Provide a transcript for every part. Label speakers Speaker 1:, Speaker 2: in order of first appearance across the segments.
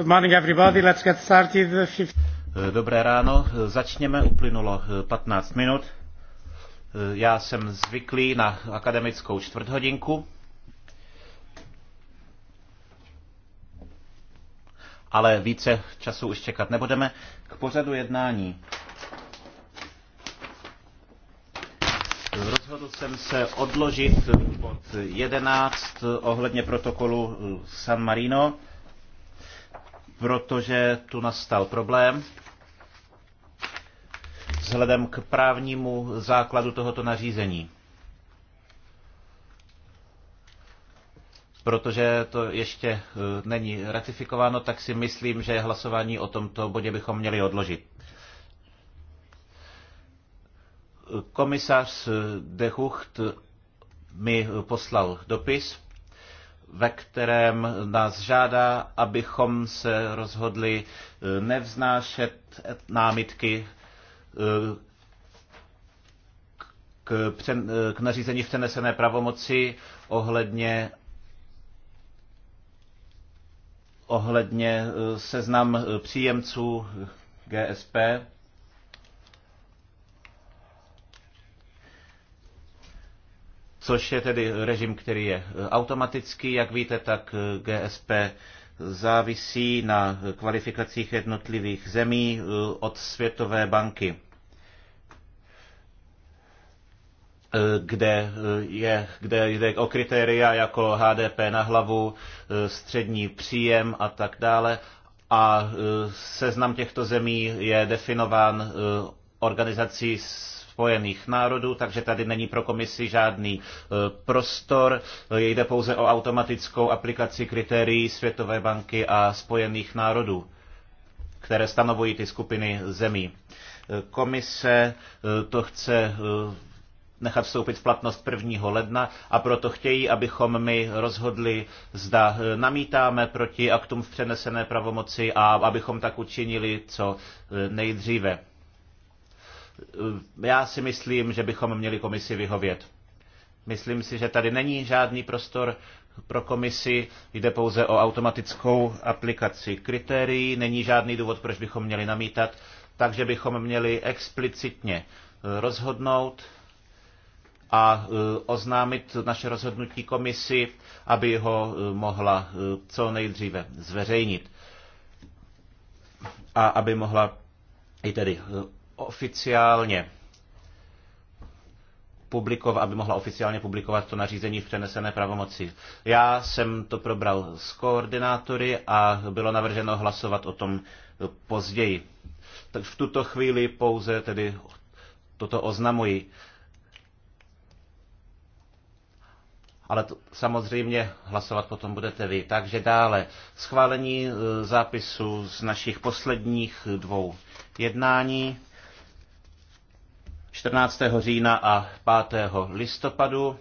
Speaker 1: Eh, dobré ráno, začněme, uplynulo 15 eh, minut. Eh, já jsem zvyklý na akademickou čtvrthodinku, ale více času už čekat nebudeme. K pořadu jednání. Rozhodl jsem se odložit bod 11 ohledně protokolu San Marino protože tu nastal problém vzhledem k právnímu základu tohoto nařízení. Protože to ještě eh, není ratifikováno, tak si myslím, že hlasování o tomto bodě bychom měli odložit. Komisař Dechucht mi poslal dopis, ve kterém nás žádá, abychom se rozhodli e, nevznášet námitky e, k, přen, e, k nařízení v přenesené pravomoci ohledně ohledně seznam příjemců GSP což je tedy režim, který je e, automatický. Jak víte, tak e, GSP závisí na kvalifikacích jednotlivých zemí e, od Světové banky, kde, je, kde jde o kritéria jako HDP na hlavu, střední příjem a tak dále. A seznam těchto zemí je definován organizací Spojených národů, takže tady není pro komisi žádný e, prostor. Jde pouze o automatickou aplikaci kritérií Světové banky a Spojených národů, které stanovují ty skupiny zemí. E, komise e, to chce nechat vstoupit v platnost 1. ledna a proto chtějí, abychom my rozhodli, zda namítáme proti aktům v přenesené pravomoci a abychom tak učinili co nejdříve já si myslím, že bychom měli komisi vyhovět. Myslím si, že tady není žádný prostor pro komisi, jde pouze o automatickou aplikaci kritérií, není žádný důvod, proč bychom měli namítat, takže bychom měli explicitně eh, rozhodnout a eh, oznámit naše rozhodnutí komisi, aby ho eh, mohla co nejdříve zveřejnit a aby mohla i tedy oficiálně publikovat, aby mohla oficiálně publikovat to nařízení v přenesené pravomoci. Já jsem to probral s koordinátory a bylo navrženo hlasovat o tom později. Tak v tuto chvíli pouze tedy toto oznamuji. ale to, samozřejmě hlasovat potom budete vy. Takže dále schválení e, zápisu z našich posledních dvou jednání. 14. října a 5. listopadu.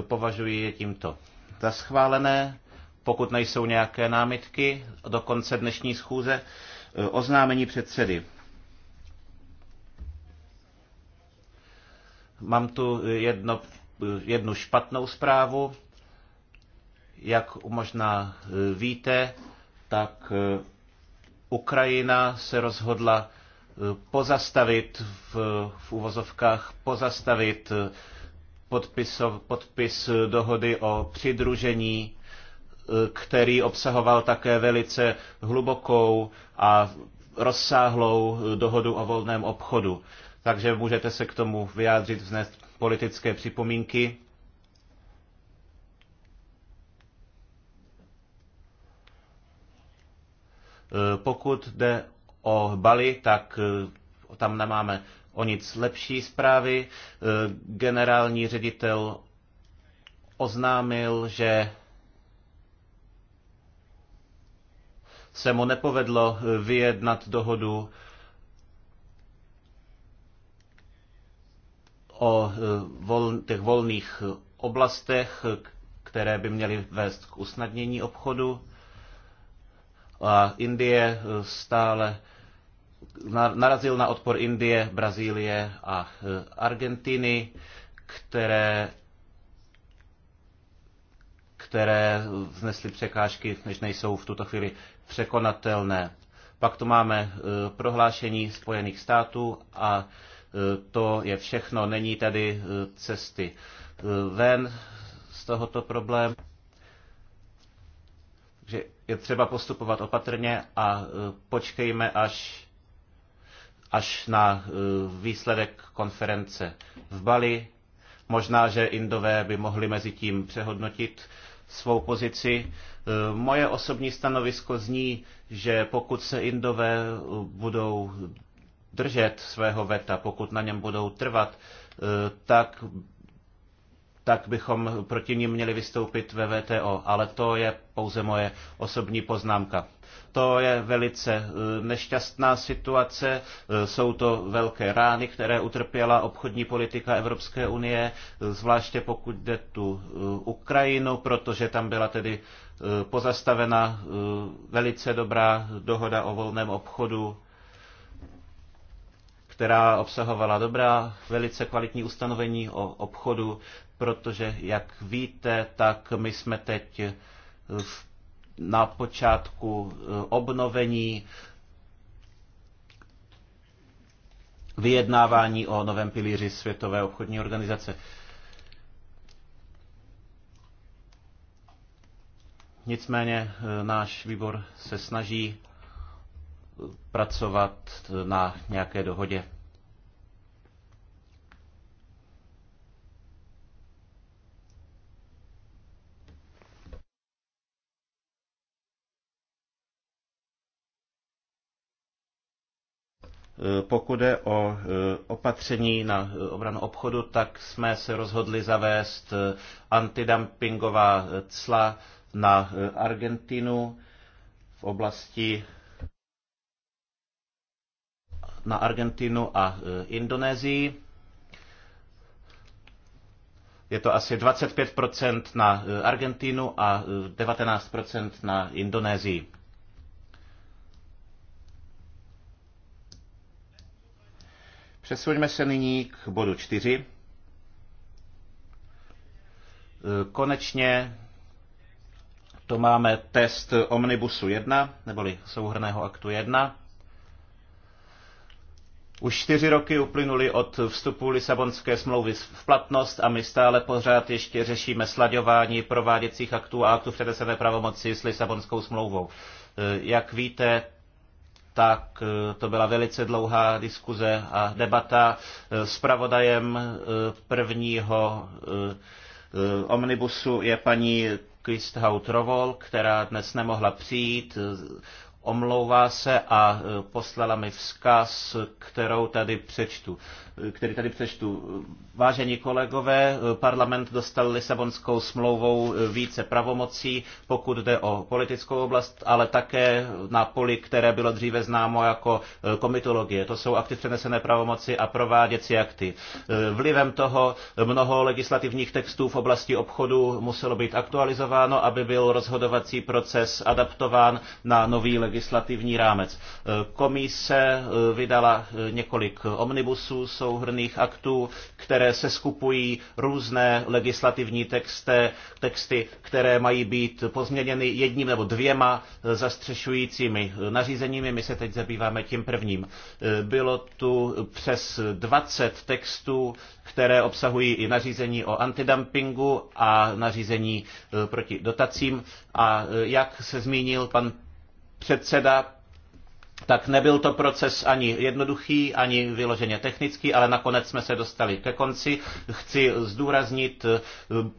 Speaker 1: Považuji je tímto za schválené. Pokud nejsou nějaké námitky do konce dnešní schůze, oznámení předsedy. Mám tu jedno, jednu špatnou zprávu. Jak možná víte, tak Ukrajina se rozhodla pozastavit v, v uvozovkách, pozastavit podpis, podpis dohody o přidružení, který obsahoval také velice hlubokou a rozsáhlou dohodu o volném obchodu. Takže můžete se k tomu vyjádřit, vznést politické připomínky. Pokud jde o Bali, tak e, tam nemáme o nic lepší zprávy. E, generální ředitel oznámil, že se mu nepovedlo e, vyjednat dohodu o vol, těch volných oblastech, které by měly vést k usnadnění obchodu. A Indie stále narazil na odpor Indie, Brazílie a eh, Argentiny, které které vznesly překážky, než nejsou v tuto chvíli překonatelné. Pak tu máme eh, prohlášení Spojených států a eh, to je všechno. Není tady cesty ven z tohoto problému. Takže je třeba postupovat opatrně a počkejme, až až na eh, výsledek konference v Bali. Možná, že Indové by mohli mezi tím přehodnotit svou pozici. Eh, moje osobní stanovisko zní, že pokud se Indové eh, budou držet svého veta, pokud na něm budou trvat, tak, tak bychom proti ním měli vystoupit ve VTO. Ale to je pouze moje osobní poznámka. To je velice eh, nešťastná situace, eh, jsou to velké rány, které utrpěla obchodní politika Evropské unie, eh, zvláště pokud jde tu Ukrajinu, protože tam byla tedy pozastavena velice dobrá dohoda o volném obchodu která obsahovala dobrá, velice kvalitní ustanovení o obchodu, protože, jak víte, tak my jsme teď v na počátku e, obnovení vyjednávání o novém pilíři Světové obchodní organizace. Nicméně e, náš výbor se snaží e, pracovat na nějaké dohodě. Eh, pokud jde o eh, opatření na eh, obranu obchodu, tak jsme se rozhodli zavést antidumpingová cla na Argentinu v oblasti na Argentinu a Indonésii. Je to asi 25 na Argentinu a 19 na Indonésii. Přesuňme se nyní k bodu 4. Konečně to máme test Omnibusu 1, neboli souhrného aktu 1. Už čtyři roky uplynuly od vstupu Lisabonské smlouvy v platnost a my stále pořád ještě řešíme slaďování prováděcích aktů a aktů předesené pravomoci s Lisabonskou smlouvou. Jak víte, tak eh, to byla velice dlouhá diskuze a debata eh, s pravodajem eh, prvního omnibusu je paní Kvisthaut Rovol, která dnes nemohla přijít, omlouvá se a poslala mi vzkaz, kterou tady přečtu který tady přečtu. Vážení kolegové, parlament dostal Lisabonskou smlouvou více pravomocí, pokud jde o politickou oblast, ale také na poli, které bylo dříve známo jako komitologie. To jsou akty přenesené pravomoci a prováděcí akty. Vlivem toho mnoho legislativních textů v oblasti obchodu muselo být aktualizováno, aby byl rozhodovací proces adaptován na nový legislativní rámec. Komise vydala několik omnibusů, jsou souhrných aktů, které se skupují různé legislativní texty, texty, které mají být pozměněny jedním nebo dvěma zastřešujícími nařízeními. My se teď zabýváme tím prvním. Bylo tu přes 20 textů, které obsahují i nařízení o antidumpingu a nařízení eh, proti dotacím. A eh, jak se zmínil pan předseda, tak nebyl to proces ani jednoduchý, ani vyloženě technický, ale nakonec jsme se dostali ke konci. Chci zdůraznit eh,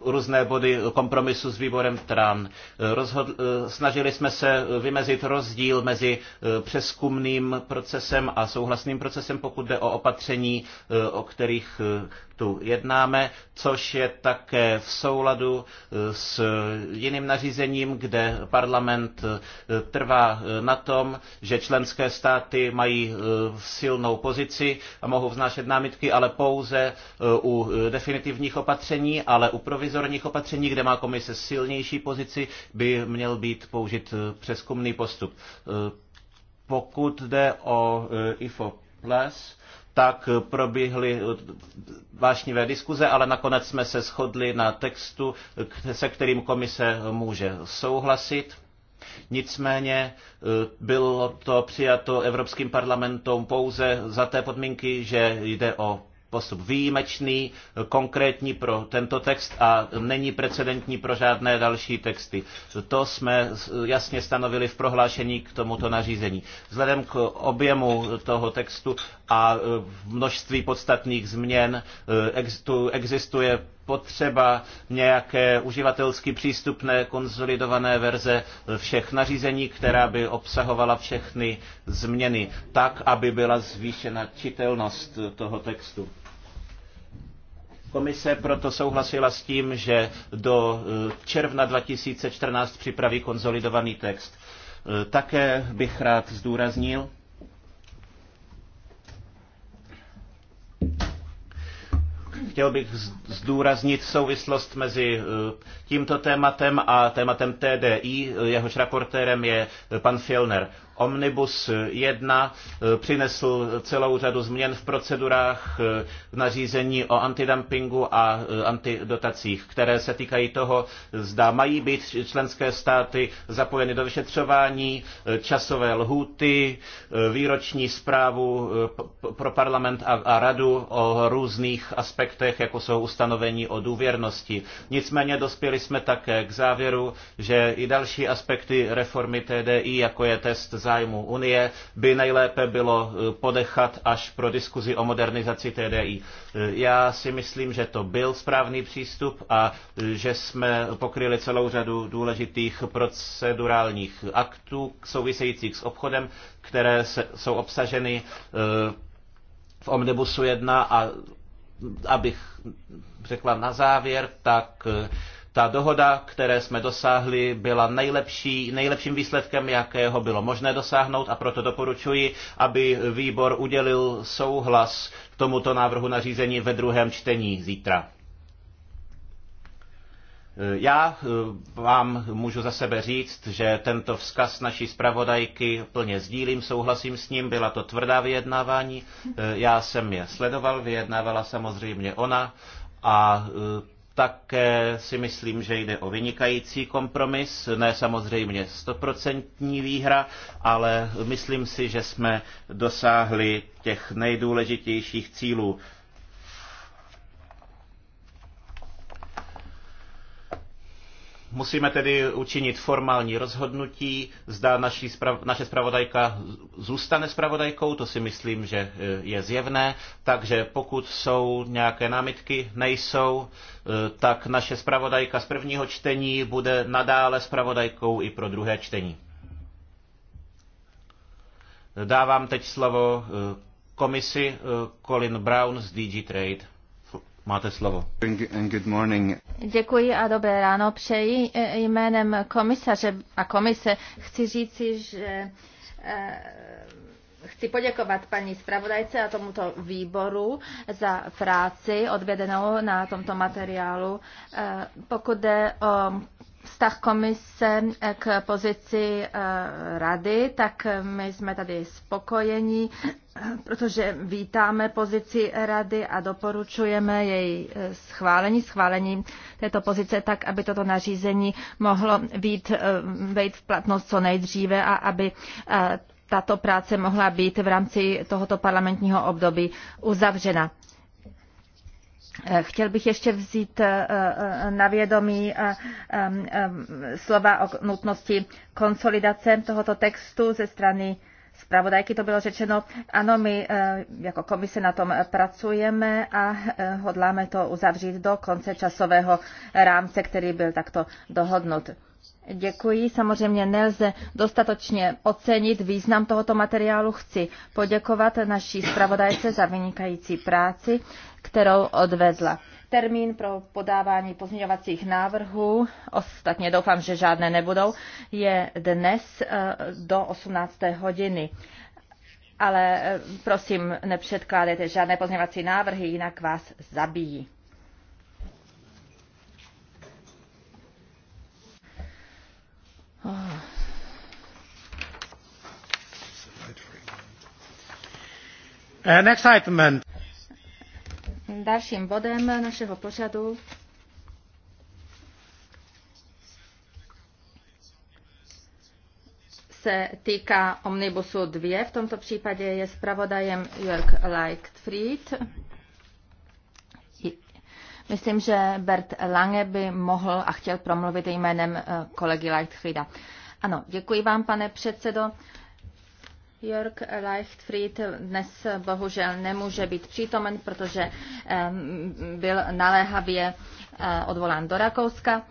Speaker 1: různé body kompromisu s výborem TRAN. Eh, Rozhodl, eh, snažili jsme se vymezit rozdíl mezi přeskumným procesem a souhlasným procesem, pokud jde o opatření, o kterých tu jednáme, což je také v souladu eh, s jiným nařízením, kde parlament eh, trvá eh, na tom, že členské státy mají silnou pozici a mohou vznášet námitky, ale pouze u definitivních opatření, ale u provizorních opatření, kde má komise silnější pozici, by měl být použit přeskumný postup. Pokud jde o IFO Plus, tak proběhly eh, vášnivé diskuze, ale nakonec jsme se shodli na textu, se kterým komise může souhlasit. Nicméně eh, bylo to přijato Evropským parlamentem pouze za té podmínky, že jde o postup výjimečný, konkrétní pro tento text a není precedentní pro žádné další texty. To jsme jasně stanovili v prohlášení k tomuto nařízení. Vzhledem k objemu toho textu a e, množství podstatných změn. E, tu existuje potřeba nějaké uživatelsky přístupné konzolidované verze e, všech nařízení, která by obsahovala všechny změny, tak, aby byla zvýšena čitelnost toho textu. Komise proto souhlasila s tím, že do června 2014 připraví konzolidovaný text. Také bych rád zdůraznil, Chtěl bych zdůraznit souvislost mezi eh, tímto tématem a tématem TDI, jehož raportérem je eh, pan Fjellner. Omnibus 1 eh, přinesl celou řadu změn v procedurách eh, v nařízení o antidumpingu a eh, antidotacích, které se týkají toho, zda mají být členské státy zapojeny do vyšetřování, časové lhůty, výroční zprávu pro parlament a radu o různých aspektech, jako jsou ustanovení o důvěrnosti. Nicméně dospěli jsme také k závěru, že i další aspekty reformy TDI, jako je test za zájmů Unie by nejlépe bylo eh, podechat až pro diskuzi o modernizaci TDI. Eh, já si myslím, že to byl správný přístup a eh, že jsme pokryli celou řadu důležitých procedurálních aktů souvisejících s obchodem, které jsou obsaženy v Omnibusu 1 a abych řekla na závěr, tak ta dohoda, které jsme dosáhli, byla nejlepší, nejlepším výsledkem, jakého bylo možné dosáhnout a proto doporučuji, aby výbor udělil souhlas k tomuto návrhu nařízení ve druhém čtení zítra. Já eh, vám můžu za sebe říct, že tento vzkaz naší zpravodajky plně sdílím, souhlasím s ním, byla to tvrdá vyjednávání, eh, já jsem je sledoval, vyjednávala samozřejmě ona a eh, tak si myslím, že jde o vynikající kompromis, ne samozřejmě stoprocentní výhra, ale myslím si, že jsme dosáhli těch nejdůležitějších cílů Musíme tedy učinit formální rozhodnutí, zda naši sprav, naše spravodajka zůstane spravodajkou, to si myslím, že eh, je zjevné, takže pokud jsou nějaké námitky, nejsou, eh, tak naše spravodajka z prvního čtení bude nadále spravodajkou i pro druhé čtení. Dávám teď slovo eh, komisi Colin Brown z DG Trade. Máte slovo.
Speaker 2: Děkuji a dobré ráno. Přeji eh, jménem komisaře a komise chci říci, že eh, chci poděkovat paní zpravodajce a tomuto výboru za práci odvedenou na tomto materiálu. Eh, pokud jde o vztah komise eh, k pozici eh, rady, tak eh, my jsme tady spokojeni, protože vítáme pozici rady a doporučujeme její schválení, schválení této pozice tak, aby toto nařízení mohlo být, vejít v platnost co nejdříve a aby tato práce mohla být v rámci tohoto parlamentního období uzavřena. Eh, chtěl bych ještě vzít eh, eh, na vědomí slova o nutnosti konsolidace tohoto textu ze strany zpravodajky to bylo řečeno. Ano, my jako komise na tom pracujeme a hodláme to uzavřít do konce časového rámce, který byl takto dohodnut. Děkuji. Samozřejmě nelze dostatočně ocenit význam tohoto materiálu. Chci poděkovat naší zpravodajce za vynikající práci, kterou odvezla. Termín pro podávání pozměňovacích návrhů, ostatně doufám, že žádné nebudou, je dnes eh, do 18. hodiny. Ale eh, prosím, nepředkládejte žádné pozměňovací návrhy, jinak vás zabijí.
Speaker 3: Ah. Uh, next item.
Speaker 2: Dalším bodem našeho pořadu se týká Omnibusu 2. V tomto případě je zpravodajem Jörg Leichtfried. Myslím, že Bert Lange by mohl a chtěl promluvit jménem eh, kolegy Leichtfrieda. Ano, děkuji vám, pane předsedo. Jörg Leichtfried dnes bohužel nemůže být přítomen, protože byl naléhavě eh, odvolán do Rakouska.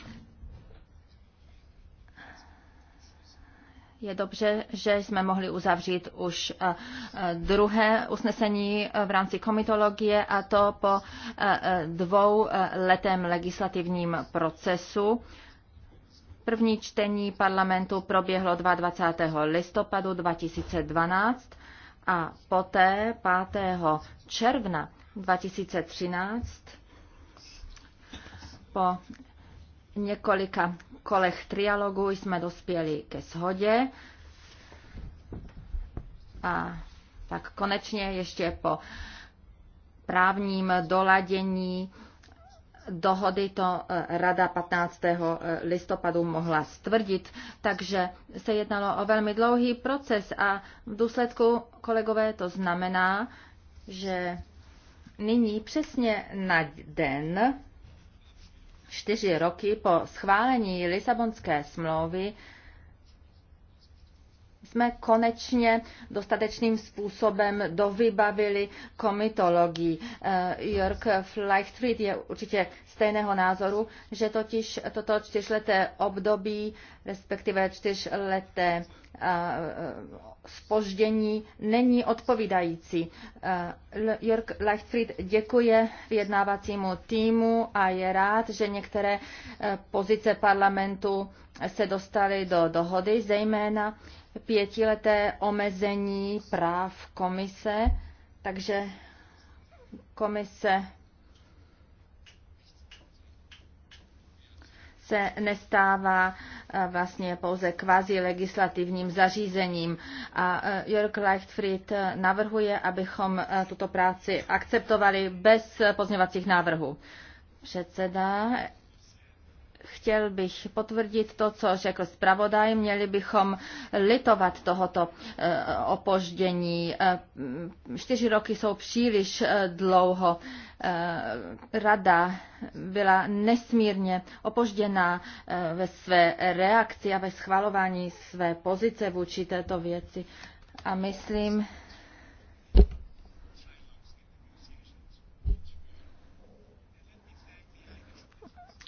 Speaker 2: Je dobře, že jsme mohli uzavřít už eh, eh, druhé usnesení eh, v rámci komitologie a to po dvou letém legislativním procesu. První čtení parlamentu proběhlo 22. listopadu 2012 a poté 5. června 2013 po několika kolech trialogu jsme dospěli ke shodě a tak konečně ještě po právním doladění dohody to e, Rada 15. E, listopadu mohla stvrdit, takže se jednalo o velmi dlouhý proces a v důsledku, kolegové, to znamená, že nyní přesně na den čtyři roky po schválení Lisabonské smlouvy jsme konečně dostatečným způsobem dovybavili komitologii. Eh, Jörg Fleischfried je určitě stejného názoru, že totiž toto čtyřleté období, respektive čtyřleté spoždění eh, není odpovídající. Eh, Jörg Leichtfried děkuje vyjednávacímu týmu a je rád, že některé pozice parlamentu se dostali do dohody, zejména pětileté omezení práv komise, takže komise se nestává eh, vlastně pouze kvazi legislativním zařízením. A eh, Jörg Leichtfried eh, navrhuje, abychom tuto práci akceptovali bez pozměvacích návrhů. Předseda Chtěl bych potvrdit to, co řekl zpravodaj. Měli bychom litovat tohoto eh, opoždění. Eh, čtyři roky jsou příliš eh, dlouho. Rada byla nesmírně opožděná ve své reakci a ve schvalování své pozice vůči této věci. A myslím,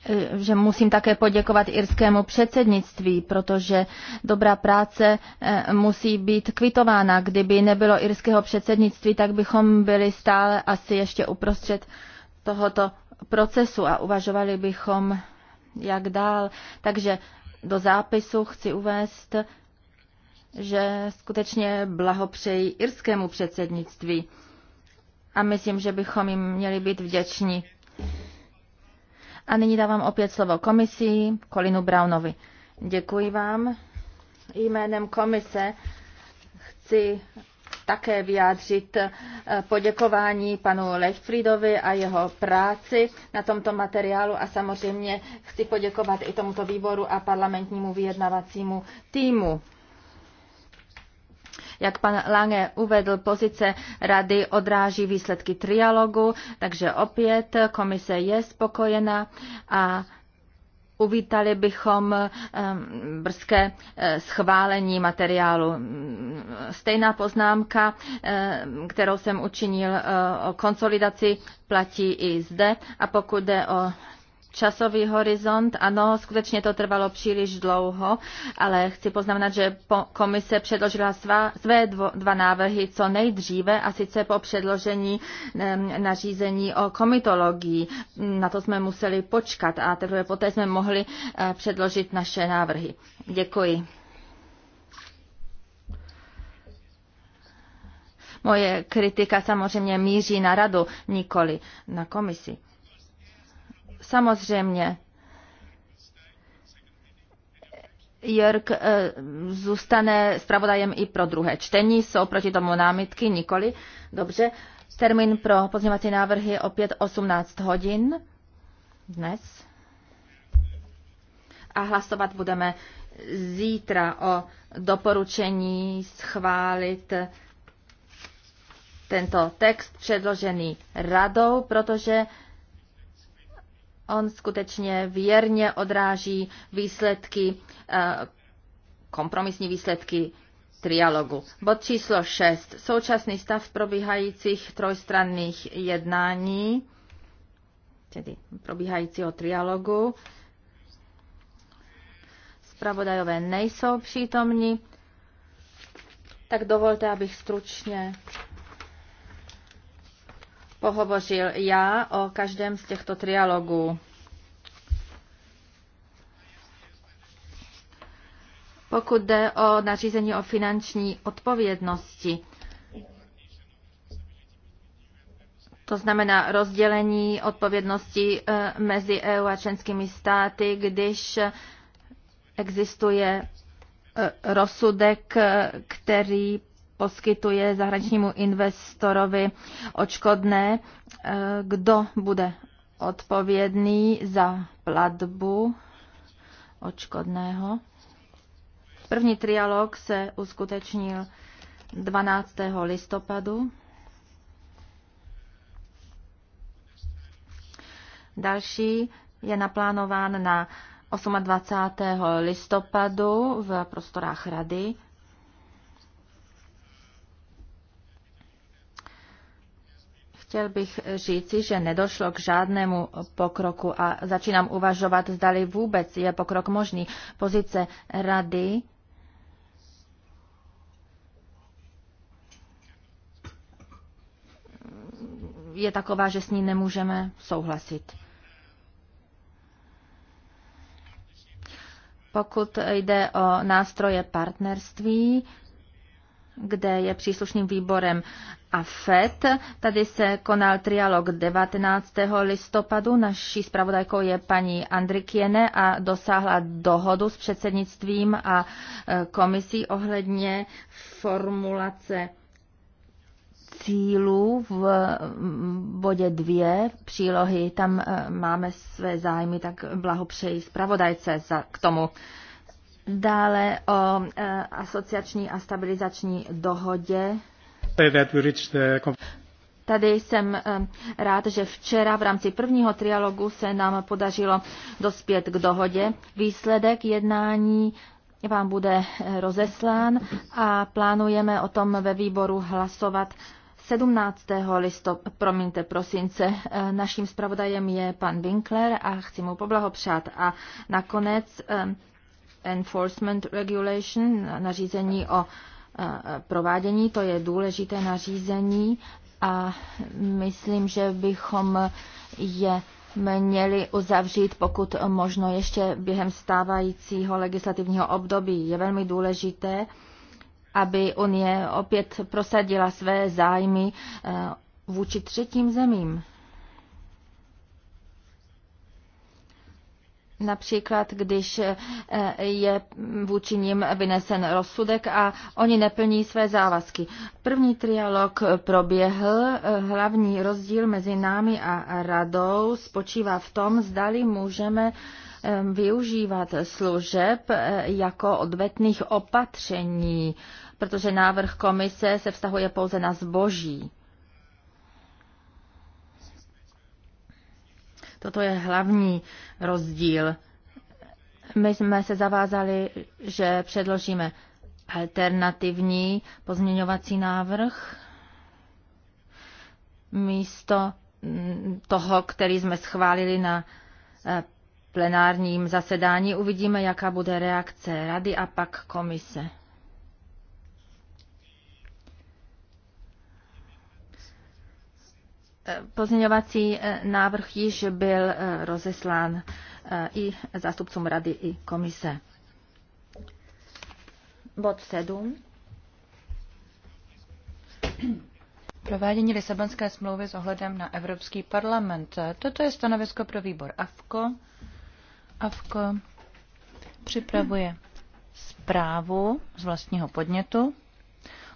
Speaker 2: E, že musím také poděkovat irskému předsednictví, protože dobrá práce e, musí být kvitována. Kdyby nebylo irského předsednictví, tak bychom byli stále asi ještě uprostřed tohoto procesu a uvažovali bychom, jak dál. Takže do zápisu chci uvést, že skutečně blahopřeji irskému předsednictví a myslím, že bychom jim měli být vděční. A nyní dávám opět slovo komisí Kolinu Brownovi. Děkuji vám. Jménem komise chci také vyjádřit eh, poděkování panu Lechfriedovi a jeho práci na tomto materiálu a samozřejmě chci poděkovat i tomuto výboru a parlamentnímu vyjednavacímu týmu. Jak pan Lange uvedl, pozice rady odráží výsledky trialogu, takže opět komise je spokojena a uvítali bychom eh, brzké eh, schválení materiálu. Stejná poznámka, eh, kterou jsem učinil o konsolidaci, platí i zde. A pokud jde o časový horizont. Ano, skutečně to trvalo příliš dlouho, ale chci poznamenat, že komise předložila svá, své dvo, dva návrhy co nejdříve a sice po předložení nařízení o komitologii. Na to jsme museli počkat a teprve poté jsme mohli eh, předložit naše návrhy. Děkuji. Moje kritika samozřejmě míří na radu, nikoli na komisi. Samozřejmě, Jörg eh, zůstane zpravodajem i pro druhé čtení. Jsou proti tomu námitky? Nikoli. Dobře. Termín pro pozměňovací návrhy je opět 18 hodin dnes. A hlasovat budeme zítra o doporučení schválit tento text předložený radou, protože On skutečně věrně odráží výsledky, eh, kompromisní výsledky trialogu. Bod číslo 6. Současný stav probíhajících trojstranných jednání, tedy probíhajícího trialogu. Spravodajové nejsou přítomni, tak dovolte, abych stručně pohovořil já o každém z těchto trialogů. Pokud jde o nařízení o finanční odpovědnosti, to znamená rozdělení odpovědnosti eh, mezi EU a členskými státy, když existuje eh, rozsudek, eh, který poskytuje zahraničnímu investorovi očkodné, eh, kdo bude odpovědný za platbu očkodného. První trialog se uskutečnil 12. listopadu. Další je naplánován na 28. listopadu v prostorách Rady Chtěl bych říci, že nedošlo k žádnému pokroku a začínám uvažovat, zdali vůbec je pokrok možný. Pozice rady je taková, že s ní nemůžeme souhlasit. Pokud jde o nástroje partnerství, kde je příslušným výborem AFET. Tady se konal trialog 19. listopadu. Naší zpravodajkou je paní Andrikiene a dosáhla dohodu s předsednictvím a e, komisí ohledně formulace cílů v bodě dvě přílohy. Tam e, máme své zájmy, tak blahopřeji zpravodajce za, k tomu. Dále o e, asociační a stabilizační dohodě. Tady jako- jsem e, rád, že včera v rámci prvního trialogu se nám podařilo dospět k dohodě. Výsledek jednání vám bude rozeslán a plánujeme o tom ve výboru hlasovat 17. listop, promiňte, prosince. E, naším zpravodajem je pan Winkler a chci mu poblahopřát. A nakonec Enforcement Regulation, nařízení o eh, provádění, to je důležité nařízení a myslím, že bychom je měli uzavřít, pokud možno ještě během stávajícího legislativního období. Je velmi důležité, aby Unie opět prosadila své zájmy eh, vůči třetím zemím. Například, když eh, je vůči ním vynesen rozsudek a oni neplní své závazky. První trialog proběhl. Eh, hlavní rozdíl mezi námi a radou spočívá v tom, zdali můžeme eh, využívat služeb jako odvetných opatření, protože návrh komise se vztahuje pouze na zboží. Toto je hlavní rozdíl. My jsme se zavázali, že předložíme alternativní pozměňovací návrh místo mm, toho, který jsme schválili na eh, plenárním zasedání. Uvidíme, jaká bude reakce rady a pak komise. Pozměňovací eh, návrh již byl eh, rozeslán eh, i zástupcům rady, i komise. Bod 7.
Speaker 4: Provádění Lisabonské smlouvy s ohledem na Evropský parlament. Toto je stanovisko pro výbor AFKO. AFKO připravuje zprávu z vlastního podnětu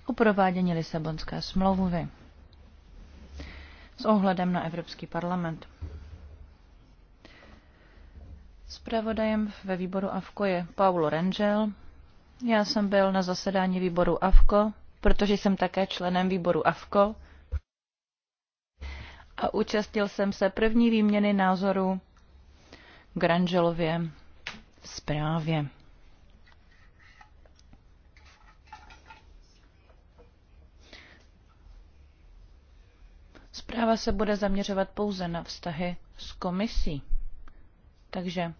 Speaker 4: o provádění Lisabonské smlouvy s ohledem na Evropský parlament. Zpravodajem ve výboru AFKO je Paulo Rangel. Já jsem byl na zasedání výboru AFKO, protože jsem také členem výboru AFKO a účastnil jsem se první výměny názorů k Rangelově zprávě. Zpráva se bude zaměřovat pouze na vztahy s komisí. Takže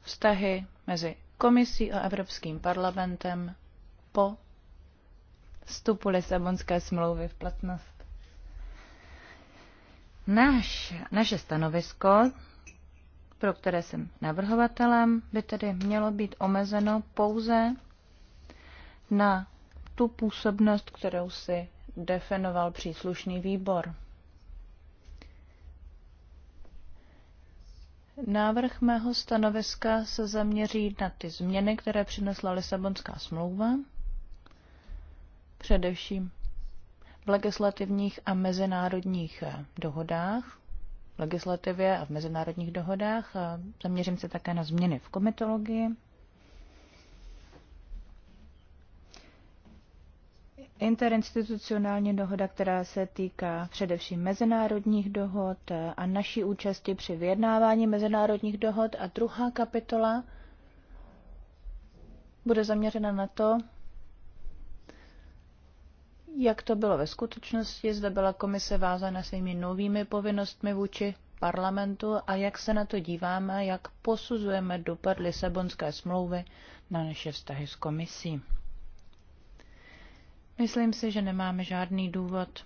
Speaker 4: vztahy mezi komisí a Evropským parlamentem po vstupu Lisabonské smlouvy v platnost. Náš, naše stanovisko, pro které jsem navrhovatelem, by tedy mělo být omezeno pouze na tu působnost, kterou si definoval příslušný výbor. Návrh mého stanoviska se zaměří na ty změny, které přinesla Lisabonská smlouva, především v legislativních a mezinárodních eh, dohodách, v legislativě a v mezinárodních dohodách. Zaměřím se také na změny v komitologii, interinstitucionální dohoda, která se týká především mezinárodních dohod a naší účasti při vyjednávání mezinárodních dohod. A druhá kapitola bude zaměřena na to, jak to bylo ve skutečnosti, zda byla komise vázána svými novými povinnostmi vůči parlamentu a jak se na to díváme, jak posuzujeme dopad Lisabonské smlouvy na naše vztahy s komisí. Myslím si, že nemáme žádný důvod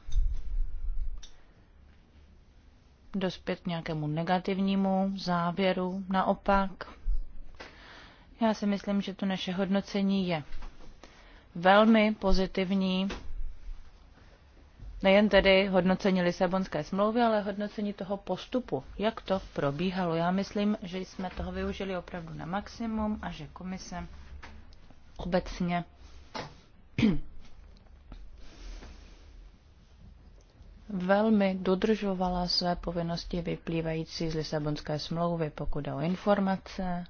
Speaker 4: dospět k nějakému negativnímu závěru. Naopak, já si myslím, že to naše hodnocení je velmi pozitivní. Nejen tedy hodnocení Lisabonské smlouvy, ale hodnocení toho postupu, jak to probíhalo. Já myslím, že jsme toho využili opravdu na maximum a že komise obecně velmi dodržovala své povinnosti vyplývající z Lisabonské smlouvy, pokud jde o informace.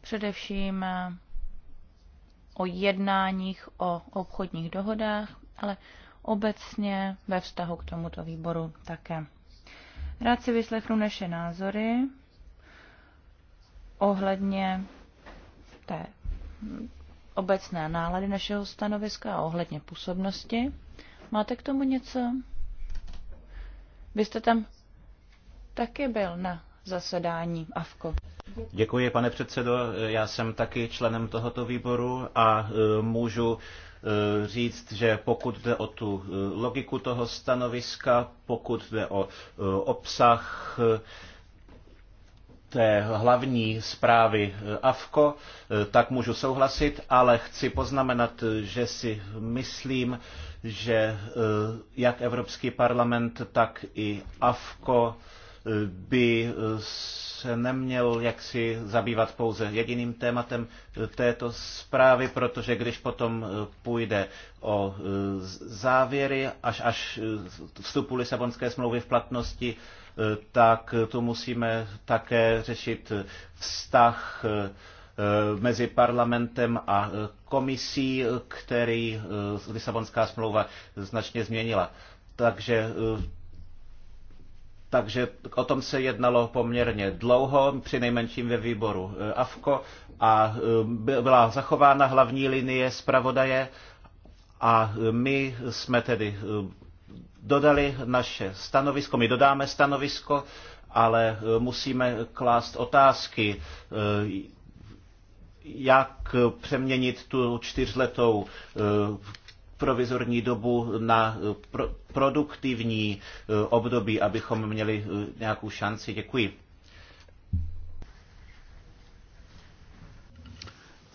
Speaker 4: Především eh, o jednáních o obchodních dohodách, ale obecně ve vztahu k tomuto výboru také. Rád si vyslechnu naše názory ohledně té obecné nálady našeho stanoviska a ohledně působnosti. Máte k tomu něco? Vy jste tam taky byl na zasedání AFKO.
Speaker 1: Děkuji, pane předsedo. Já jsem taky členem tohoto výboru a e, můžu e, říct, že pokud jde o tu e, logiku toho stanoviska, pokud jde o obsah, té hlavní zprávy eh, AFKO, eh, tak můžu souhlasit, ale chci poznamenat, eh, že si myslím, že jak Evropský parlament, tak i AFKO by se neměl jaksi zabývat pouze jediným tématem této zprávy, protože když potom půjde o závěry, až, až vstupu Lisabonské smlouvy v platnosti, tak tu musíme také řešit vztah eh, mezi parlamentem a eh, komisí, který eh, Lisabonská smlouva značně změnila. Takže takže o tom se jednalo poměrně dlouho, při nejmenším ve výboru AFKO a byla zachována hlavní linie zpravodaje a my jsme tedy dodali naše stanovisko, my dodáme stanovisko, ale e, musíme klást otázky, e, jak přeměnit tu čtyřletou e, provizorní dobu na produktivní období, abychom měli nějakou šanci. Děkuji.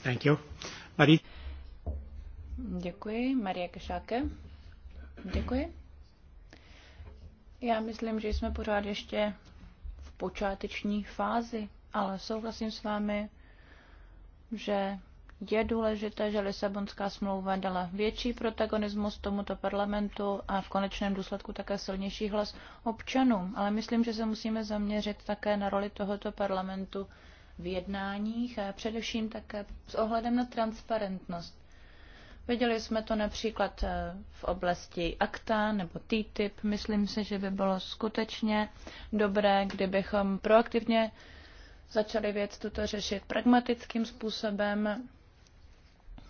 Speaker 1: Thank you. Marie.
Speaker 4: Děkuji. Marie Kešáke. Děkuji. Já myslím, že jsme pořád ještě v počáteční fázi, ale souhlasím s vámi, že je důležité, že Lisabonská smlouva dala větší protagonismus tomuto parlamentu a v konečném důsledku také silnější hlas občanům. Ale myslím, že se musíme zaměřit také na roli tohoto parlamentu v jednáních a především také s ohledem na transparentnost. Viděli jsme to například eh, v oblasti akta nebo TTIP. Myslím si, že by bylo skutečně dobré, kdybychom proaktivně začali věc tuto řešit pragmatickým způsobem,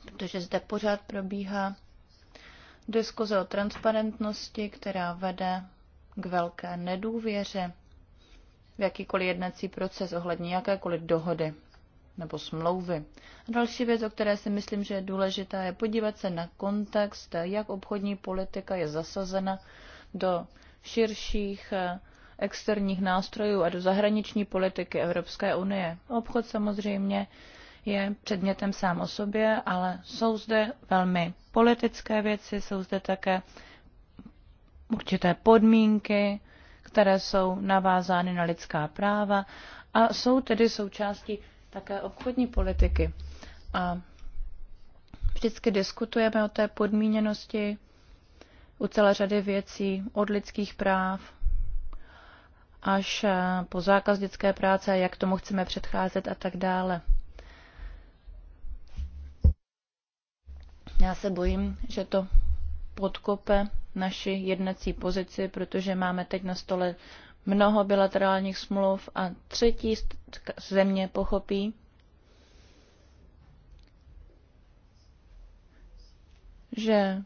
Speaker 4: protože zde pořád probíhá diskuze o transparentnosti, která vede k velké nedůvěře v jakýkoliv jednací proces ohledně jakékoliv dohody nebo smlouvy. A další věc, o které si myslím, že je důležitá, je podívat se na kontext, jak obchodní politika je zasazena do širších eh, externích nástrojů a do zahraniční politiky Evropské unie. Obchod samozřejmě je předmětem sám o sobě, ale jsou zde velmi politické věci, jsou zde také určité podmínky, které jsou navázány na lidská práva a jsou tedy součástí také obchodní politiky. A vždycky diskutujeme o té podmíněnosti u celé řady věcí, od lidských práv až eh, po zákaz dětské práce, jak tomu chceme předcházet a tak dále. Já se bojím, že to podkope naši jednací pozici, protože máme teď na stole mnoho bilaterálních smluv a třetí země pochopí, že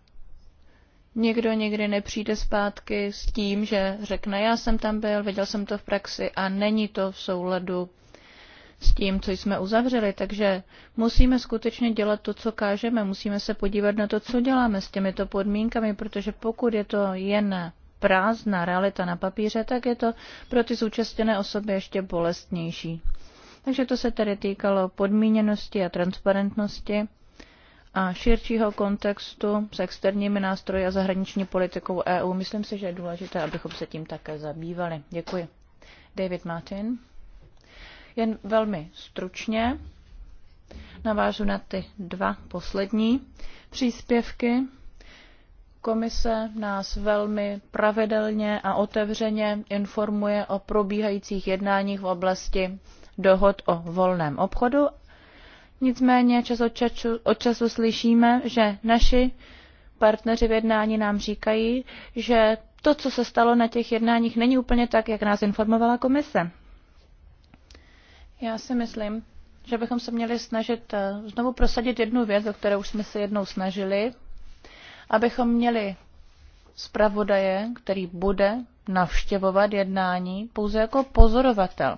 Speaker 4: někdo někdy nepřijde zpátky s tím, že řekne, já jsem tam byl, viděl jsem to v praxi a není to v souladu s tím, co jsme uzavřeli. Takže musíme skutečně dělat to, co kážeme, musíme se podívat na to, co děláme s těmito podmínkami, protože pokud je to jen prázdná realita na papíře, tak je to pro ty zúčastněné osoby ještě bolestnější. Takže to se tedy týkalo podmíněnosti a transparentnosti a širšího kontextu s externími nástroji a zahraniční politikou EU. Myslím si, že je důležité, abychom se tím také zabývali. Děkuji. David Martin. Jen velmi stručně navážu na ty dva poslední příspěvky. Komise nás velmi pravidelně a otevřeně informuje o probíhajících jednáních v oblasti dohod o volném obchodu. Nicméně čas od času, od času slyšíme, že naši partneři v jednání nám říkají, že to, co se stalo na těch jednáních, není úplně tak, jak nás informovala komise. Já si myslím, že bychom se měli snažit eh, znovu prosadit jednu věc, o které už jsme se jednou snažili abychom měli zpravodaje, který bude navštěvovat jednání pouze jako pozorovatel.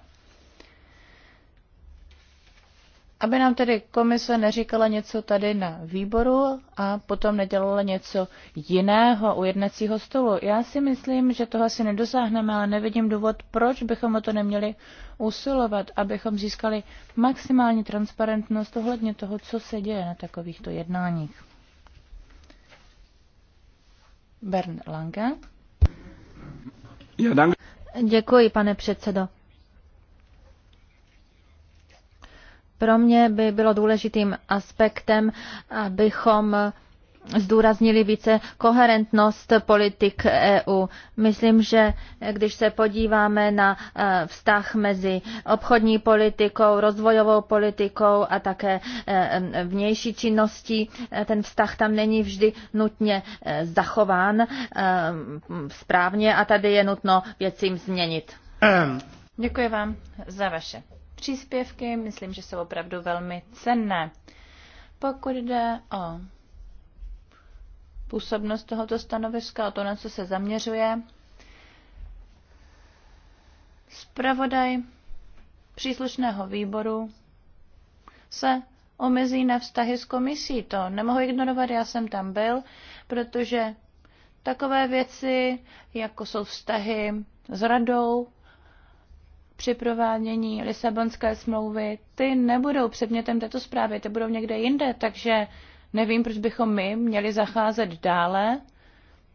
Speaker 4: Aby nám tedy komise neříkala něco tady na výboru a potom nedělala něco jiného u jednacího stolu. Já si myslím, že toho asi nedosáhneme, ale nevidím důvod, proč bychom o to neměli usilovat, abychom získali maximální transparentnost ohledně toho, co se děje na takovýchto jednáních.
Speaker 2: Bern Lange. Děkuji, pane předsedo. Pro mě by bylo důležitým aspektem, abychom zdůraznili více koherentnost politik EU. Myslím, že když se podíváme na eh, vztah mezi obchodní politikou, rozvojovou politikou a také eh, vnější činností, eh, ten vztah tam není vždy nutně zachován správně a tady je nutno věcím změnit. Ehm. Děkuji vám
Speaker 4: za vaše příspěvky. Myslím, že jsou opravdu velmi cenné. Pokud jde o působnost tohoto stanoviska, o to, na co se zaměřuje. Spravodaj příslušného výboru se omezí na vztahy s komisí. To nemohu ignorovat, já jsem tam byl, protože takové věci, jako jsou vztahy s radou při provádění Lisabonské smlouvy, ty nebudou předmětem této zprávy, ty budou někde jinde, takže Nevím, proč bychom my měli zacházet dále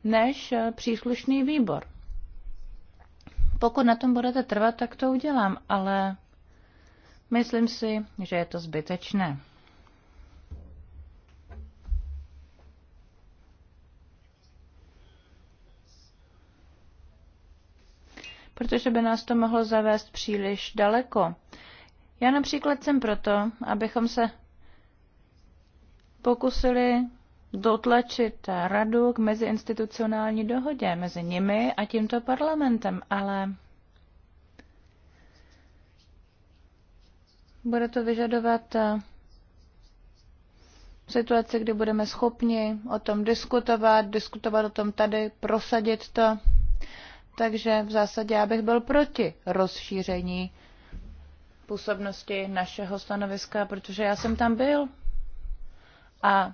Speaker 4: než eh, příslušný výbor. Pokud na tom budete trvat, tak to udělám, ale myslím si, že je to zbytečné. protože by nás to mohlo zavést příliš daleko. Já například jsem proto, abychom se pokusili dotlačit radu k meziinstitucionální dohodě mezi nimi a tímto parlamentem, ale bude to vyžadovat eh, situaci, kdy budeme schopni o tom diskutovat, diskutovat o tom tady, prosadit to. Takže v zásadě já bych byl proti rozšíření působnosti našeho stanoviska, protože já jsem tam byl a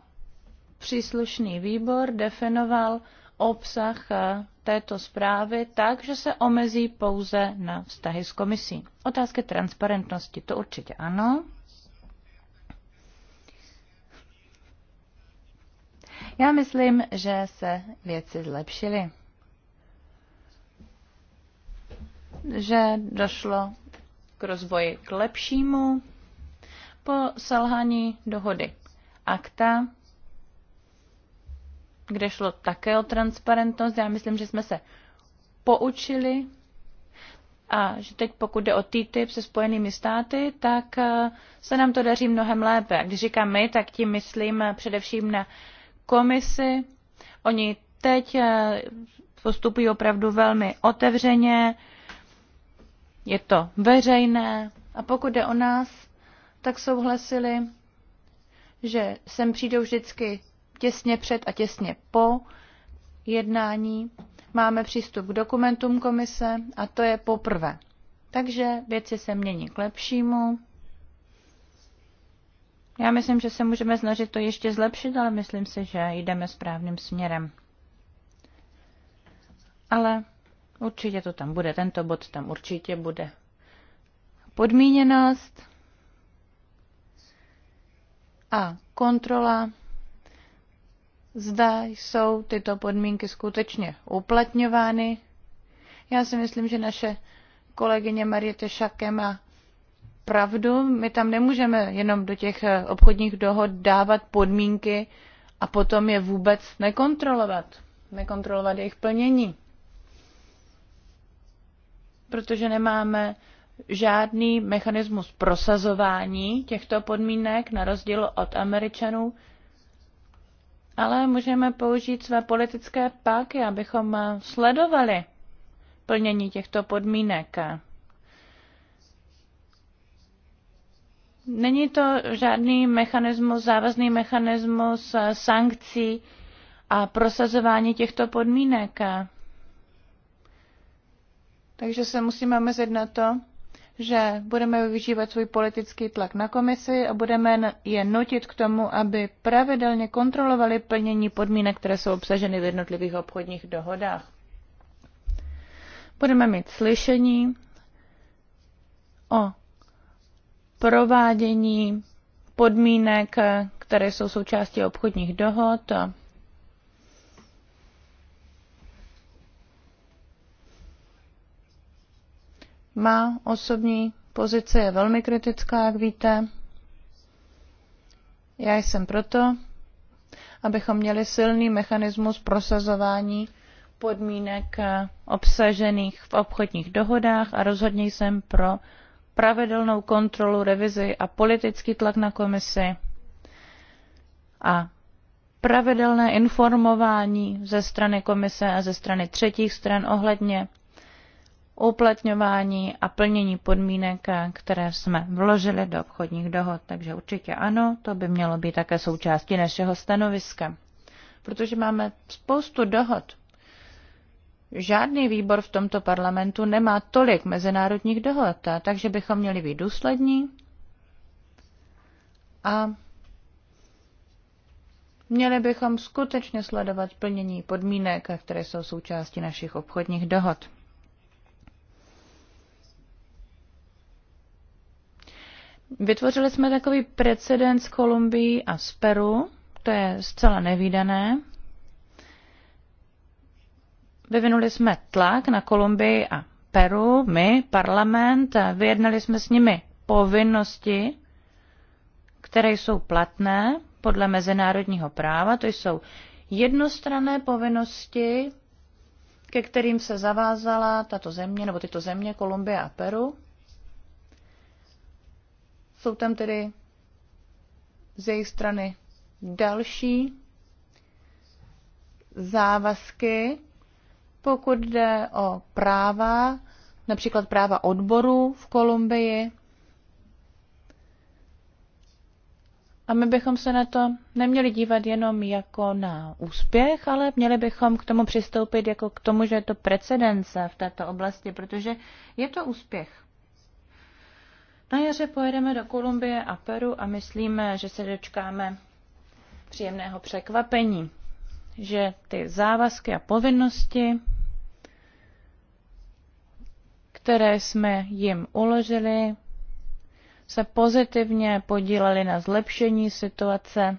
Speaker 4: příslušný výbor definoval obsah eh, této zprávy tak, že se omezí pouze na vztahy s komisí. Otázky transparentnosti, to určitě ano. Já myslím, že se věci zlepšily. Že došlo k rozvoji k lepšímu po selhání dohody akta, kde šlo také o transparentnost. Já myslím, že jsme se poučili a že teď pokud jde o TTIP se spojenými státy, tak eh, se nám to daří mnohem lépe. A když říkám my, tak tím myslím eh, především na komisi. Oni teď eh, postupují opravdu velmi otevřeně, je to veřejné a pokud jde o nás, tak souhlasili že sem přijdou vždycky těsně před a těsně po jednání. Máme přístup k dokumentům komise a to je poprvé. Takže věci se mění k lepšímu. Já myslím, že se můžeme snažit to ještě zlepšit, ale myslím si, že jdeme správným směrem. Ale určitě to tam bude, tento bod tam určitě bude. Podmíněnost a kontrola, zda jsou tyto podmínky skutečně uplatňovány. Já si myslím, že naše kolegyně Marie Tešake má pravdu. My tam nemůžeme jenom do těch eh, obchodních dohod dávat podmínky a potom je vůbec nekontrolovat. Nekontrolovat jejich plnění. Protože nemáme žádný mechanismus prosazování těchto podmínek, na rozdíl od Američanů, ale můžeme použít své politické páky, abychom sledovali plnění těchto podmínek. Není to žádný mechanismus, závazný mechanismus sankcí a prosazování těchto podmínek. Takže se musíme omezit na to, že budeme využívat svůj politický tlak na komisi a budeme je nutit k tomu, aby pravidelně kontrolovali plnění podmínek, které jsou obsaženy v jednotlivých obchodních dohodách. Budeme mít slyšení o provádění podmínek, které jsou součástí obchodních dohod. A Má osobní pozice je velmi kritická, jak víte. Já jsem proto, abychom měli silný mechanismus prosazování podmínek eh, obsažených v obchodních dohodách a rozhodně jsem pro pravidelnou kontrolu, revizi a politický tlak na komisi a pravidelné informování ze strany komise a ze strany třetích stran ohledně uplatňování a plnění podmínek, které jsme vložili do obchodních dohod. Takže určitě ano, to by mělo být také součástí našeho stanoviska. Protože máme spoustu dohod. Žádný výbor v tomto parlamentu nemá tolik mezinárodních dohod, takže bychom měli být důslední a měli bychom skutečně sledovat plnění podmínek, které jsou součástí našich obchodních dohod. Vytvořili jsme takový precedent z Kolumbii a z Peru, to je zcela nevýdané. Vyvinuli jsme tlak na Kolumbii a Peru, my, parlament, a vyjednali jsme s nimi povinnosti, které jsou platné podle mezinárodního práva. To jsou jednostranné povinnosti, ke kterým se zavázala tato země nebo tyto země Kolumbie a Peru. Jsou tam tedy z jejich strany další závazky, pokud jde o práva, například práva odborů v Kolumbii. A my bychom se na to neměli dívat jenom jako na úspěch, ale měli bychom k tomu přistoupit jako k tomu, že je to precedence v této oblasti, protože je to úspěch. Na jaře pojedeme do Kolumbie a Peru a myslíme, že se dočkáme příjemného překvapení, že ty závazky a povinnosti, které jsme jim uložili, se pozitivně podíleli na zlepšení situace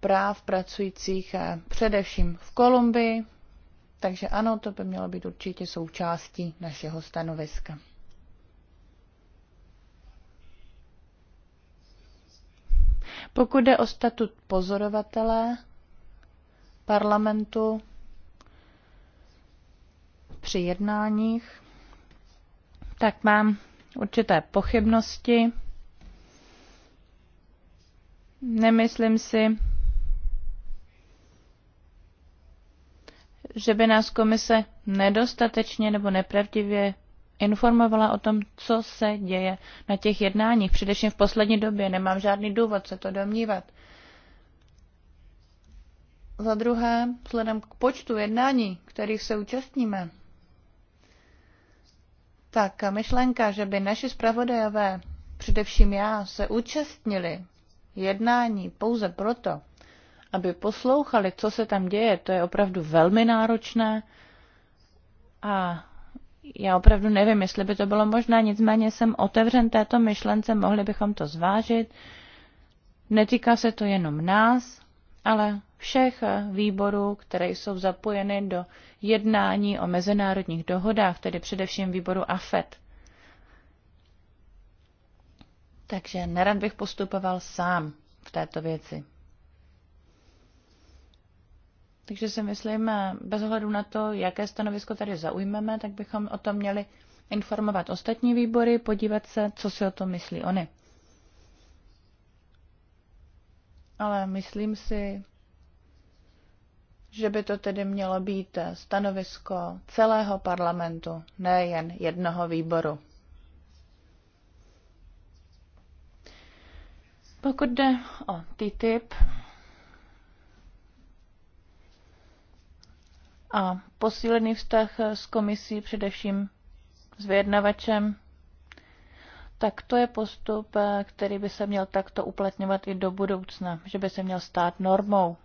Speaker 4: práv pracujících eh, především v Kolumbii, takže ano, to by mělo být určitě součástí našeho stanoviska. Pokud jde o statut pozorovatele parlamentu při jednáních, tak mám určité pochybnosti. Nemyslím si, že by nás komise nedostatečně nebo nepravdivě informovala o tom, co se děje na těch jednáních, především v poslední době. Nemám žádný důvod se to domnívat. Za druhé, vzhledem k počtu jednání, kterých se účastníme, tak myšlenka, že by naši zpravodajové, především já, se účastnili jednání pouze proto, aby poslouchali, co se tam děje, to je opravdu velmi náročné a já opravdu nevím, jestli by to bylo možné, nicméně jsem otevřen této myšlence, mohli bychom to zvážit. Netýká se to jenom nás, ale všech výborů, které jsou zapojeny do jednání o mezinárodních dohodách, tedy především výboru AFET. Takže nerad bych postupoval sám v této věci. Takže si myslím, eh, bez ohledu na to, jaké stanovisko tady zaujmeme, tak bychom o tom měli informovat ostatní výbory, podívat se, co si o tom myslí oni. Ale myslím si, že by to tedy mělo být eh, stanovisko celého parlamentu, nejen jednoho výboru. Pokud jde o TTIP, a posílený vztah s komisí, především s vyjednavačem, tak to je postup, který by se měl takto uplatňovat i do budoucna, že by se měl stát normou.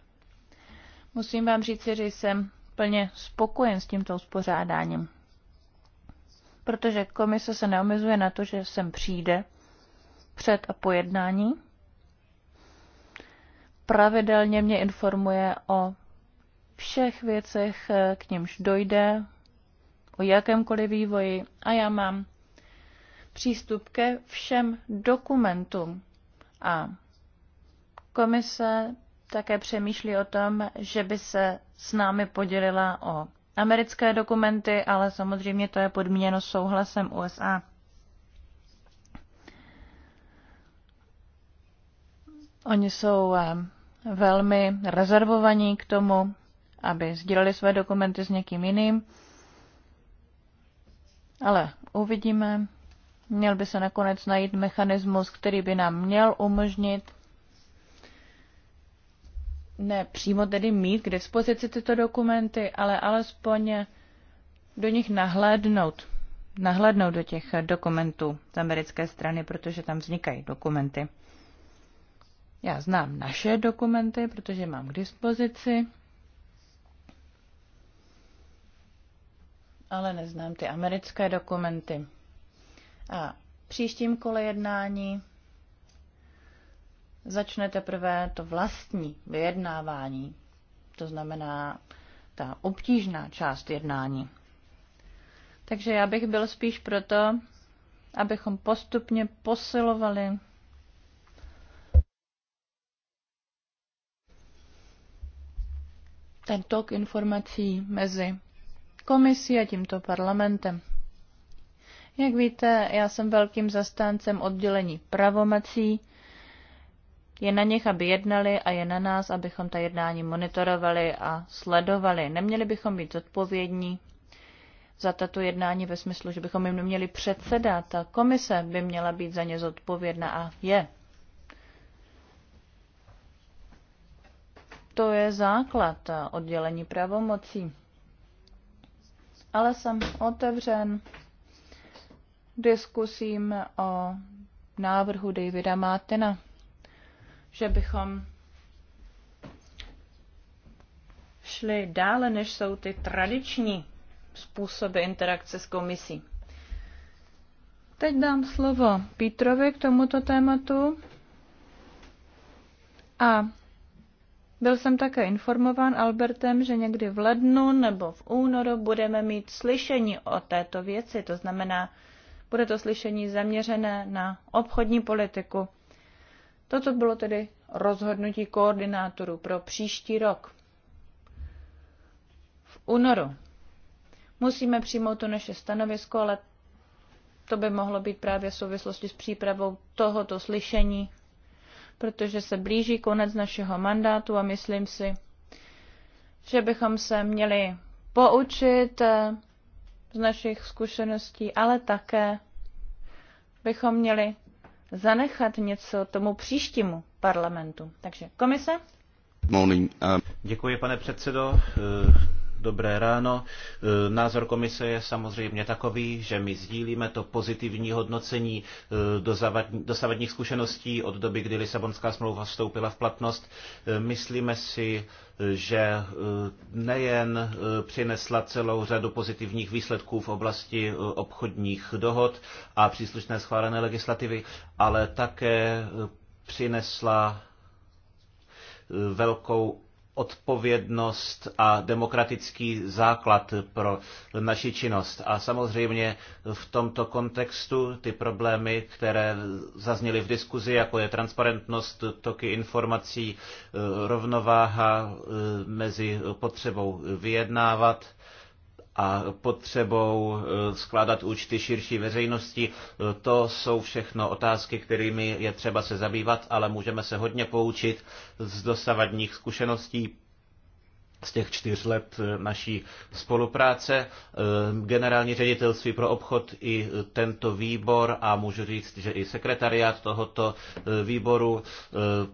Speaker 4: Musím vám říct, že jsem plně spokojen s tímto uspořádáním, protože komise se neomezuje na to, že sem přijde před a po jednání. Pravidelně mě informuje o všech věcech, eh, k němž dojde, o jakémkoliv vývoji a já mám přístup ke všem dokumentům. A komise také přemýšlí o tom, že by se s námi podělila o americké dokumenty, ale samozřejmě to je podmíněno souhlasem USA. Oni jsou eh, velmi rezervovaní k tomu, aby sdíleli své dokumenty s někým jiným. Ale uvidíme. Měl by se nakonec najít mechanismus, který by nám měl umožnit ne přímo tedy mít k dispozici tyto dokumenty, ale alespoň do nich nahlédnout. Nahlédnout do těch dokumentů z americké strany, protože tam vznikají dokumenty. Já znám naše dokumenty, protože mám k dispozici. ale neznám ty americké dokumenty. A příštím kole jednání začnete prvé to vlastní vyjednávání, to znamená ta obtížná část jednání. Takže já bych byl spíš proto, abychom postupně posilovali ten tok informací mezi komisí a tímto parlamentem. Jak víte, já jsem velkým zastáncem oddělení pravomocí. Je na nich, aby jednali a je na nás, abychom ta jednání monitorovali a sledovali. Neměli bychom být zodpovědní za tato jednání ve smyslu, že bychom jim neměli předsedat. Ta komise by měla být za ně zodpovědná a je. To je základ oddělení pravomocí ale jsem otevřen diskusím o návrhu Davida Mátina, že bychom šli dále, než jsou ty tradiční způsoby interakce s komisí. Teď dám slovo Pítrovi k tomuto tématu a byl jsem také informován Albertem, že někdy v lednu nebo v únoru budeme mít slyšení o této věci, to znamená, bude to slyšení zaměřené na obchodní politiku. Toto bylo tedy rozhodnutí koordinátorů pro příští rok. V únoru musíme přijmout to naše stanovisko, ale to by mohlo být právě v souvislosti s přípravou tohoto slyšení protože se blíží konec našeho mandátu a myslím si, že bychom se měli poučit eh, z našich zkušeností, ale také bychom měli zanechat něco tomu příštímu parlamentu. Takže komise?
Speaker 5: Morning. Um.
Speaker 1: Děkuji, pane předsedo. Eh, Dobré ráno. E, názor komise je samozřejmě takový, že my sdílíme to pozitivní hodnocení e, dosavadních zkušeností od doby, kdy Lisabonská smlouva vstoupila v platnost. E, myslíme si, že nejen přinesla celou řadu pozitivních výsledků v oblasti obchodních dohod a příslušné schválené legislativy, ale také přinesla velkou odpovědnost a demokratický základ pro naši činnost. A samozřejmě v tomto kontextu ty problémy, které zazněly v diskuzi, jako je transparentnost, toky informací, e, rovnováha e, mezi potřebou vyjednávat a potřebou eh, skládat účty širší veřejnosti. Eh, to jsou všechno otázky, kterými je třeba se zabývat, ale můžeme se hodně poučit z dosavadních zkušeností z těch čtyř let eh, naší spolupráce. Eh, Generální ředitelství pro obchod i eh, tento výbor a můžu říct, že i sekretariát tohoto výboru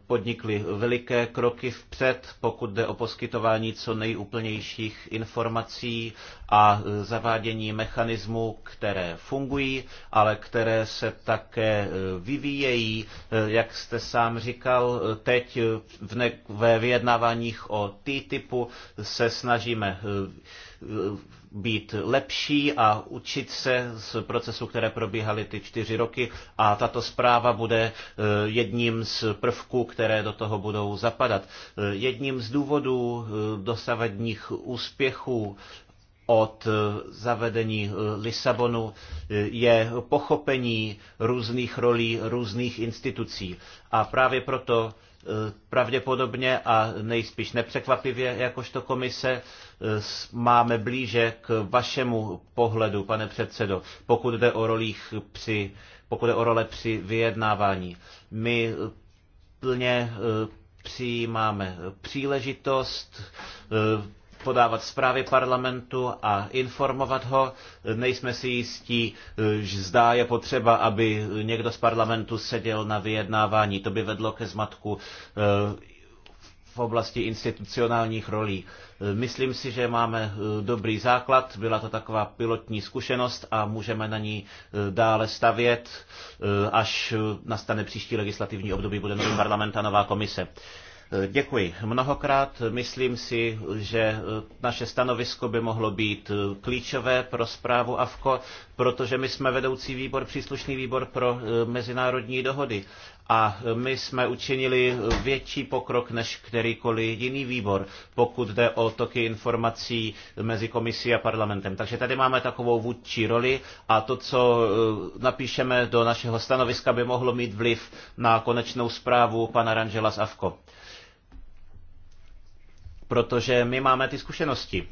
Speaker 1: podnikli veliké kroky vpřed, pokud jde o poskytování co nejúplnějších informací a zavádění mechanismů, které fungují, ale které se také vyvíjejí, jak jste sám říkal, teď v ne- ve vyjednáváních o T-typu se snažíme eh, eh, být lepší a učit se z procesů, které probíhaly ty čtyři roky a tato zpráva bude eh, jedním z prvků, které do toho budou zapadat. Jedním z důvodů dosavadních úspěchů od zavedení Lisabonu je pochopení různých rolí různých institucí. A právě proto Eh, pravděpodobně a nejspíš nepřekvapivě jakožto komise eh, máme blíže k vašemu pohledu, pane předsedo, pokud jde o, rolích při, pokud jde o role při vyjednávání. My eh, plně přijímáme příležitost podávat zprávy parlamentu a informovat ho. Nejsme si jistí, že zdá je potřeba, aby někdo z parlamentu seděl na vyjednávání. To by vedlo ke zmatku eh, v oblasti institucionálních rolí. Myslím si, že máme eh, dobrý základ, byla to taková pilotní zkušenost a můžeme na ní eh, dále stavět, až nastane příští legislativní období, bude nový parlament a nová komise. Děkuji. Mnohokrát myslím si, že naše stanovisko by mohlo být klíčové pro zprávu AFKO, protože my jsme vedoucí výbor, příslušný výbor pro eh, mezinárodní dohody. A my jsme učinili větší pokrok než kterýkoliv jiný výbor, pokud jde o toky informací mezi komisí a parlamentem. Takže tady máme takovou vůdčí roli a to, co eh, napíšeme do našeho stanoviska, by mohlo mít vliv na konečnou zprávu pana Rangela z AFKO protože my máme ty zkušenosti.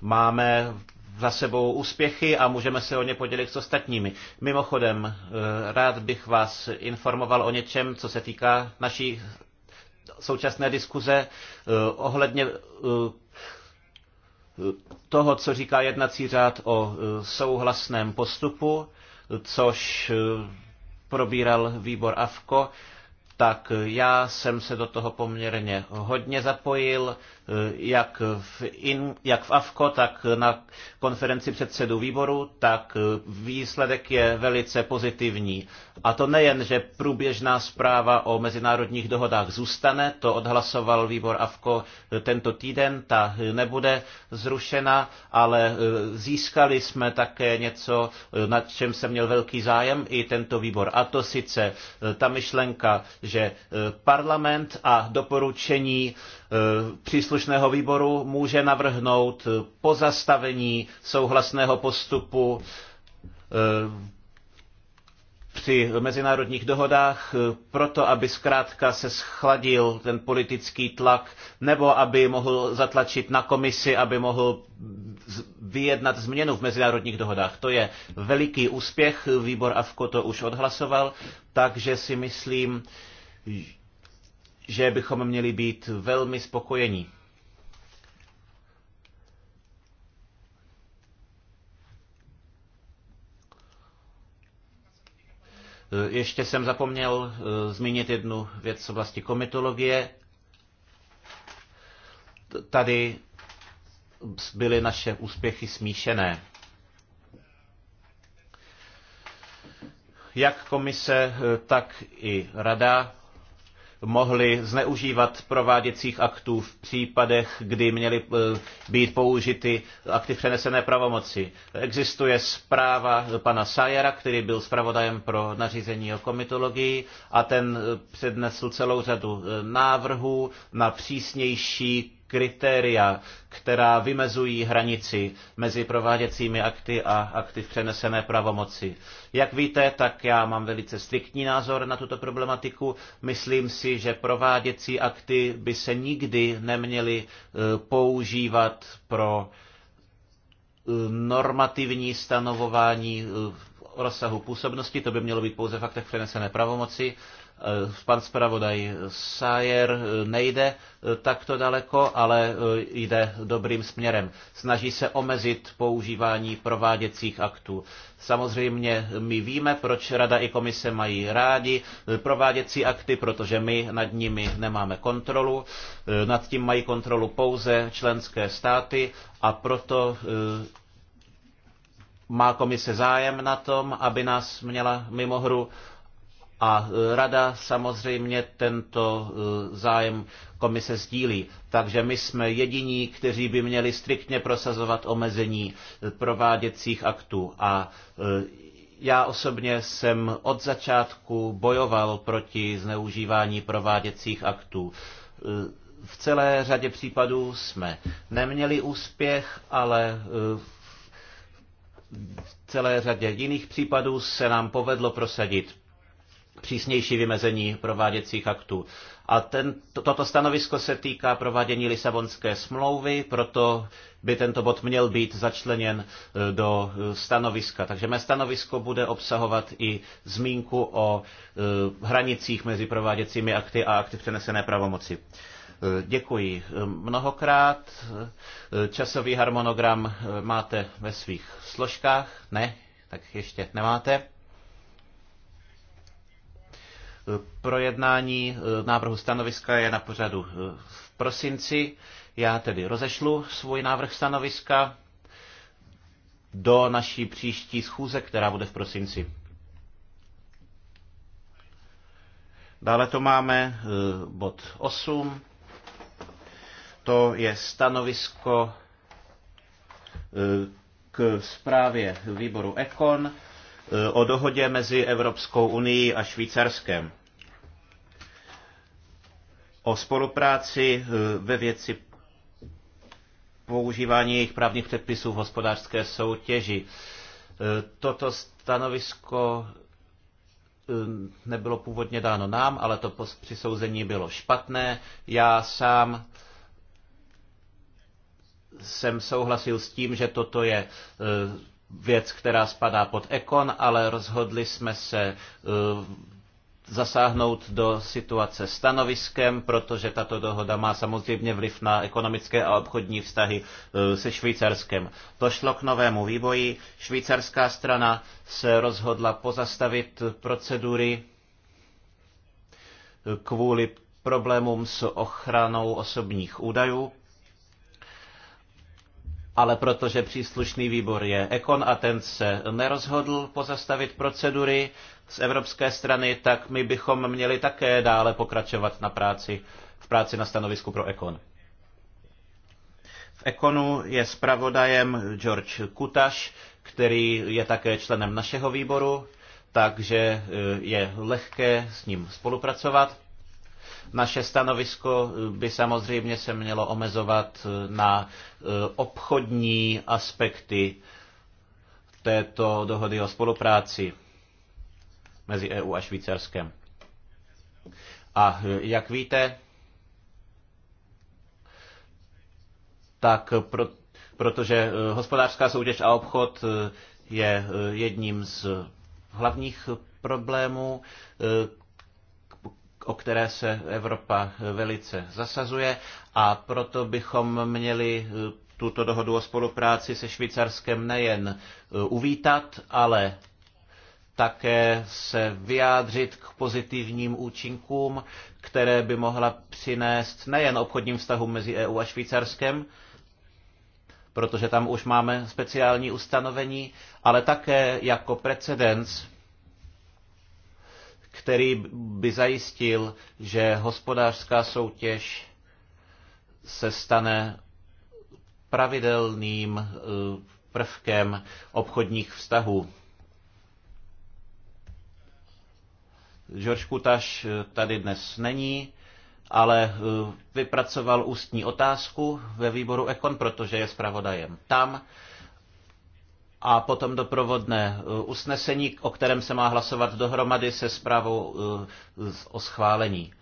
Speaker 1: Máme za sebou úspěchy a můžeme se o ně podělit s ostatními. Mimochodem, eh, rád bych vás informoval o něčem, co se týká naší současné diskuze eh, ohledně eh, toho, co říká jednací řád o souhlasném postupu, což probíral výbor AFKO tak já jsem se do toho poměrně hodně zapojil. Eh, jak v, in, jak v AFKO, tak na konferenci předsedů výboru, tak eh, výsledek je velice pozitivní. A to nejen, že průběžná zpráva o mezinárodních dohodách zůstane, to odhlasoval výbor AFKO eh, tento týden, ta nebude zrušena, ale získali jsme také něco, na čem jsem měl velký zájem i tento výbor. A to sice ta myšlenka, že parlament a doporučení Eh, příslušného výboru může navrhnout pozastavení souhlasného postupu eh, při mezinárodních dohodách, eh, proto aby zkrátka se schladil ten politický tlak, nebo aby mohl zatlačit na komisi, aby mohl vyjednat změnu v mezinárodních dohodách. To je veliký úspěch, výbor AFKO to už odhlasoval, takže si myslím, že bychom měli být velmi spokojení. Ještě jsem zapomněl eh, zmínit jednu věc z oblasti komitologie. Tady byly naše úspěchy smíšené. Jak komise, eh, tak i rada mohli zneužívat prováděcích aktů v případech, kdy měly eh, být použity akty přenesené pravomoci. Existuje zpráva pana Sajera, který byl zpravodajem pro nařízení o komitologii a ten eh, přednesl celou řadu eh, návrhů na přísnější kritéria, která vymezují hranici mezi prováděcími akty a akty v přenesené pravomoci. Jak víte, tak já mám velice striktní názor na tuto problematiku. Myslím si, že prováděcí akty by se nikdy neměly e, používat pro e, normativní stanovování e, rozsahu působnosti, to by mělo být pouze v aktech přenesené pravomoci Eh, pan zpravodaj Sayer eh, nejde eh, takto daleko, ale jde dobrým směrem. Snaží se omezit používání prováděcích aktů. Samozřejmě my víme, proč Rada i komise mají rádi prováděcí akty, protože my nad nimi nemáme kontrolu. Nad tím mají kontrolu pouze členské státy a proto má komise zájem na tom, aby nás měla mimo hru a e, rada samozřejmě tento e, zájem komise sdílí. Takže my jsme jediní, kteří by měli striktně prosazovat omezení e, prováděcích aktů. A já osobně jsem od začátku bojoval proti zneužívání prováděcích aktů. V celé řadě případů jsme neměli úspěch, ale v celé řadě jiných případů se nám povedlo prosadit přísnější vymezení prováděcích aktů. A ten, to, toto stanovisko se týká provádění Lisabonské smlouvy, proto by tento bod měl být začleněn e, do e, stanoviska. Takže mé stanovisko bude obsahovat i zmínku o e, hranicích mezi prováděcími akty a akty přenesené pravomoci. Děkuji mnohokrát. Časový harmonogram máte ve svých složkách? Ne? Tak ještě nemáte. Projednání eh, návrhu stanoviska je na pořadu eh, v prosinci. Já tedy rozešlu svůj návrh stanoviska do naší příští schůze, která bude v prosinci. Dále to máme eh, bod 8. To je stanovisko k zprávě výboru Ekon o dohodě mezi Evropskou unii a Švýcarskem o spolupráci eh, ve věci používání jejich právních předpisů v hospodářské soutěži. Eh, toto stanovisko eh, nebylo původně dáno nám, ale to přisouzení bylo špatné. Já sám jsem souhlasil s tím, že toto je věc, která spadá pod ekon, ale rozhodli jsme se eh, zasáhnout do situace stanoviskem, protože tato dohoda má samozřejmě vliv na ekonomické a obchodní vztahy eh, se Švýcarskem. To šlo k novému vývoji. Švýcarská strana se rozhodla pozastavit procedury eh, kvůli problémům s ochranou osobních údajů ale protože příslušný výbor je Ekon a ten se nerozhodl pozastavit procedury z evropské strany, tak my bychom měli také dále pokračovat na práci, v práci na stanovisku pro Ekon. V Ekonu je zpravodajem George Kutaš, který je také členem našeho výboru, takže e, je lehké s ním spolupracovat. Naše stanovisko by samozřejmě se mělo omezovat na e, obchodní aspekty této dohody o spolupráci mezi EU a Švýcarskem. A e, jak víte, tak pro, protože e, hospodářská soutěž a obchod je jedním z hlavních problémů, o které se Evropa velice zasazuje a proto bychom měli eh, tuto dohodu o spolupráci se Švýcarskem nejen eh, uvítat, ale také se vyjádřit k pozitivním účinkům, které by mohla přinést nejen obchodním vztahům mezi EU a Švýcarskem, protože tam už máme speciální ustanovení, ale také jako precedens který by zajistil, že hospodářská soutěž se stane pravidelným eh, prvkem obchodních vztahů. George Kutaš eh, tady dnes není, ale eh, vypracoval ústní otázku ve výboru Ekon, protože je zpravodajem tam a potom doprovodné uh, usnesení, o kterém se má hlasovat dohromady se zprávou uh, o schválení.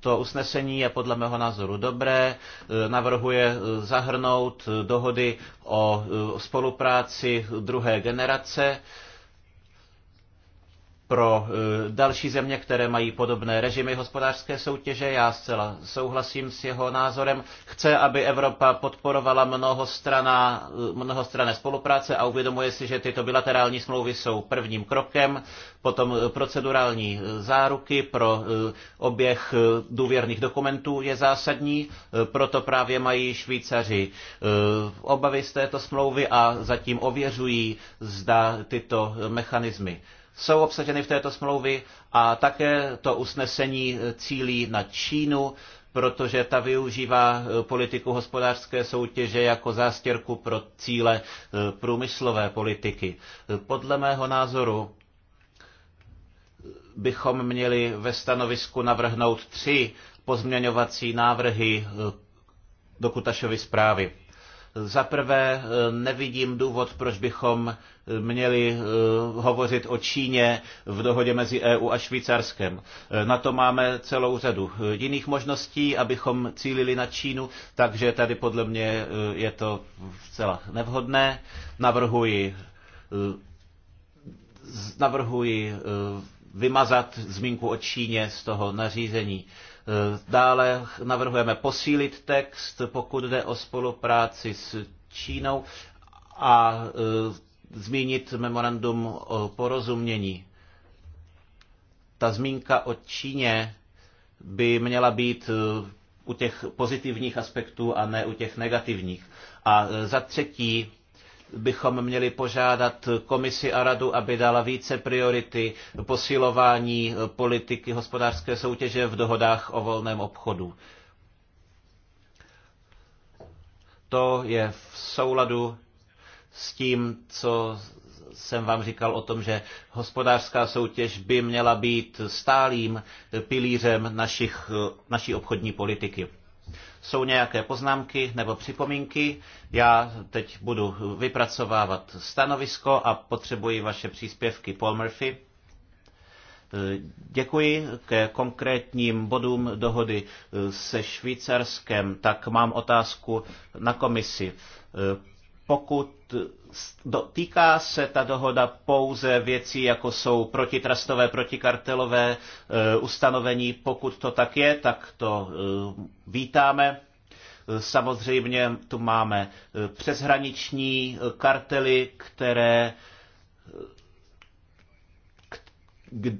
Speaker 1: To usnesení je podle mého názoru dobré, uh, navrhuje zahrnout dohody o spolupráci druhé generace, pro eh, další země, které mají podobné režimy hospodářské soutěže. Já zcela souhlasím s jeho názorem. Chce, aby Evropa podporovala mnohostraná, eh, mnohostrané spolupráce a uvědomuje si, že tyto bilaterální smlouvy jsou prvním krokem, potom eh, procedurální záruky pro oběh důvěrných dokumentů je zásadní, proto právě mají Švýcaři obavy z této smlouvy a zatím ověřují, zda tyto mechanismy jsou obsaženy v této smlouvy a také to usnesení cílí na Čínu, protože ta využívá eh, politiku hospodářské soutěže jako zástěrku pro cíle eh, průmyslové politiky. Eh, podle mého názoru bychom měli ve stanovisku navrhnout tři pozměňovací návrhy do Kutašovy zprávy. Za prvé eh, nevidím důvod, proč bychom eh, měli eh, hovořit o Číně v dohodě mezi EU a Švýcarskem. Na to máme celou řadu jiných možností, abychom cílili na Čínu, takže tady podle mě je to zcela nevhodné. Navrhuji navrhuji vymazat zmínku o Číně z toho nařízení. Eh, dále navrhujeme posílit text, pokud jde o spolupráci s Čínou a eh, zmínit memorandum o porozumění. Ta zmínka o Číně by měla být eh, u těch pozitivních aspektů a ne u těch negativních. A za třetí bychom měli požádat komisi a radu, aby dala více priority posilování politiky hospodářské soutěže v dohodách o volném obchodu. To je v souladu s tím, co jsem vám říkal o tom, že hospodářská soutěž by měla být stálým pilířem našich, naší obchodní politiky. Jsou nějaké poznámky nebo připomínky? Já teď budu vypracovávat stanovisko a potřebuji vaše příspěvky. Paul Murphy. E, děkuji ke konkrétním bodům dohody e, se Švýcarskem. Tak mám otázku na komisi. E, pokud týká se ta dohoda pouze věcí, jako jsou protitrastové, protikartelové e, ustanovení, pokud to tak je, tak to e, vítáme. E, samozřejmě tu máme přeshraniční kartely, které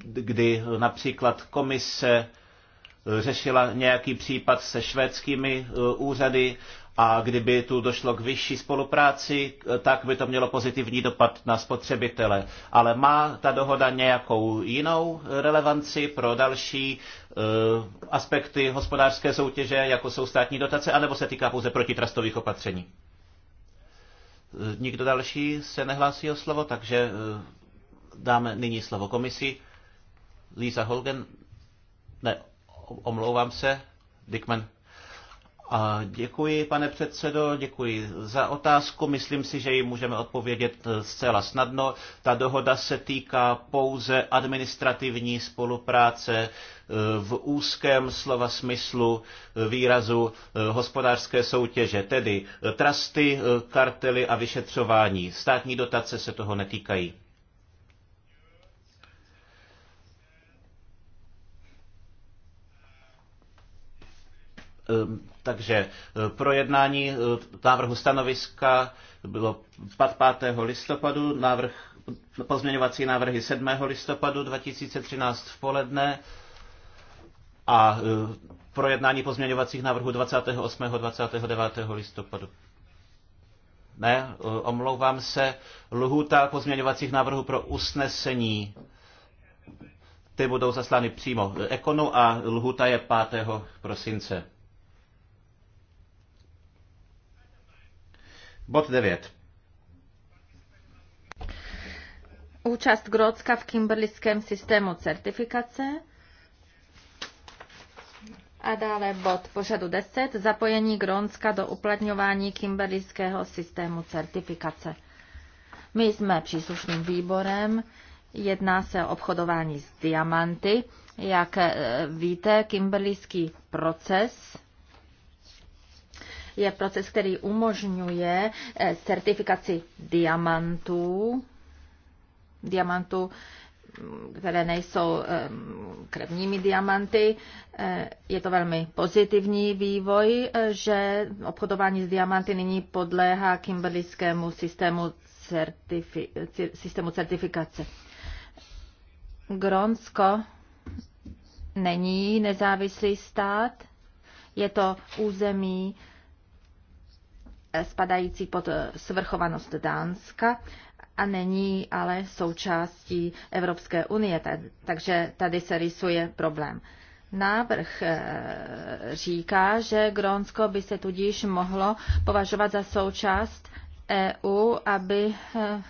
Speaker 1: kdy například komise řešila nějaký případ se švédskými úřady a kdyby tu došlo k vyšší spolupráci, tak by to mělo pozitivní dopad na spotřebitele. Ale má ta dohoda nějakou jinou relevanci pro další eh, aspekty hospodářské soutěže, jako jsou státní dotace, anebo se týká pouze protitrastových opatření? Eh, nikdo další se nehlásí o slovo, takže eh, dáme nyní slovo komisi. Lisa Holgen, ne, omlouvám se, Dickman. A děkuji, pane předsedo, děkuji za otázku. Myslím si, že ji můžeme odpovědět eh, zcela snadno. Ta dohoda se týká pouze administrativní spolupráce eh, v úzkém slova smyslu eh, výrazu hospodářské soutěže, tedy trusty, kartely a vyšetřování. Státní dotace se toho netýkají. Ehm, takže eh, projednání eh, návrhu stanoviska bylo 5. listopadu, návrh, pozměňovací návrhy 7. listopadu 2013 v poledne a eh, projednání pozměňovacích návrhů 28. 29. listopadu. Ne, omlouvám se. Lhůta pozměňovacích návrhů pro usnesení. Ty budou zaslány přímo ekonu a lhůta je 5. prosince. Bod 9.
Speaker 2: Účast Grócka v kimberlickém systému certifikace. A dále bod pořadu 10. Zapojení Grónska do uplatňování kimberlického systému certifikace. My jsme příslušným výborem. Jedná se o obchodování s diamanty. Jak eh, víte, kimberlický proces je proces, který umožňuje eh, certifikaci diamantů, diamantů, mm, které nejsou ehm, krevními diamanty. Eh, je to velmi pozitivní vývoj, eh, že obchodování s diamanty nyní podléhá kimberlickému systému, certifi- systému certifikace. Grónsko není nezávislý stát, je to území spadající pod eh, svrchovanost Dánska a není ale součástí Evropské unie, takže tady se rysuje problém. Návrh eh, říká, že Grónsko by se tudíž mohlo považovat za součást EU, aby eh,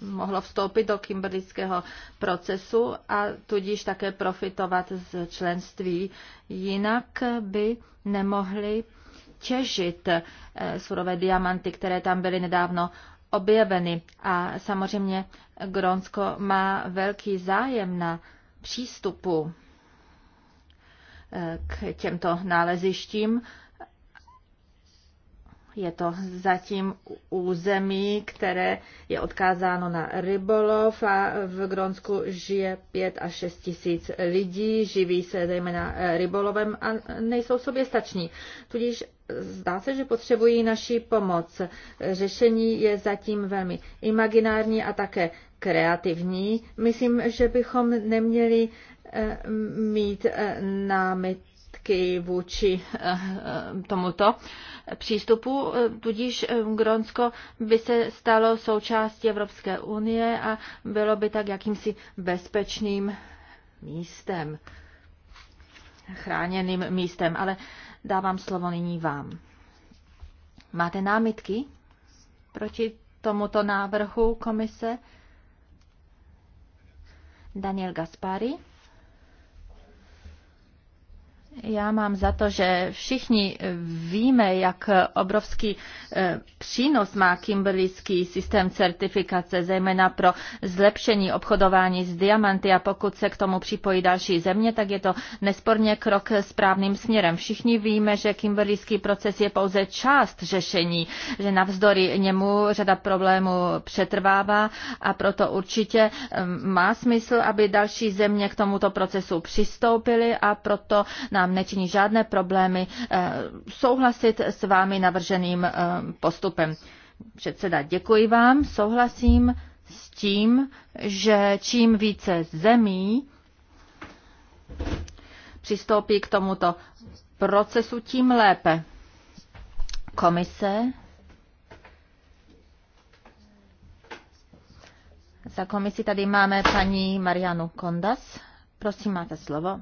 Speaker 2: mohlo vstoupit do kimberlického procesu a tudíž také profitovat z členství. Jinak by nemohli těžit eh, surové diamanty, které tam byly nedávno objeveny. A samozřejmě Grónsko má velký zájem na přístupu eh, k těmto nálezištím je to zatím území, které je odkázáno na rybolov a v Gronsku žije 5 až 6 tisíc lidí, živí se zejména eh, rybolovem a nejsou soběstační. Tudíž zdá se, že potřebují naší pomoc. Řešení je zatím velmi imaginární a také kreativní. Myslím, že bychom neměli eh, mít eh, námit kritický vůči eh, tomuto přístupu, tudíž eh, Grónsko by se stalo součástí Evropské unie a bylo by tak jakýmsi bezpečným místem, chráněným místem, ale dávám slovo nyní vám. Máte námitky proti tomuto návrhu komise? Daniel Gaspari. Já mám za to, že všichni víme, jak obrovský eh, přínos má kimberlický systém certifikace, zejména pro zlepšení obchodování s diamanty a pokud se k tomu připojí další země, tak je to nesporně krok správným směrem. Všichni víme, že kimberlický proces je pouze část řešení, že navzdory němu řada problémů přetrvává a proto určitě eh, má smysl, aby další země k tomuto procesu přistoupily a proto nám nám nečiní žádné problémy eh, souhlasit s vámi navrženým eh, postupem. Předseda, děkuji vám, souhlasím s tím, že čím více zemí přistoupí k tomuto procesu, tím lépe. Komise Za komisi tady máme paní Marianu Kondas. Prosím, máte slovo.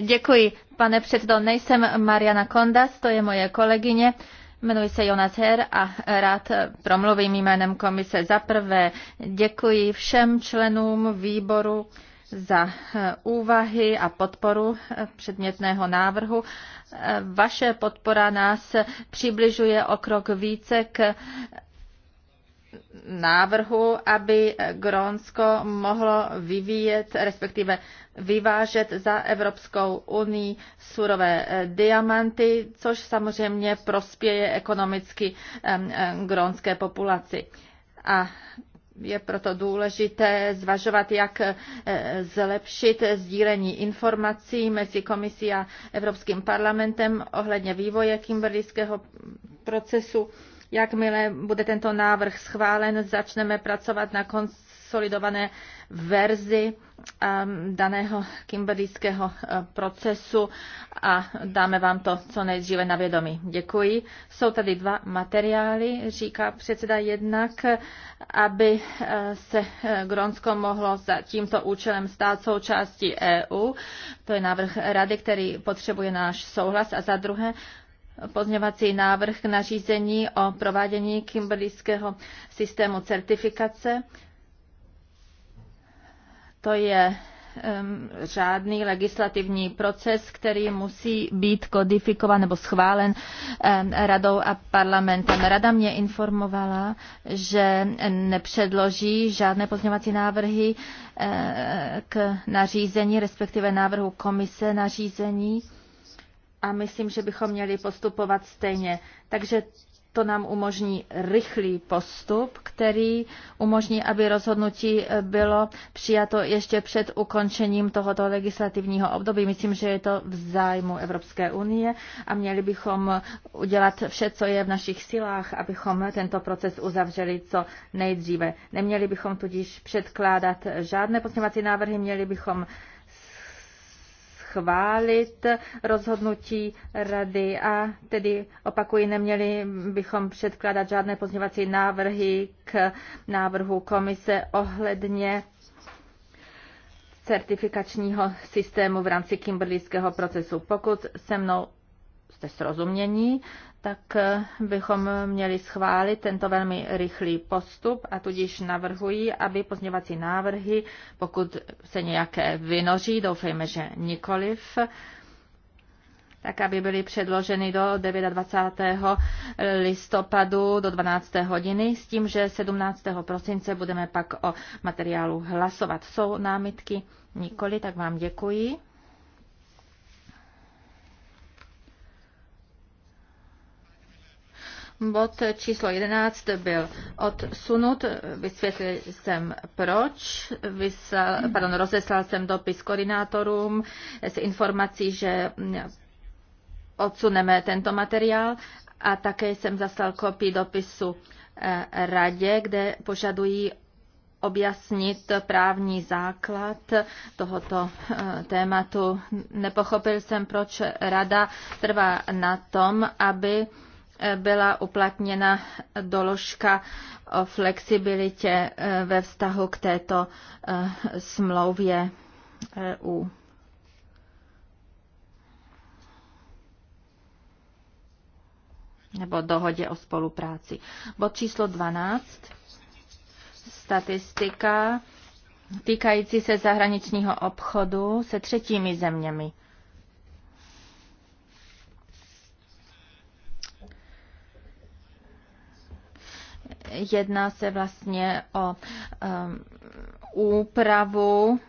Speaker 2: Děkuji, pane předsedo. Nejsem Mariana Kondas, to je moje kolegyně. Jmenuji se Jonas Her a rád promluvím jménem komise. Za prvé děkuji všem členům výboru za úvahy a podporu předmětného návrhu. Vaše podpora nás přibližuje o krok více k návrhu, aby Grónsko mohlo vyvíjet, respektive vyvážet za Evropskou unii surové eh, diamanty, což samozřejmě prospěje ekonomicky grónské populaci. A je proto důležité zvažovat, jak eh, zlepšit sdílení informací mezi komisí a Evropským parlamentem ohledně vývoje kimberlického procesu Jakmile bude tento návrh schválen, začneme pracovat na konsolidované verzi um, daného kimberlického uh, procesu a dáme vám to co nejdříve na vědomí. Děkuji. Jsou tady dva materiály, říká předseda jednak, aby uh, se uh, Gronsko mohlo za tímto účelem stát součástí EU. To je návrh rady, který potřebuje náš souhlas. A za druhé, pozměvací návrh na řízení o provádění kimberlíského systému certifikace. To je um, řádný legislativní proces, který musí být kodifikován nebo schválen um, radou a parlamentem. Rada mě informovala, že nepředloží žádné pozměvací návrhy uh, k nařízení, respektive návrhu komise nařízení a myslím, že bychom měli postupovat stejně. Takže to nám umožní rychlý postup, který umožní, aby rozhodnutí bylo přijato ještě před ukončením tohoto legislativního období. Myslím, že je to v zájmu Evropské unie a měli bychom udělat vše, co je v našich silách, abychom tento proces uzavřeli co nejdříve. Neměli bychom tudíž předkládat žádné pozměňovací návrhy, měli bychom schválit rozhodnutí rady a tedy opakuji, neměli bychom předkládat žádné pozměvací návrhy k návrhu komise ohledně certifikačního systému v rámci kimberlíského procesu. Pokud se mnou jste srozumění, tak eh, bychom měli schválit tento velmi rychlý postup a tudíž navrhuji, aby pozněvací návrhy, pokud se nějaké vynoří, doufejme, že nikoliv, tak aby byly předloženy do 29. listopadu do 12. hodiny, s tím, že 17. prosince budeme pak o materiálu hlasovat. Jsou námitky? Nikoli, tak vám děkuji. Bod číslo 11 byl odsunut, vysvětlil jsem proč, Vysel, pardon, rozeslal jsem dopis koordinátorům s informací, že odsuneme tento materiál a také jsem zaslal kopii dopisu eh, radě, kde požadují objasnit právní základ tohoto eh, tématu. Nepochopil jsem, proč rada trvá na tom, aby byla uplatněna doložka o flexibilitě eh, ve vztahu k této eh, smlouvě EU. nebo dohodě o spolupráci. Bod číslo 12. Statistika týkající se zahraničního obchodu se třetími zeměmi. Jedná se vlastně o um, úpravu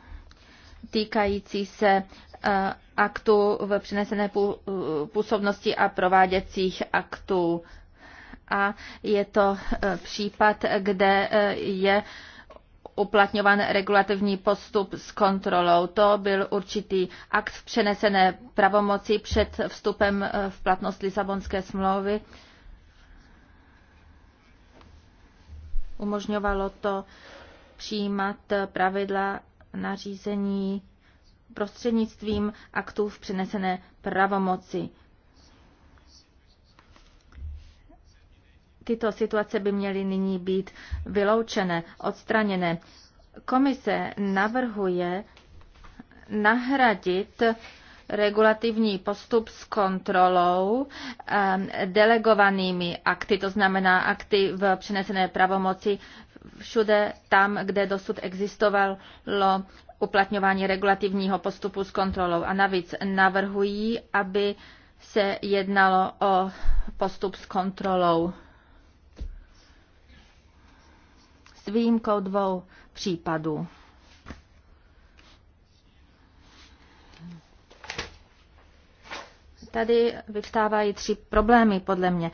Speaker 2: týkající se uh, aktu v přenesené uh, působnosti a prováděcích aktů. A je to uh, případ, kde je uplatňován regulativní postup s kontrolou. To byl určitý akt v přenesené pravomoci před vstupem v platnost Lisabonské smlouvy Umožňovalo to přijímat pravidla nařízení prostřednictvím aktů v přenesené pravomoci. Tyto situace by měly nyní být vyloučené, odstraněné. Komise navrhuje nahradit regulativní postup s kontrolou delegovanými akty, to znamená akty v přenesené pravomoci všude tam, kde dosud existovalo uplatňování regulativního postupu s kontrolou. A navíc navrhují, aby se jednalo o postup s kontrolou. S výjimkou dvou případů. Tady vyvstávají tři problémy, podle mě.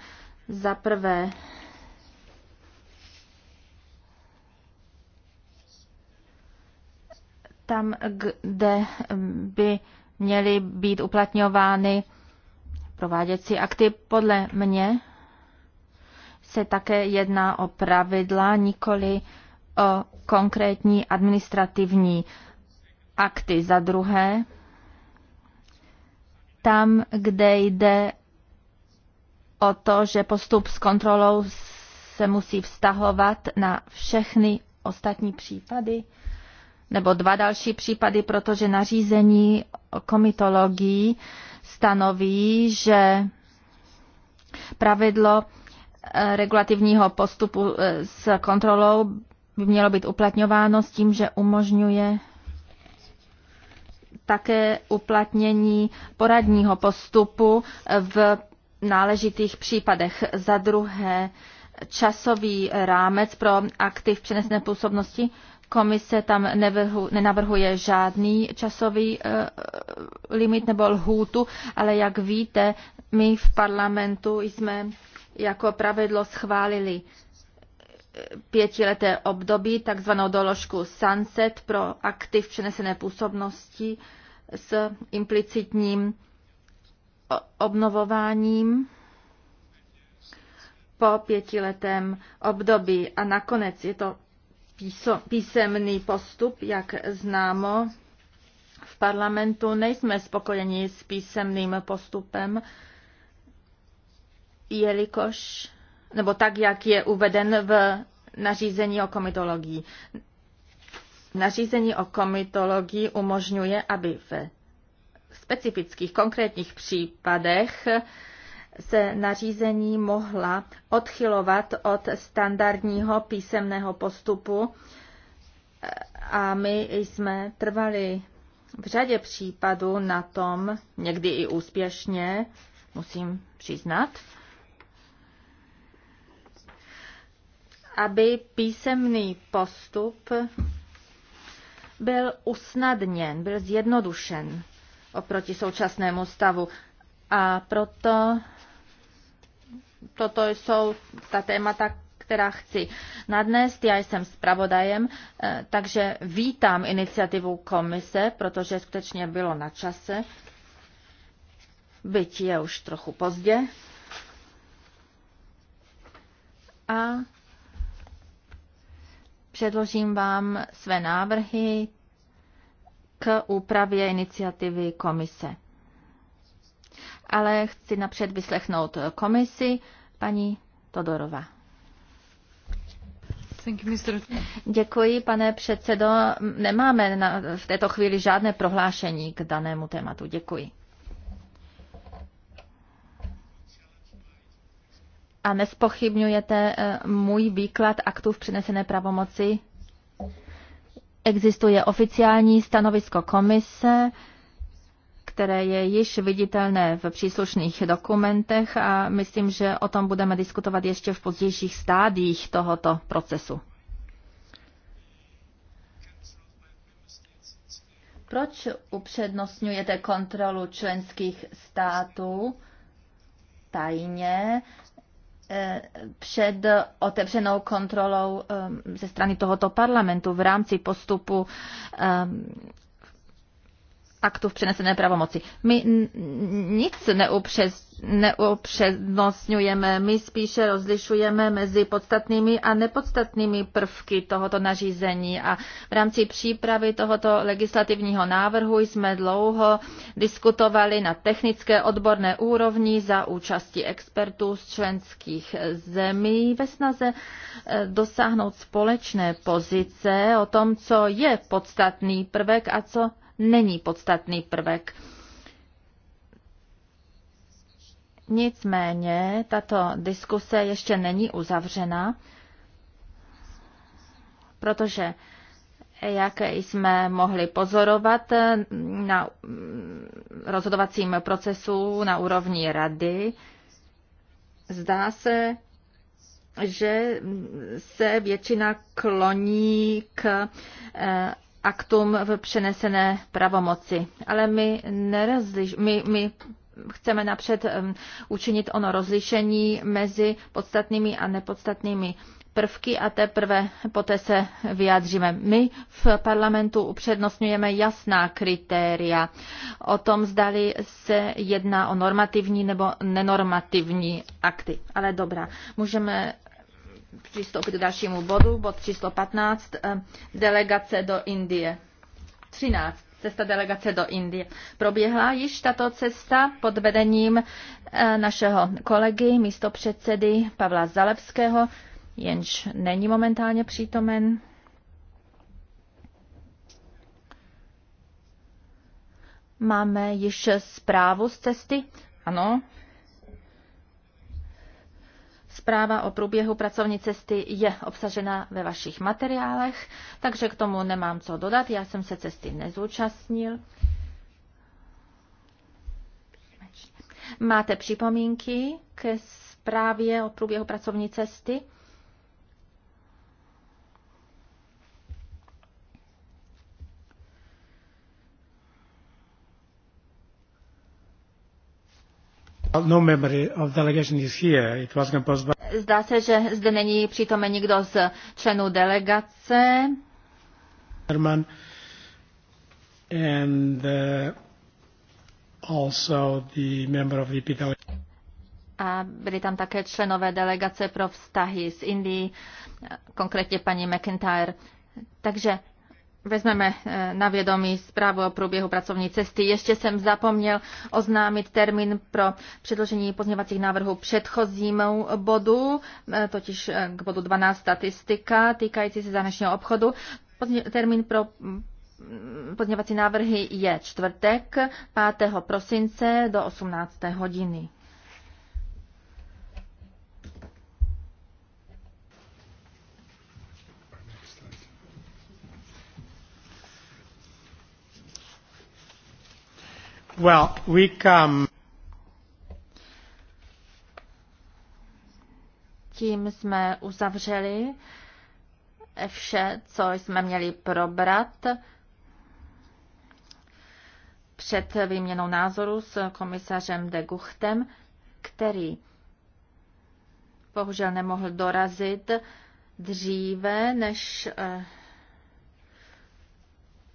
Speaker 2: Za prvé, tam, kde by měly být uplatňovány prováděcí akty, podle mě se také jedná o pravidla, nikoli o konkrétní administrativní akty. Za druhé, tam, kde jde o to, že postup s kontrolou se musí vztahovat na všechny ostatní případy, nebo dva další případy, protože nařízení o komitologii stanoví, že pravidlo eh, regulativního postupu eh, s kontrolou by mělo být uplatňováno s tím, že umožňuje také uplatnění poradního postupu v náležitých případech. Za druhé, časový rámec pro aktiv přenesné působnosti. Komise tam nevrhu, nenavrhuje žádný časový e, limit nebo lhůtu, ale jak víte, my v parlamentu jsme jako pravidlo schválili pětileté období, takzvanou doložku Sunset pro aktiv přenesené působnosti s implicitním obnovováním po pětiletém období. A nakonec je to písemný postup, jak známo. V parlamentu nejsme spokojeni s písemným postupem, jelikož nebo tak, jak je uveden v nařízení o komitologii. Nařízení o komitologii umožňuje, aby v specifických konkrétních případech se nařízení mohla odchylovat od standardního písemného postupu a my jsme trvali v řadě případů na tom, někdy i úspěšně, musím přiznat, aby písemný postup byl usnadněn, byl zjednodušen oproti současnému stavu. A proto toto jsou ta témata, která chci nadnést. Já jsem zpravodajem, eh, takže vítám iniciativu komise, protože skutečně bylo na čase, byť je už trochu pozdě. A Předložím vám své návrhy k úpravě iniciativy komise. Ale chci napřed vyslechnout komisi paní Todorova. Děkuji, pane předsedo. Nemáme na, v této chvíli žádné prohlášení k danému tématu. Děkuji. a nespochybňujete eh, můj výklad aktů v přenesené pravomoci. Existuje oficiální stanovisko komise, které je již viditelné v příslušných dokumentech a myslím, že o tom budeme diskutovat ještě v pozdějších stádiích tohoto procesu. Proč upřednostňujete kontrolu členských států tajně před otevřenou kontrolou um, ze strany tohoto parlamentu v rámci postupu um, aktu v přenesené pravomoci. My nic neupřes, neupřednostňujeme, my spíše rozlišujeme mezi podstatnými a nepodstatnými prvky tohoto nařízení a v rámci přípravy tohoto legislativního návrhu jsme dlouho diskutovali na technické odborné úrovni za účasti expertů z členských zemí ve snaze eh, dosáhnout společné pozice o tom, co je podstatný prvek a co není podstatný prvek. Nicméně tato diskuse ještě není uzavřena, protože jak jsme mohli pozorovat na rozhodovacím procesu na úrovni rady, zdá se, že se většina kloní k eh, aktům v přenesené pravomoci. Ale my, nerozliš, my, my chceme napřed um, učinit ono rozlišení mezi podstatnými a nepodstatnými prvky a teprve poté se vyjádříme. My v parlamentu upřednostňujeme jasná kritéria o tom, zdali se jedná o normativní nebo nenormativní akty. Ale dobrá, můžeme přistoupit k dalšímu bodu, bod číslo 15, eh, delegace do Indie. 13. Cesta delegace do Indie. Proběhla již tato cesta pod vedením eh, našeho kolegy, místopředsedy Pavla Zalevského, jenž není momentálně přítomen. Máme již zprávu z cesty? Ano, Zpráva o průběhu pracovní cesty je obsažena ve vašich materiálech, takže k tomu nemám co dodat. Já jsem se cesty nezúčastnil. Máte připomínky ke zprávě o průběhu pracovní cesty? No Zdá se, že zde není přítomen nikdo z členů delegace.
Speaker 3: and uh, also the member of the
Speaker 2: A byli tam také členové delegace pro vztahy s Indií, konkrétně paní McIntyre. Takže Vezmeme eh, na vědomí zprávu o průběhu pracovní cesty. Ještě jsem zapomněl oznámit termín pro předložení pozměvacích návrhů předchozímu bodu, eh, totiž eh, k bodu 12 statistika týkající se zahraničního obchodu. Termín pro mm, pozměvací návrhy je čtvrtek 5. prosince do 18. hodiny.
Speaker 3: Well,
Speaker 1: we come.
Speaker 2: Tím jsme uzavřeli vše, co jsme měli probrat před výměnou názoru s komisařem de Guchtem, který bohužel nemohl dorazit dříve než eh,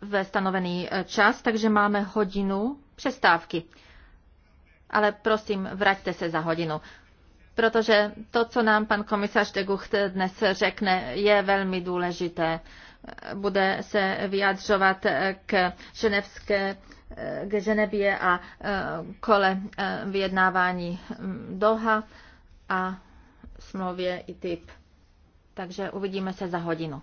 Speaker 2: ve stanovený čas, takže máme hodinu přestávky. Ale prosím, vraťte se za hodinu, protože to, co nám pan komisař de Gucht dnes řekne, je velmi důležité. Bude se vyjadřovat k ženevské k Ženevě a e, kole e, vyjednávání Doha a smlouvě i typ. Takže uvidíme se za hodinu.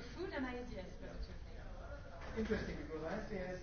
Speaker 3: food and ideas. were Interesting, because ISDS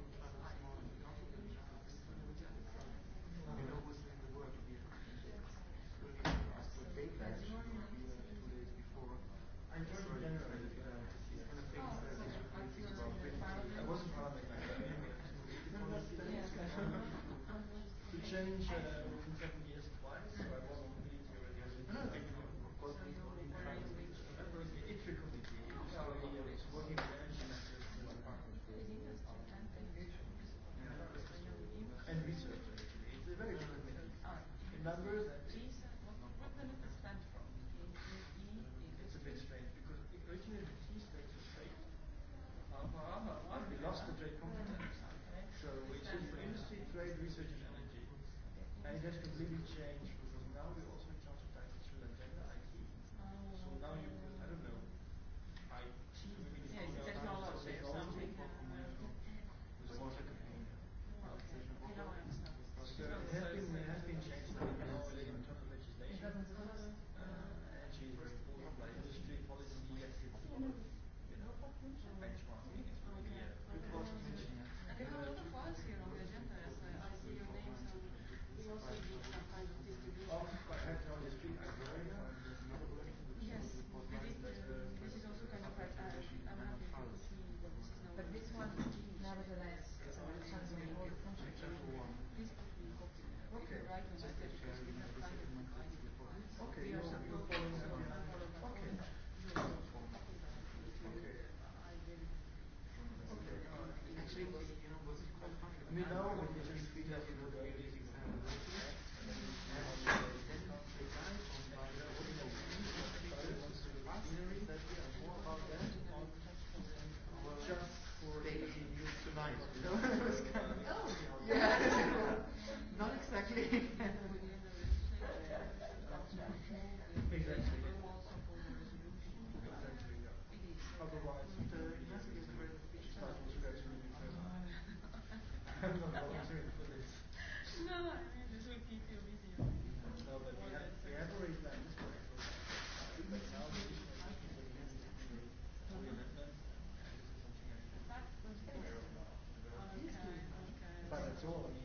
Speaker 3: change. Lord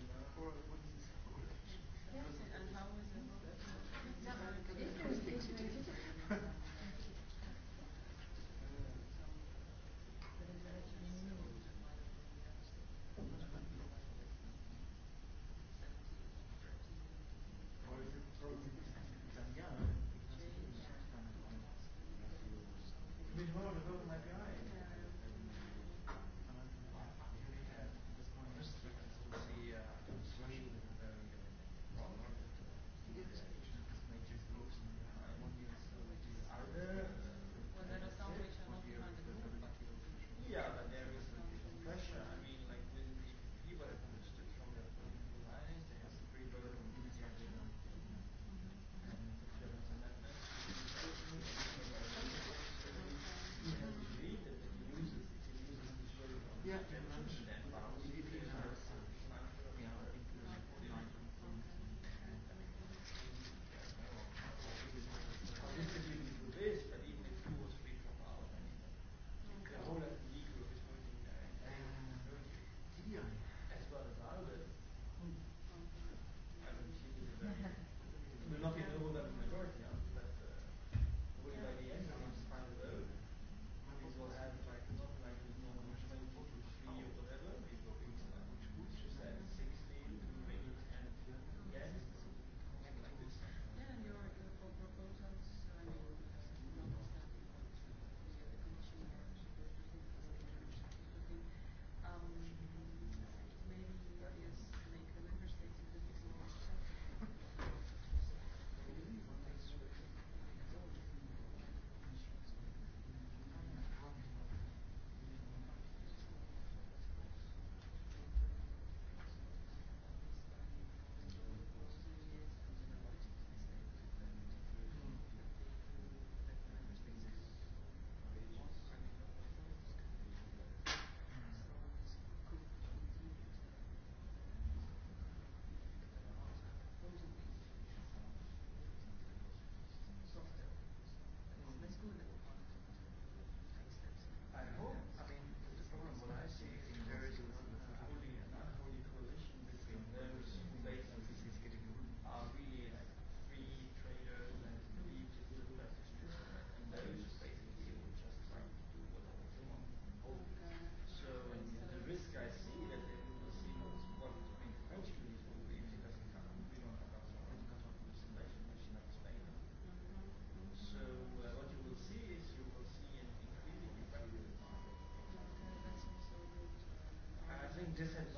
Speaker 3: different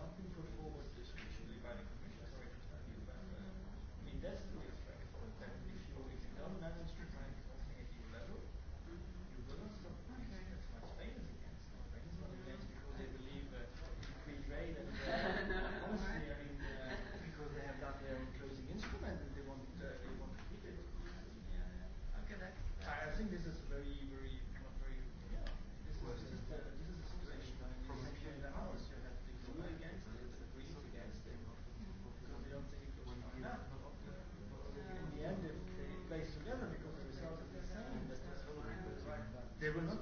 Speaker 3: Table, no?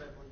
Speaker 3: nebo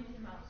Speaker 3: být zmást.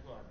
Speaker 3: agora.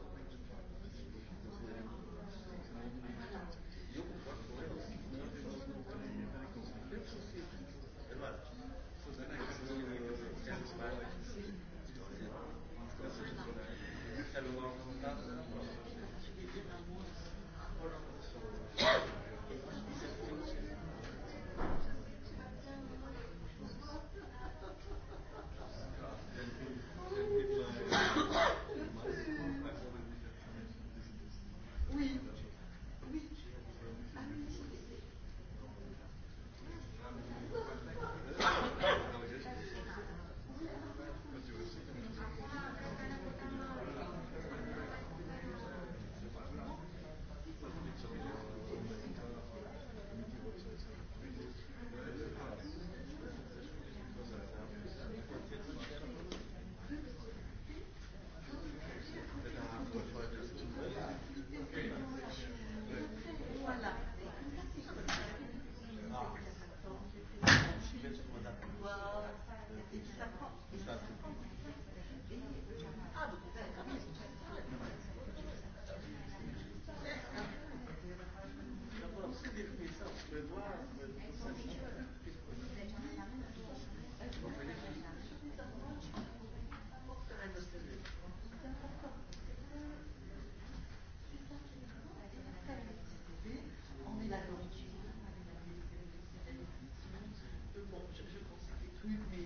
Speaker 3: with me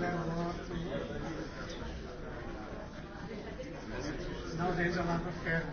Speaker 3: Nowadays, a lot of care.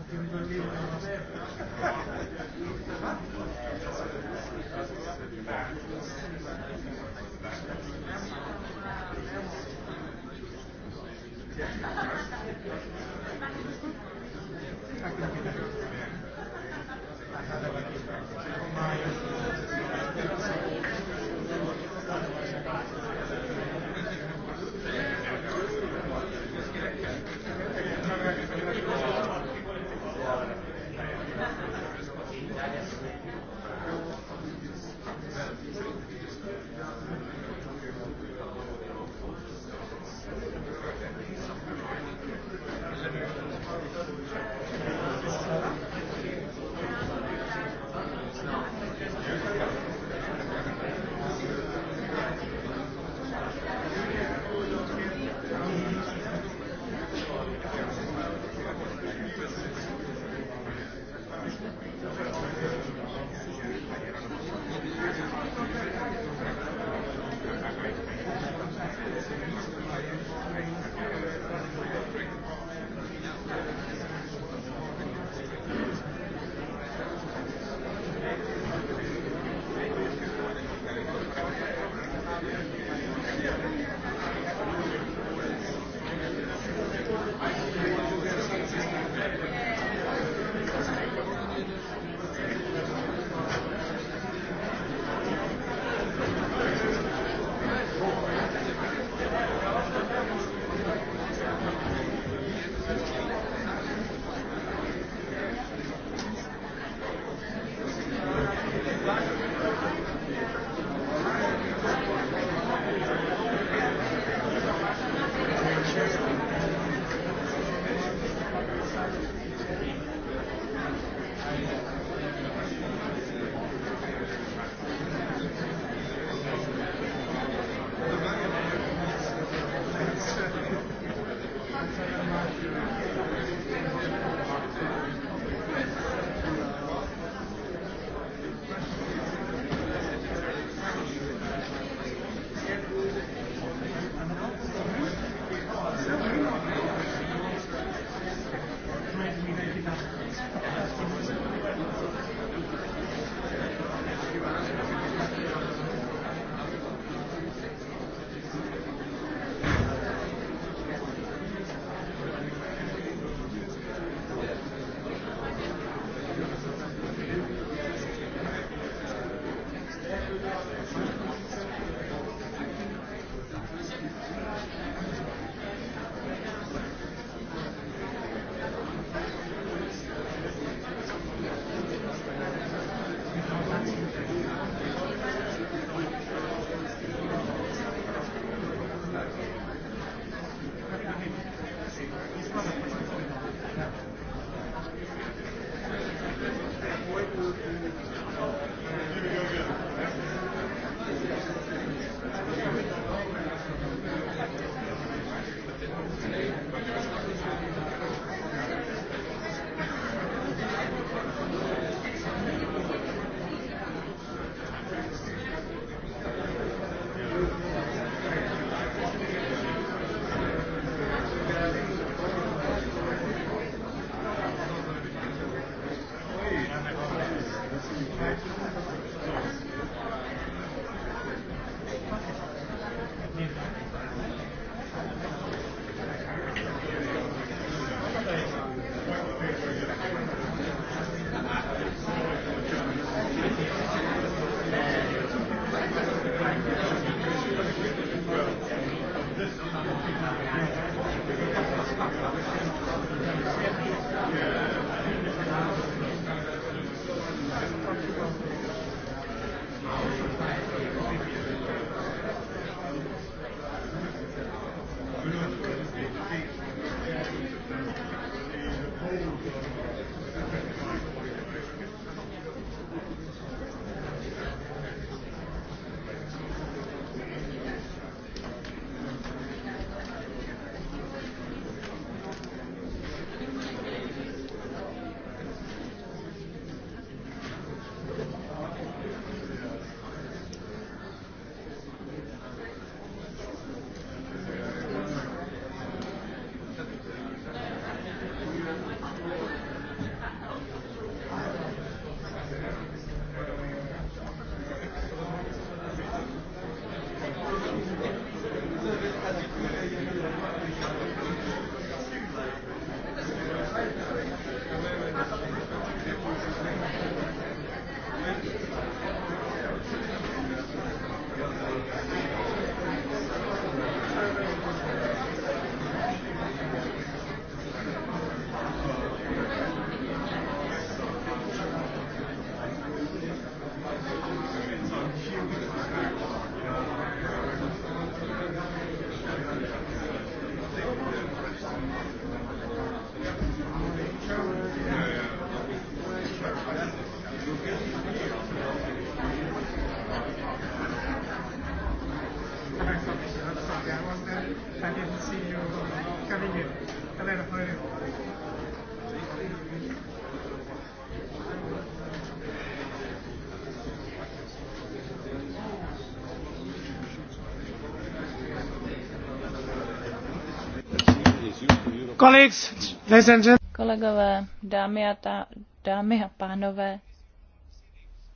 Speaker 4: Kolegové, dámy a, ta, dámy a pánové,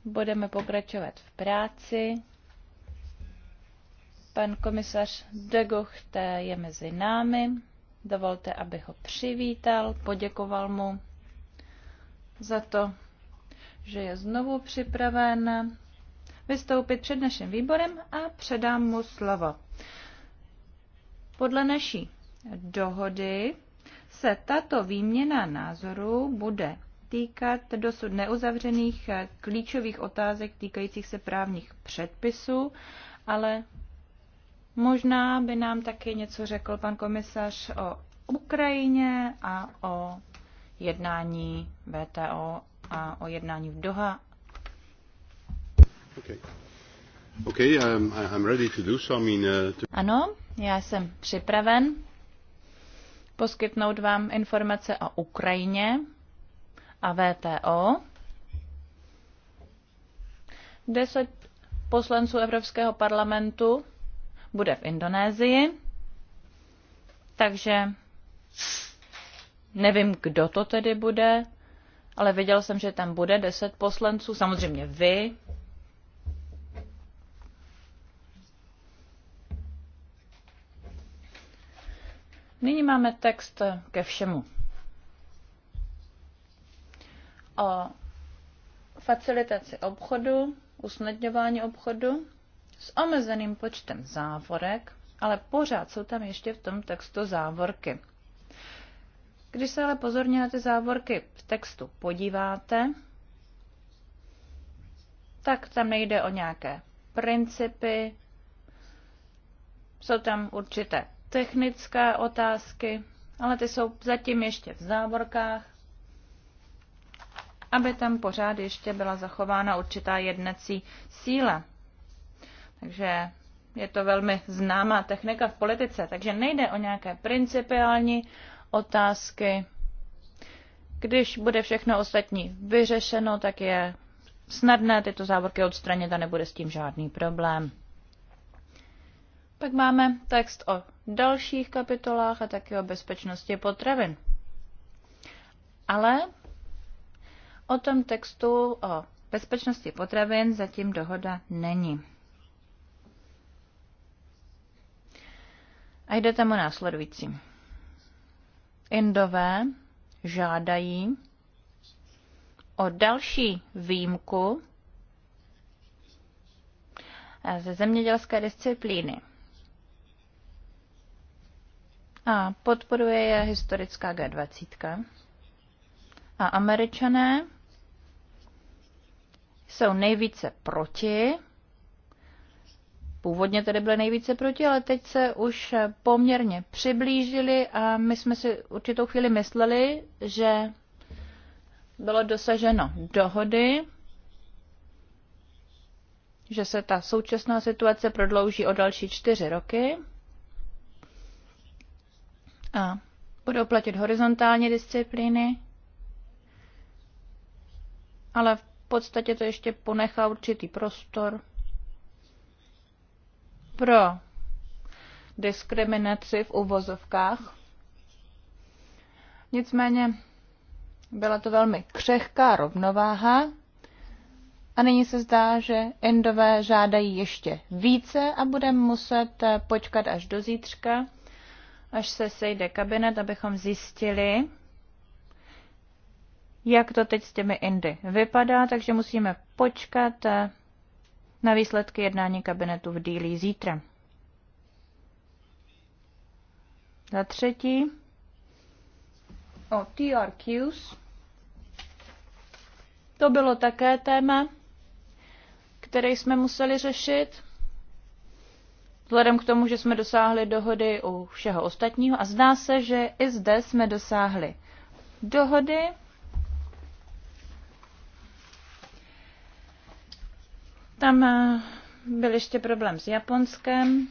Speaker 4: budeme pokračovat v práci. Pan komisař de Gucht je mezi námi. Dovolte, abych ho přivítal, poděkoval mu za to, že je znovu připraven vystoupit před naším výborem a předám mu slovo. Podle naší dohody se tato výměna názorů bude týkat dosud neuzavřených eh, klíčových otázek týkajících se právních předpisů, ale možná by nám taky něco řekl pan komisař o Ukrajině a o jednání VTO a o jednání v Doha.
Speaker 5: Okay. Okay, I'm, um, I'm ready to do so. I mean, uh, to...
Speaker 4: Ano, já jsem připraven poskytnout vám informace o Ukrajině a VTO. Deset poslanců Evropského parlamentu bude v Indonésii, takže nevím, kdo to tedy bude, ale viděl jsem, že tam bude deset poslanců, samozřejmě vy, Nyní máme text ke všemu. O facilitaci obchodu, usnadňování obchodu s omezeným počtem závorek, ale pořád jsou tam ještě v tom textu závorky. Když se ale pozorně na ty závorky v textu podíváte, tak tam nejde o nějaké principy, jsou tam určité technické otázky, ale ty jsou zatím ještě v závorkách, aby tam pořád ještě byla zachována určitá jednací síla. Takže je to velmi známá technika v politice, takže nejde o nějaké principiální otázky. Když bude všechno ostatní vyřešeno, tak je snadné tyto závorky odstranit a nebude s tím žádný problém. Pak máme text o dalších kapitolách a také o bezpečnosti potravin. Ale o tom textu o bezpečnosti potravin zatím dohoda není. A jde tam o následující. Indové žádají o další výjimku ze zemědělské disciplíny a podporuje je historická G20. A američané jsou nejvíce proti. Původně tedy byly nejvíce proti, ale teď se už poměrně přiblížili a my jsme si určitou chvíli mysleli, že bylo dosaženo dohody, že se ta současná situace prodlouží o další čtyři roky. A budou platit horizontálně disciplíny, ale v podstatě to ještě ponechá určitý prostor pro diskriminaci v uvozovkách. Nicméně byla to velmi křehká rovnováha a nyní se zdá, že Indové žádají ještě více a budeme muset počkat až do zítřka až se sejde kabinet, abychom zjistili, jak to teď s těmi Indy vypadá, takže musíme počkat eh, na výsledky jednání kabinetu v Dílí zítra. Za třetí o TRQs. To bylo také téma, které jsme museli řešit vzhledem k tomu, že jsme dosáhli dohody u všeho ostatního a zdá se, že i zde jsme dosáhli dohody. Tam eh, byl ještě problém s Japonskem.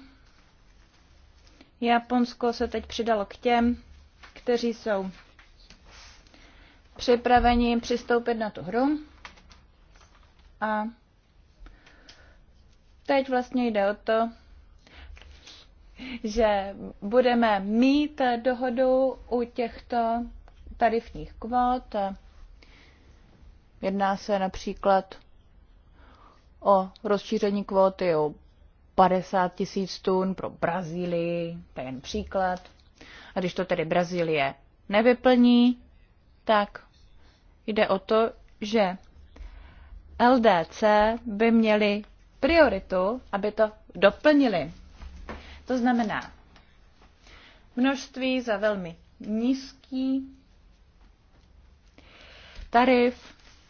Speaker 4: Japonsko se teď přidalo k těm, kteří jsou připraveni přistoupit na tu hru. A teď vlastně jde o to, že budeme mít dohodu u těchto tarifních kvót. Jedná se například o rozšíření kvóty o 50 tisíc tun pro Brazílii, to je jen příklad. A když to tedy Brazílie nevyplní, tak jde o to, že LDC by měli prioritu, aby to doplnili. To znamená množství za velmi nízký tarif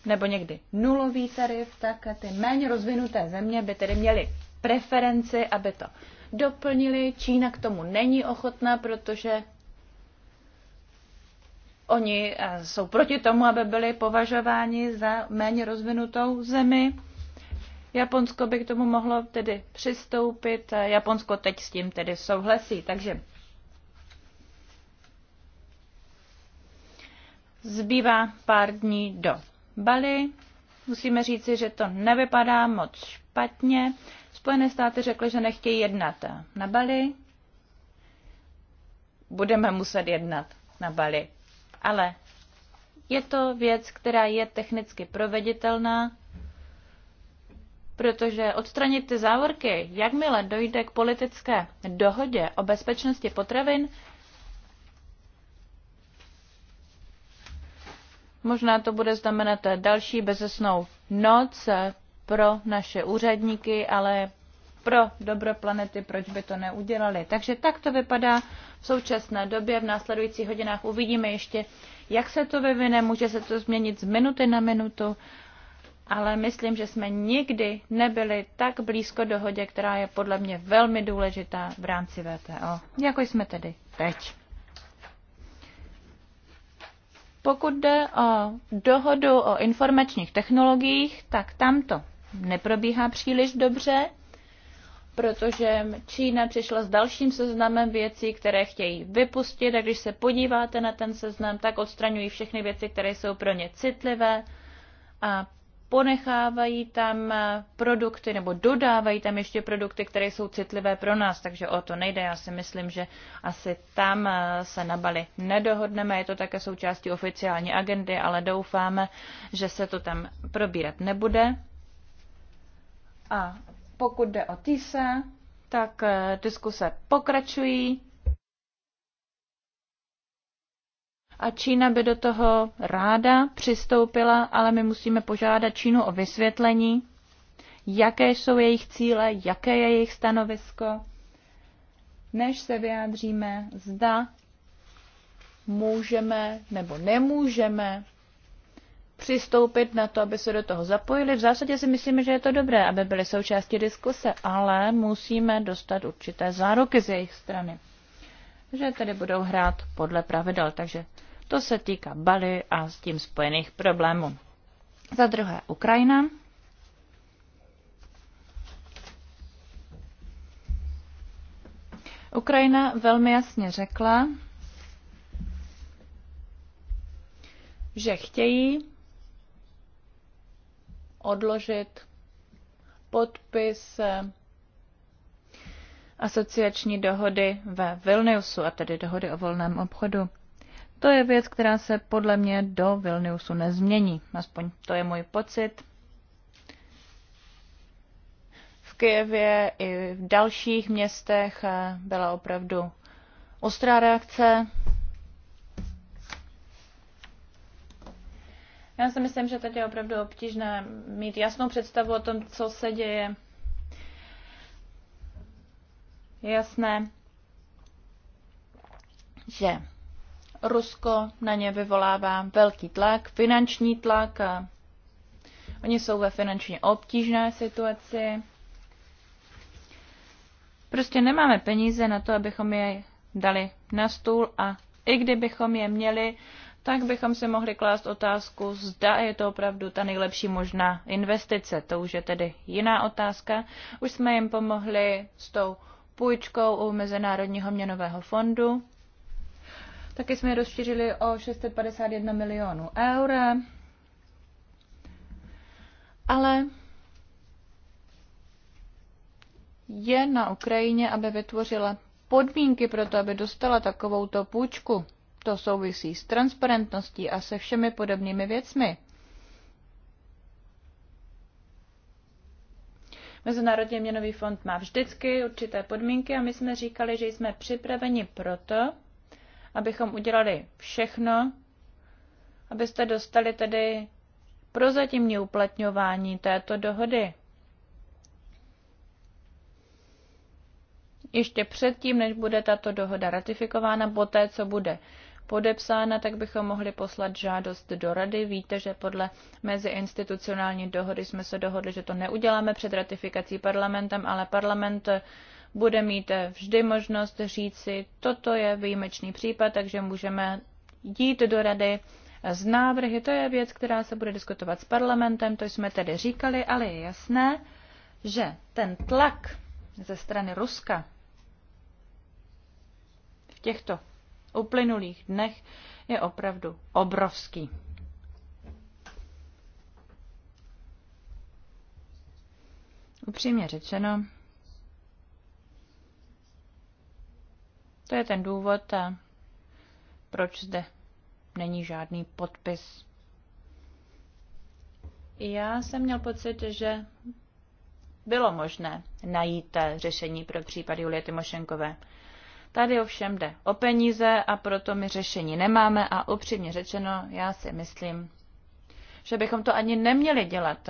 Speaker 4: nebo někdy nulový tarif, tak ty méně rozvinuté země by tedy měly preferenci, aby to doplnili. Čína k tomu není ochotná, protože oni eh, jsou proti tomu, aby byli považováni za méně rozvinutou zemi. Japonsko by k tomu mohlo tedy přistoupit. Eh, Japonsko teď s tím tedy souhlasí, takže zbývá pár dní do Bali. Musíme říci, že to nevypadá moc špatně. Spojené státy řekly, že nechtějí jednat na Bali. Budeme muset jednat na Bali. Ale je to věc, která je technicky proveditelná Protože odstranit ty závorky, jakmile dojde k politické dohodě o bezpečnosti potravin, možná to bude znamenat další bezesnou noc pro naše úředníky, ale pro dobro planety, proč by to neudělali. Takže tak to vypadá v současné době. V následujících hodinách uvidíme ještě, jak se to vyvine. Může se to změnit z minuty na minutu ale myslím, že jsme nikdy nebyli tak blízko dohodě, která je podle mě velmi důležitá v rámci VTO, jako jsme tedy teď. Pokud jde o dohodu o informačních technologiích, tak tam to neprobíhá příliš dobře, protože Čína přišla s dalším seznamem věcí, které chtějí vypustit a když se podíváte na ten seznam, tak odstraňují všechny věci, které jsou pro ně citlivé a ponechávají tam produkty nebo dodávají tam ještě produkty, které jsou citlivé pro nás, takže o to nejde. Já si myslím, že asi tam eh, se na Bali nedohodneme, je to také součástí oficiální agendy, ale doufáme, že se to tam probírat nebude. A pokud jde o TISA, tak eh, diskuse pokračují. a Čína by do toho ráda přistoupila, ale my musíme požádat Čínu o vysvětlení, jaké jsou jejich cíle, jaké je jejich stanovisko, než se vyjádříme, zda můžeme nebo nemůžeme přistoupit na to, aby se do toho zapojili. V zásadě si myslíme, že je to dobré, aby byly součástí diskuse, ale musíme dostat určité záruky z jejich strany, že tedy budou hrát podle pravidel. Takže to se týká Bali a s tím spojených problémů. Za druhé Ukrajina. Ukrajina velmi jasně řekla, že chtějí odložit podpis eh, asociační dohody ve Vilniusu, a tedy dohody o volném obchodu. To je věc, která se podle mě do Vilniusu nezmění. Aspoň to je můj pocit. V Kijevě i v dalších městech byla opravdu ostrá reakce. Já si myslím, že teď je opravdu obtížné mít jasnou představu o tom, co se děje. Je jasné, že Rusko na ně vyvolává velký tlak, finanční tlak. A oni jsou ve finančně obtížné situaci. Prostě nemáme peníze na to, abychom je dali na stůl a i kdybychom je měli, tak bychom si mohli klást otázku, zda je to opravdu ta nejlepší možná investice. To už je tedy jiná otázka. Už jsme jim pomohli s tou půjčkou u Mezinárodního měnového fondu. Taky jsme je rozšířili o 651 milionů eur. Ale je na Ukrajině, aby vytvořila podmínky pro to, aby dostala takovouto půjčku. To souvisí s transparentností a se všemi podobnými věcmi. Mezinárodní měnový fond má vždycky určité podmínky a my jsme říkali, že jsme připraveni proto, abychom udělali všechno, abyste dostali tedy prozatímní uplatňování této dohody. Ještě předtím, než bude tato dohoda ratifikována, poté, co bude podepsána, tak bychom mohli poslat žádost do rady. Víte, že podle meziinstitucionální dohody jsme se dohodli, že to neuděláme před ratifikací parlamentem, ale parlament bude mít vždy možnost říci, toto je výjimečný případ, takže můžeme jít do rady z návrhy. To je věc, která se bude diskutovat s parlamentem, to jsme tedy říkali, ale je jasné, že ten tlak ze strany Ruska v těchto uplynulých dnech je opravdu obrovský. Upřímně řečeno, To je ten důvod, proč zde není žádný podpis. Já jsem měl pocit, že bylo možné najít řešení pro případ Julie Tymošenkové. Tady ovšem jde o peníze a proto my řešení nemáme a upřímně řečeno, já si myslím, že bychom to ani neměli dělat.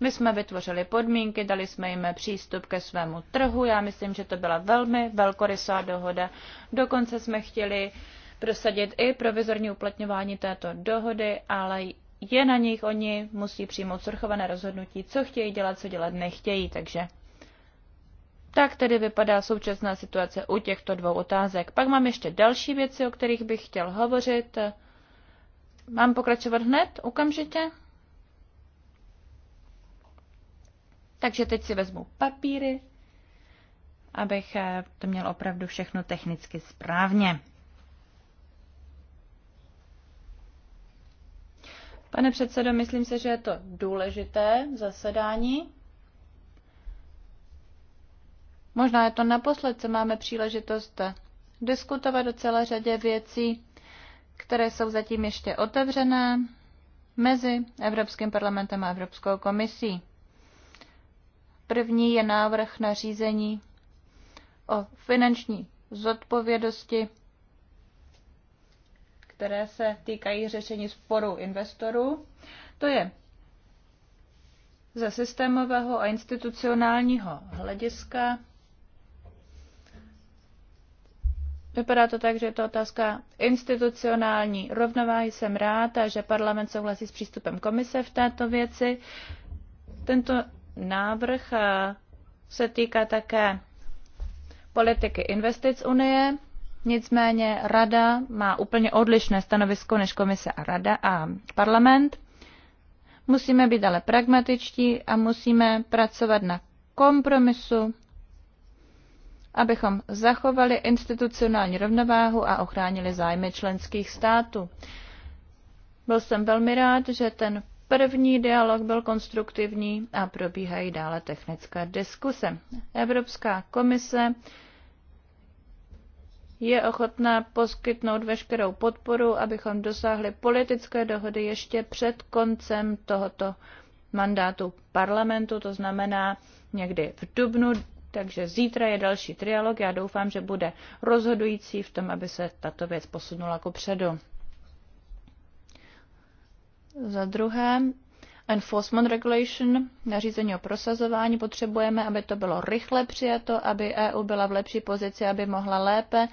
Speaker 4: My jsme vytvořili podmínky, dali jsme jim přístup ke svému trhu. Já myslím, že to byla velmi velkorysá dohoda. Dokonce jsme chtěli prosadit i provizorní uplatňování této dohody, ale je na nich, oni musí přijmout svrchované rozhodnutí, co chtějí dělat, co dělat nechtějí, takže tak tedy vypadá současná situace u těchto dvou otázek. Pak mám ještě další věci, o kterých bych chtěl hovořit. Mám pokračovat hned, okamžitě? Takže teď si vezmu papíry, abych eh, to měl opravdu všechno technicky správně. Pane předsedo, myslím se, že je to důležité zasedání. Možná je to naposled, co máme příležitost diskutovat o celé řadě věcí, které jsou zatím ještě otevřené mezi Evropským parlamentem a Evropskou komisí. První je návrh na řízení o finanční zodpovědnosti, které se týkají řešení sporů investorů. To je ze systémového a institucionálního hlediska Vypadá to tak, že je to otázka institucionální rovnováhy. Jsem ráda, že parlament souhlasí s přístupem komise v této věci. Tento návrh eh, se týká také politiky investic Unie. Nicméně rada má úplně odlišné stanovisko než komise a rada a parlament. Musíme být ale pragmatičtí a musíme pracovat na kompromisu abychom zachovali institucionální rovnováhu a ochránili zájmy členských států. Byl jsem velmi rád, že ten první dialog byl konstruktivní a probíhají dále technické diskuse. Evropská komise je ochotná poskytnout veškerou podporu, abychom dosáhli politické dohody ještě před koncem tohoto mandátu parlamentu, to znamená někdy v dubnu takže zítra je další trialog. Já doufám, že bude rozhodující v tom, aby se tato věc posunula ku předu. Za druhé, Enforcement Regulation, nařízení o prosazování, potřebujeme, aby to bylo rychle přijato, aby EU byla v lepší pozici, aby mohla lépe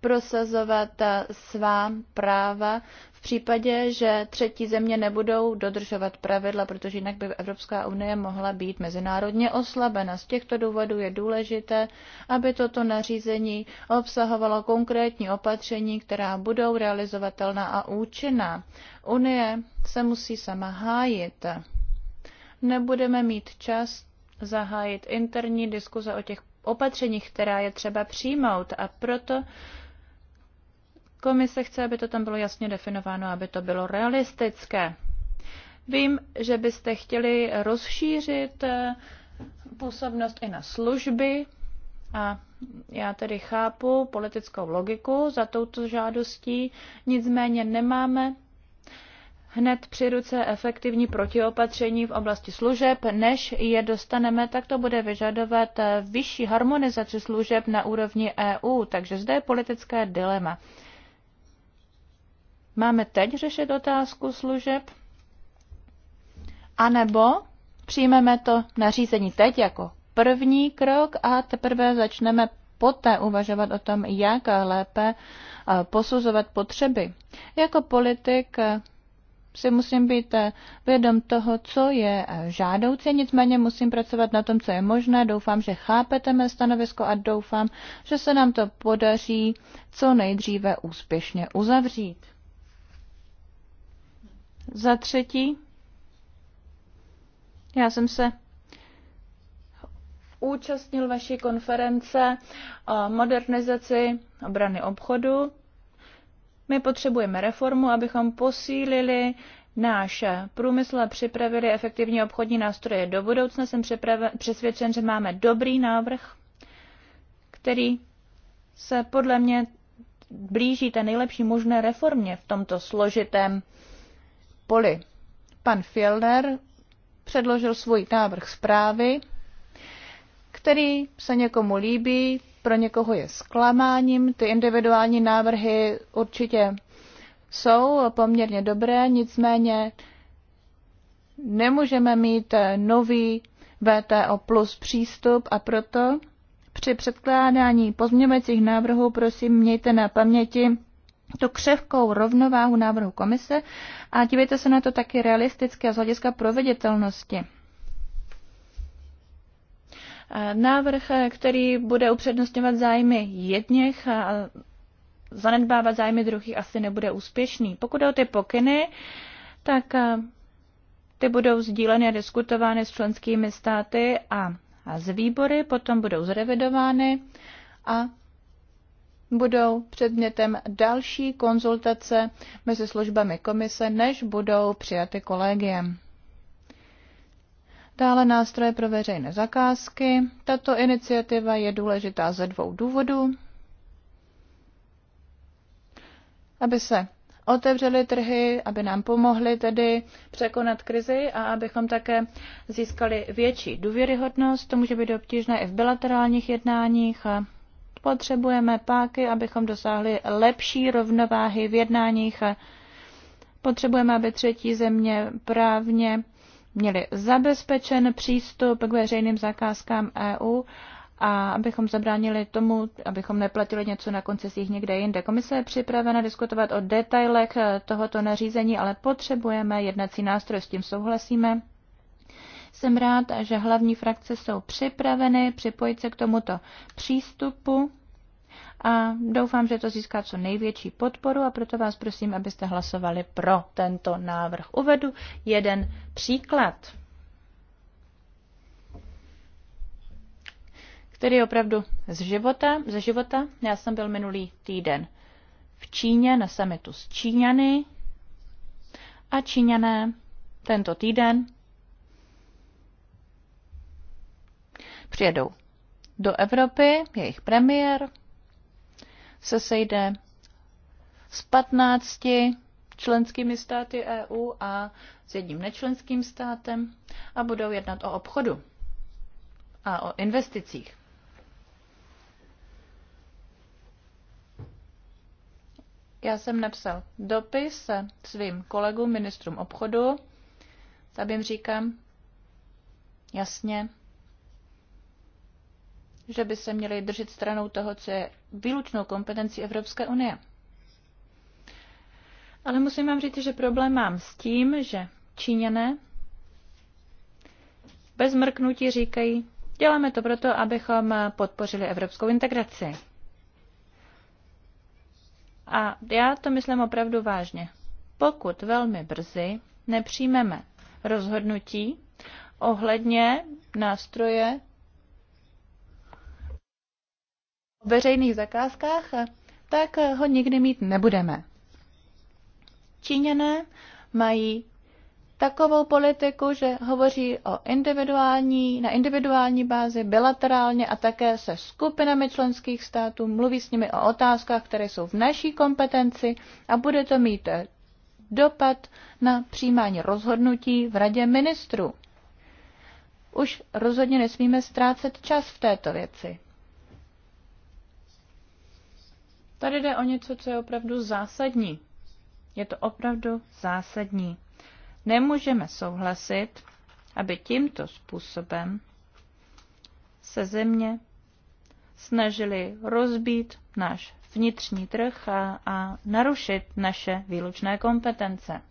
Speaker 4: prosazovat eh, svá práva v případě, že třetí země nebudou dodržovat pravidla, protože jinak by Evropská unie mohla být mezinárodně oslabena. Z těchto důvodů je důležité, aby toto nařízení obsahovalo konkrétní opatření, která budou realizovatelná a účinná. Unie se musí sama hájit. Nebudeme mít čas zahájit interní diskuze o těch opatřeních, která je třeba přijmout a proto Komise chce, aby to tam bylo jasně definováno, aby to bylo realistické. Vím, že byste chtěli rozšířit eh, působnost i na služby a já tedy chápu politickou logiku za touto žádostí, nicméně nemáme hned při ruce efektivní protiopatření v oblasti služeb. Než je dostaneme, tak to bude vyžadovat eh, vyšší harmonizaci služeb na úrovni EU, takže zde je politické dilema. Máme teď řešit otázku služeb? A nebo přijmeme to nařízení teď jako první krok a teprve začneme poté uvažovat o tom, jak lépe eh, posuzovat potřeby. Jako politik eh, si musím být eh, vědom toho, co je žádoucí, nicméně musím pracovat na tom, co je možné. Doufám, že chápete mé stanovisko a doufám, že se nám to podaří co nejdříve úspěšně uzavřít. Za třetí, já jsem se účastnil vaší konference o modernizaci obrany obchodu. My potřebujeme reformu, abychom posílili náš průmysl a připravili efektivní obchodní nástroje do budoucna. Jsem přesvědčen, že máme dobrý návrh, který se podle mě blíží té nejlepší možné reformě v tomto složitém poli. Pan Fielder předložil svůj návrh zprávy, který se někomu líbí, pro někoho je zklamáním. Ty individuální návrhy určitě jsou poměrně dobré, nicméně nemůžeme mít nový VTO plus přístup a proto při předkládání pozměňovacích návrhů prosím mějte na paměti tu křehkou rovnováhu návrhu komise a dívejte se na to taky realisticky a z hlediska proveditelnosti. Návrh, který bude upřednostňovat zájmy jedněch a zanedbávat zájmy druhých, asi nebude úspěšný. Pokud jde o ty pokyny, tak ty budou sdíleny a diskutovány s členskými státy a, a z výbory, potom budou zrevidovány a budou předmětem další konzultace mezi službami komise, než budou přijaty kolegiem. Dále nástroje pro veřejné zakázky. Tato iniciativa je důležitá ze dvou důvodů. Aby se otevřely trhy, aby nám pomohly tedy překonat krizi a abychom také získali větší důvěryhodnost. To může být obtížné i v bilaterálních jednáních a Potřebujeme páky, abychom dosáhli lepší rovnováhy v jednáních. Potřebujeme, aby třetí země právně měli zabezpečen přístup k veřejným zakázkám EU a abychom zabránili tomu, abychom neplatili něco na koncesích někde jinde. Komise je připravena diskutovat o detailech tohoto nařízení, ale potřebujeme jednací nástroj, s tím souhlasíme. Jsem rád, že hlavní frakce jsou připraveny připojit se k tomuto přístupu a doufám, že to získá co největší podporu a proto vás prosím, abyste hlasovali pro tento návrh. Uvedu jeden příklad, který je opravdu z života. Ze života. Já jsem byl minulý týden v Číně na samitu s Číňany a Číňané tento týden přijedou do Evropy, jejich premiér se sejde s 15 členskými státy EU a s jedním nečlenským státem a budou jednat o obchodu a o investicích. Já jsem napsal dopis svým kolegům, ministrům obchodu, tak jim říkám jasně, že by se měly držet stranou toho, co je výlučnou kompetencí Evropské unie. Ale musím vám říct, že problém mám s tím, že Číňané bez mrknutí říkají, děláme to proto, abychom podpořili evropskou integraci. A já to myslím opravdu vážně. Pokud velmi brzy nepřijmeme rozhodnutí ohledně nástroje veřejných zakázkách, tak ho nikdy mít nebudeme. Číňané mají takovou politiku, že hovoří o individuální, na individuální bázi, bilaterálně a také se skupinami členských států, mluví s nimi o otázkách, které jsou v naší kompetenci a bude to mít dopad na přijímání rozhodnutí v Radě ministrů. Už rozhodně nesmíme ztrácet čas v této věci. Tady jde o něco, co je opravdu zásadní. Je to opravdu zásadní. Nemůžeme souhlasit, aby tímto způsobem se země snažili rozbít náš vnitřní trh a, a narušit naše výlučné kompetence.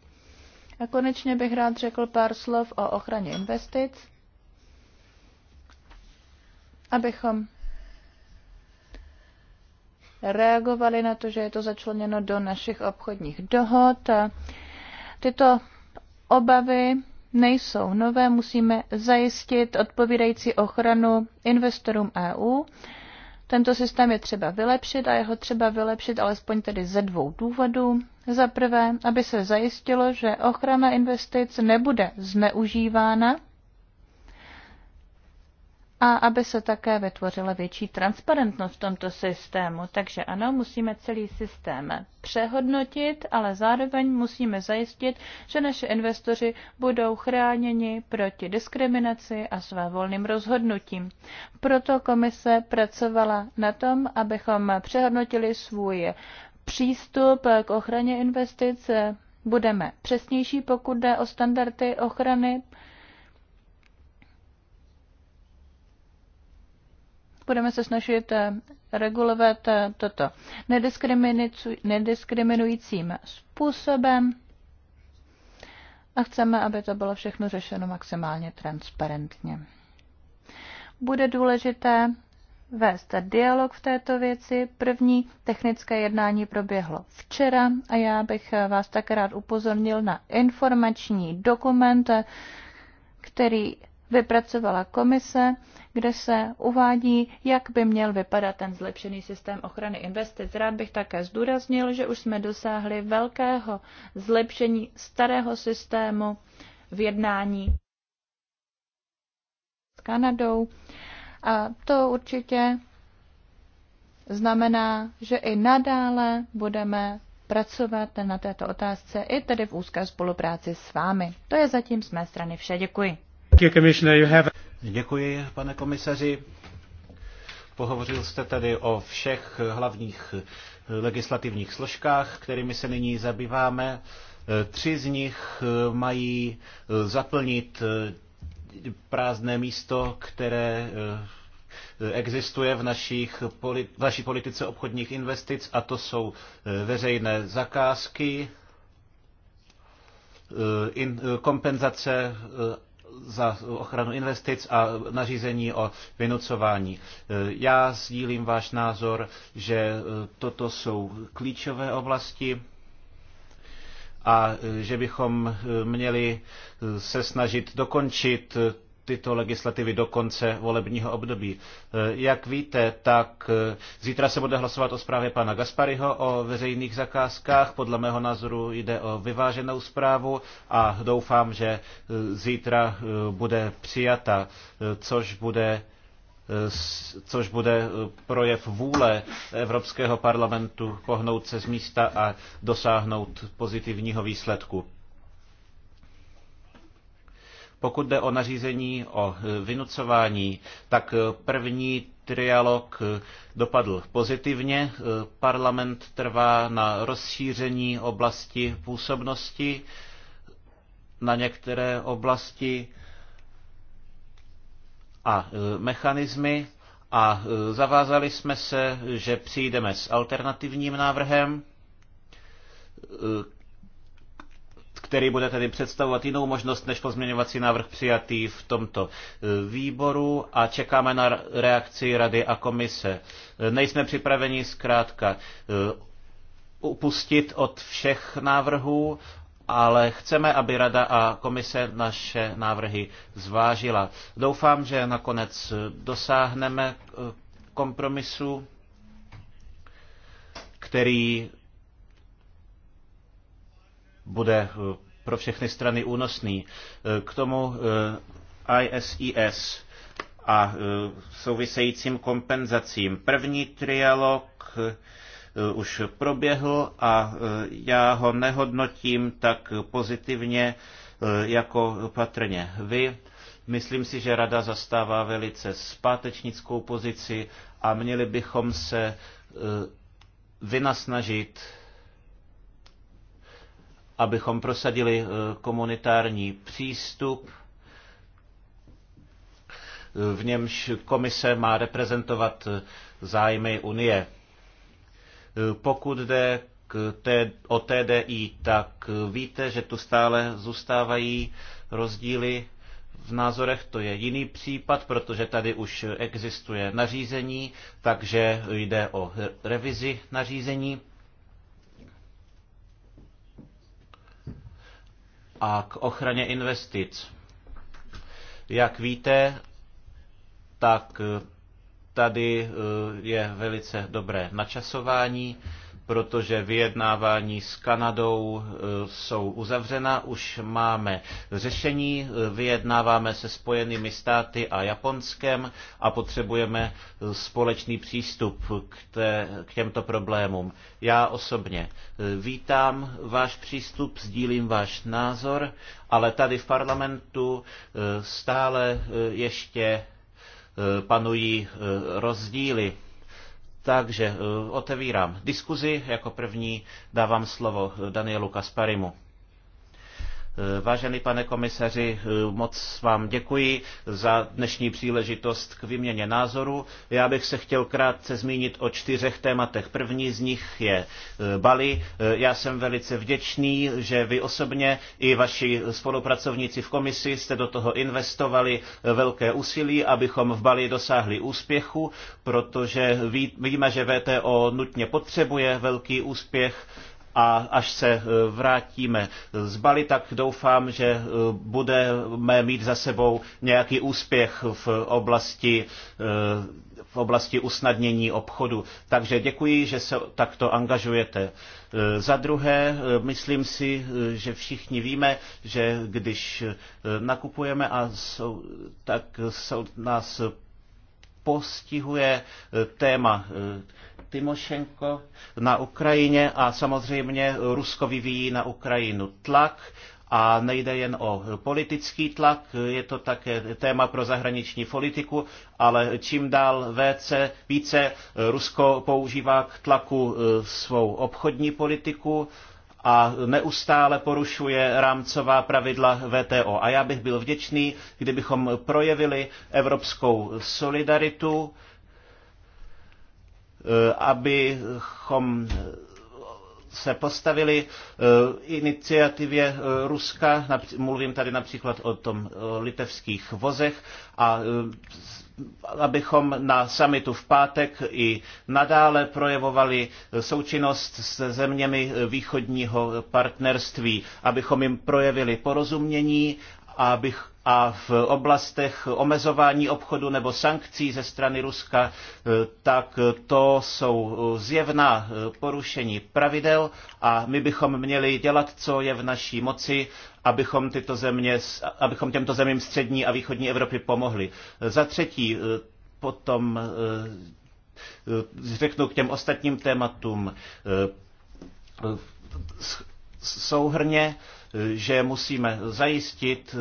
Speaker 4: A konečně bych rád řekl pár slov o ochraně investic, abychom reagovali na to, že je to začleněno do našich obchodních dohod. Tyto obavy nejsou nové, musíme zajistit odpovídající ochranu investorům EU. Tento systém je třeba vylepšit a jeho třeba vylepšit alespoň tedy ze dvou důvodů. Za prvé, aby se zajistilo, že ochrana investic nebude zneužívána a aby se také vytvořila větší transparentnost v tomto systému. Takže ano, musíme celý systém přehodnotit, ale zároveň musíme zajistit, že naše investoři budou chráněni proti diskriminaci a své volným rozhodnutím. Proto komise pracovala na tom, abychom přehodnotili svůj přístup k ochraně investice. Budeme přesnější, pokud jde o standardy ochrany Budeme se snažit eh, regulovat eh, toto nediskriminujícím způsobem a chceme, aby to bylo všechno řešeno maximálně transparentně. Bude důležité vést dialog v této věci. První technické jednání proběhlo včera a já bych eh, vás také rád upozornil na informační dokument, který vypracovala komise, kde se uvádí, jak by měl vypadat ten zlepšený systém ochrany investic. Rád bych také zdůraznil, že už jsme dosáhli velkého zlepšení starého systému v jednání s Kanadou. A to určitě znamená, že i nadále budeme pracovat na této otázce i tedy v úzké spolupráci s vámi. To je zatím z mé strany vše. Děkuji.
Speaker 1: Děkuji, pane komisaři. Pohovořil jste tady o všech hlavních legislativních složkách, kterými se nyní zabýváme. Tři z nich mají zaplnit prázdné místo, které existuje v, našich, v naší politice obchodních investic a to jsou veřejné zakázky, kompenzace za ochranu investic a nařízení o vynucování. Já sdílím váš názor, že e, toto jsou klíčové oblasti a e, že bychom e, měli se snažit dokončit tyto legislativy do konce volebního období. E, jak víte, tak e, zítra se bude hlasovat o zprávě pana Gaspariho o veřejných zakázkách. Podle mého názoru jde o vyváženou zprávu a doufám, že e, zítra bude přijata, což bude což bude projev vůle Evropského parlamentu pohnout se z místa a dosáhnout pozitivního výsledku. Pokud jde o nařízení o e, vynucování, tak e, první trialog e, dopadl pozitivně. Parlament trvá na rozšíření oblasti působnosti na některé oblasti a mechanismy a zavázali jsme se, že přijdeme s alternativním návrhem, který bude tedy představovat jinou možnost než pozměňovací návrh přijatý v tomto e, výboru a čekáme na reakci Rady a komise. E, nejsme připraveni zkrátka e, upustit od všech návrhů, ale chceme, aby Rada a komise naše návrhy zvážila. Doufám, že nakonec dosáhneme kompromisu, který bude eh, pro všechny strany únosný. Eh, k tomu eh, ISIS a souvisejícím kompenzacím. První trialog už proběhl a já ho nehodnotím tak pozitivně jako patrně vy. Myslím si, že Rada zastává velice zpátečnickou pozici a měli bychom se vynasnažit abychom prosadili eh, komunitární přístup, eh, v němž komise má reprezentovat eh, zájmy Unie. Pokud jde k té, o TDI, tak víte, že tu stále zůstávají rozdíly v názorech. To je jiný případ, protože tady už existuje nařízení, takže jde o revizi nařízení. a k ochraně investic. Jak víte, tak tady eh, je velice dobré načasování protože vyjednávání s Kanadou eh, jsou uzavřena, už máme řešení, eh, vyjednáváme se spojenými státy a Japonskem a potřebujeme eh, společný přístup k, té, k těmto problémům. Já osobně vítám váš přístup, sdílím váš názor, ale tady v parlamentu stále ještě panují rozdíly takže eh, otevírám diskuzi. Jako první dávám slovo eh, Danielu Kasparimu. Vážený pane komisaři, moc vám děkuji za dnešní příležitost k výměně názoru. Já bych se chtěl krátce zmínit o čtyřech tématech. První z nich je e, Bali. E, já jsem velice vděčný, že vy osobně i vaši spolupracovníci v komisi jste do toho investovali velké úsilí, abychom v Bali dosáhli úspěchu, protože víme, že VTO nutně potřebuje velký úspěch a až se e, vrátíme z Bali, tak doufám, že e, budeme mít za sebou nějaký úspěch v oblasti e, v oblasti usnadnění obchodu. Takže děkuji, že se takto angažujete. Za druhé, myslím si, že všichni víme, že když nakupujeme, a jsou, tak jsou nás postihuje eh, téma eh, Timošenko na Ukrajině a samozřejmě Rusko vyvíjí na Ukrajinu tlak a nejde jen o politický tlak, je to také téma pro zahraniční politiku, ale čím dál více, více Rusko používá k tlaku eh, svou obchodní politiku, a neustále porušuje rámcová pravidla VTO. A já bych byl vděčný, kdybychom projevili evropskou solidaritu, eh, abychom se postavili eh, iniciativě eh, Ruska, mluvím tady například o tom o litevských vozech a abychom na summitu v pátek i nadále projevovali součinnost s zeměmi východního partnerství, abychom jim projevili porozumění abych, a v oblastech omezování obchodu nebo sankcí ze strany Ruska, eh, tak to jsou zjevná eh, porušení pravidel a my bychom měli dělat, co je v naší moci, abychom, tyto země, abychom těmto zemím střední a východní Evropy pomohli. Za třetí, eh, potom eh, řeknu k těm ostatním tématům eh, souhrně, že musíme zajistit,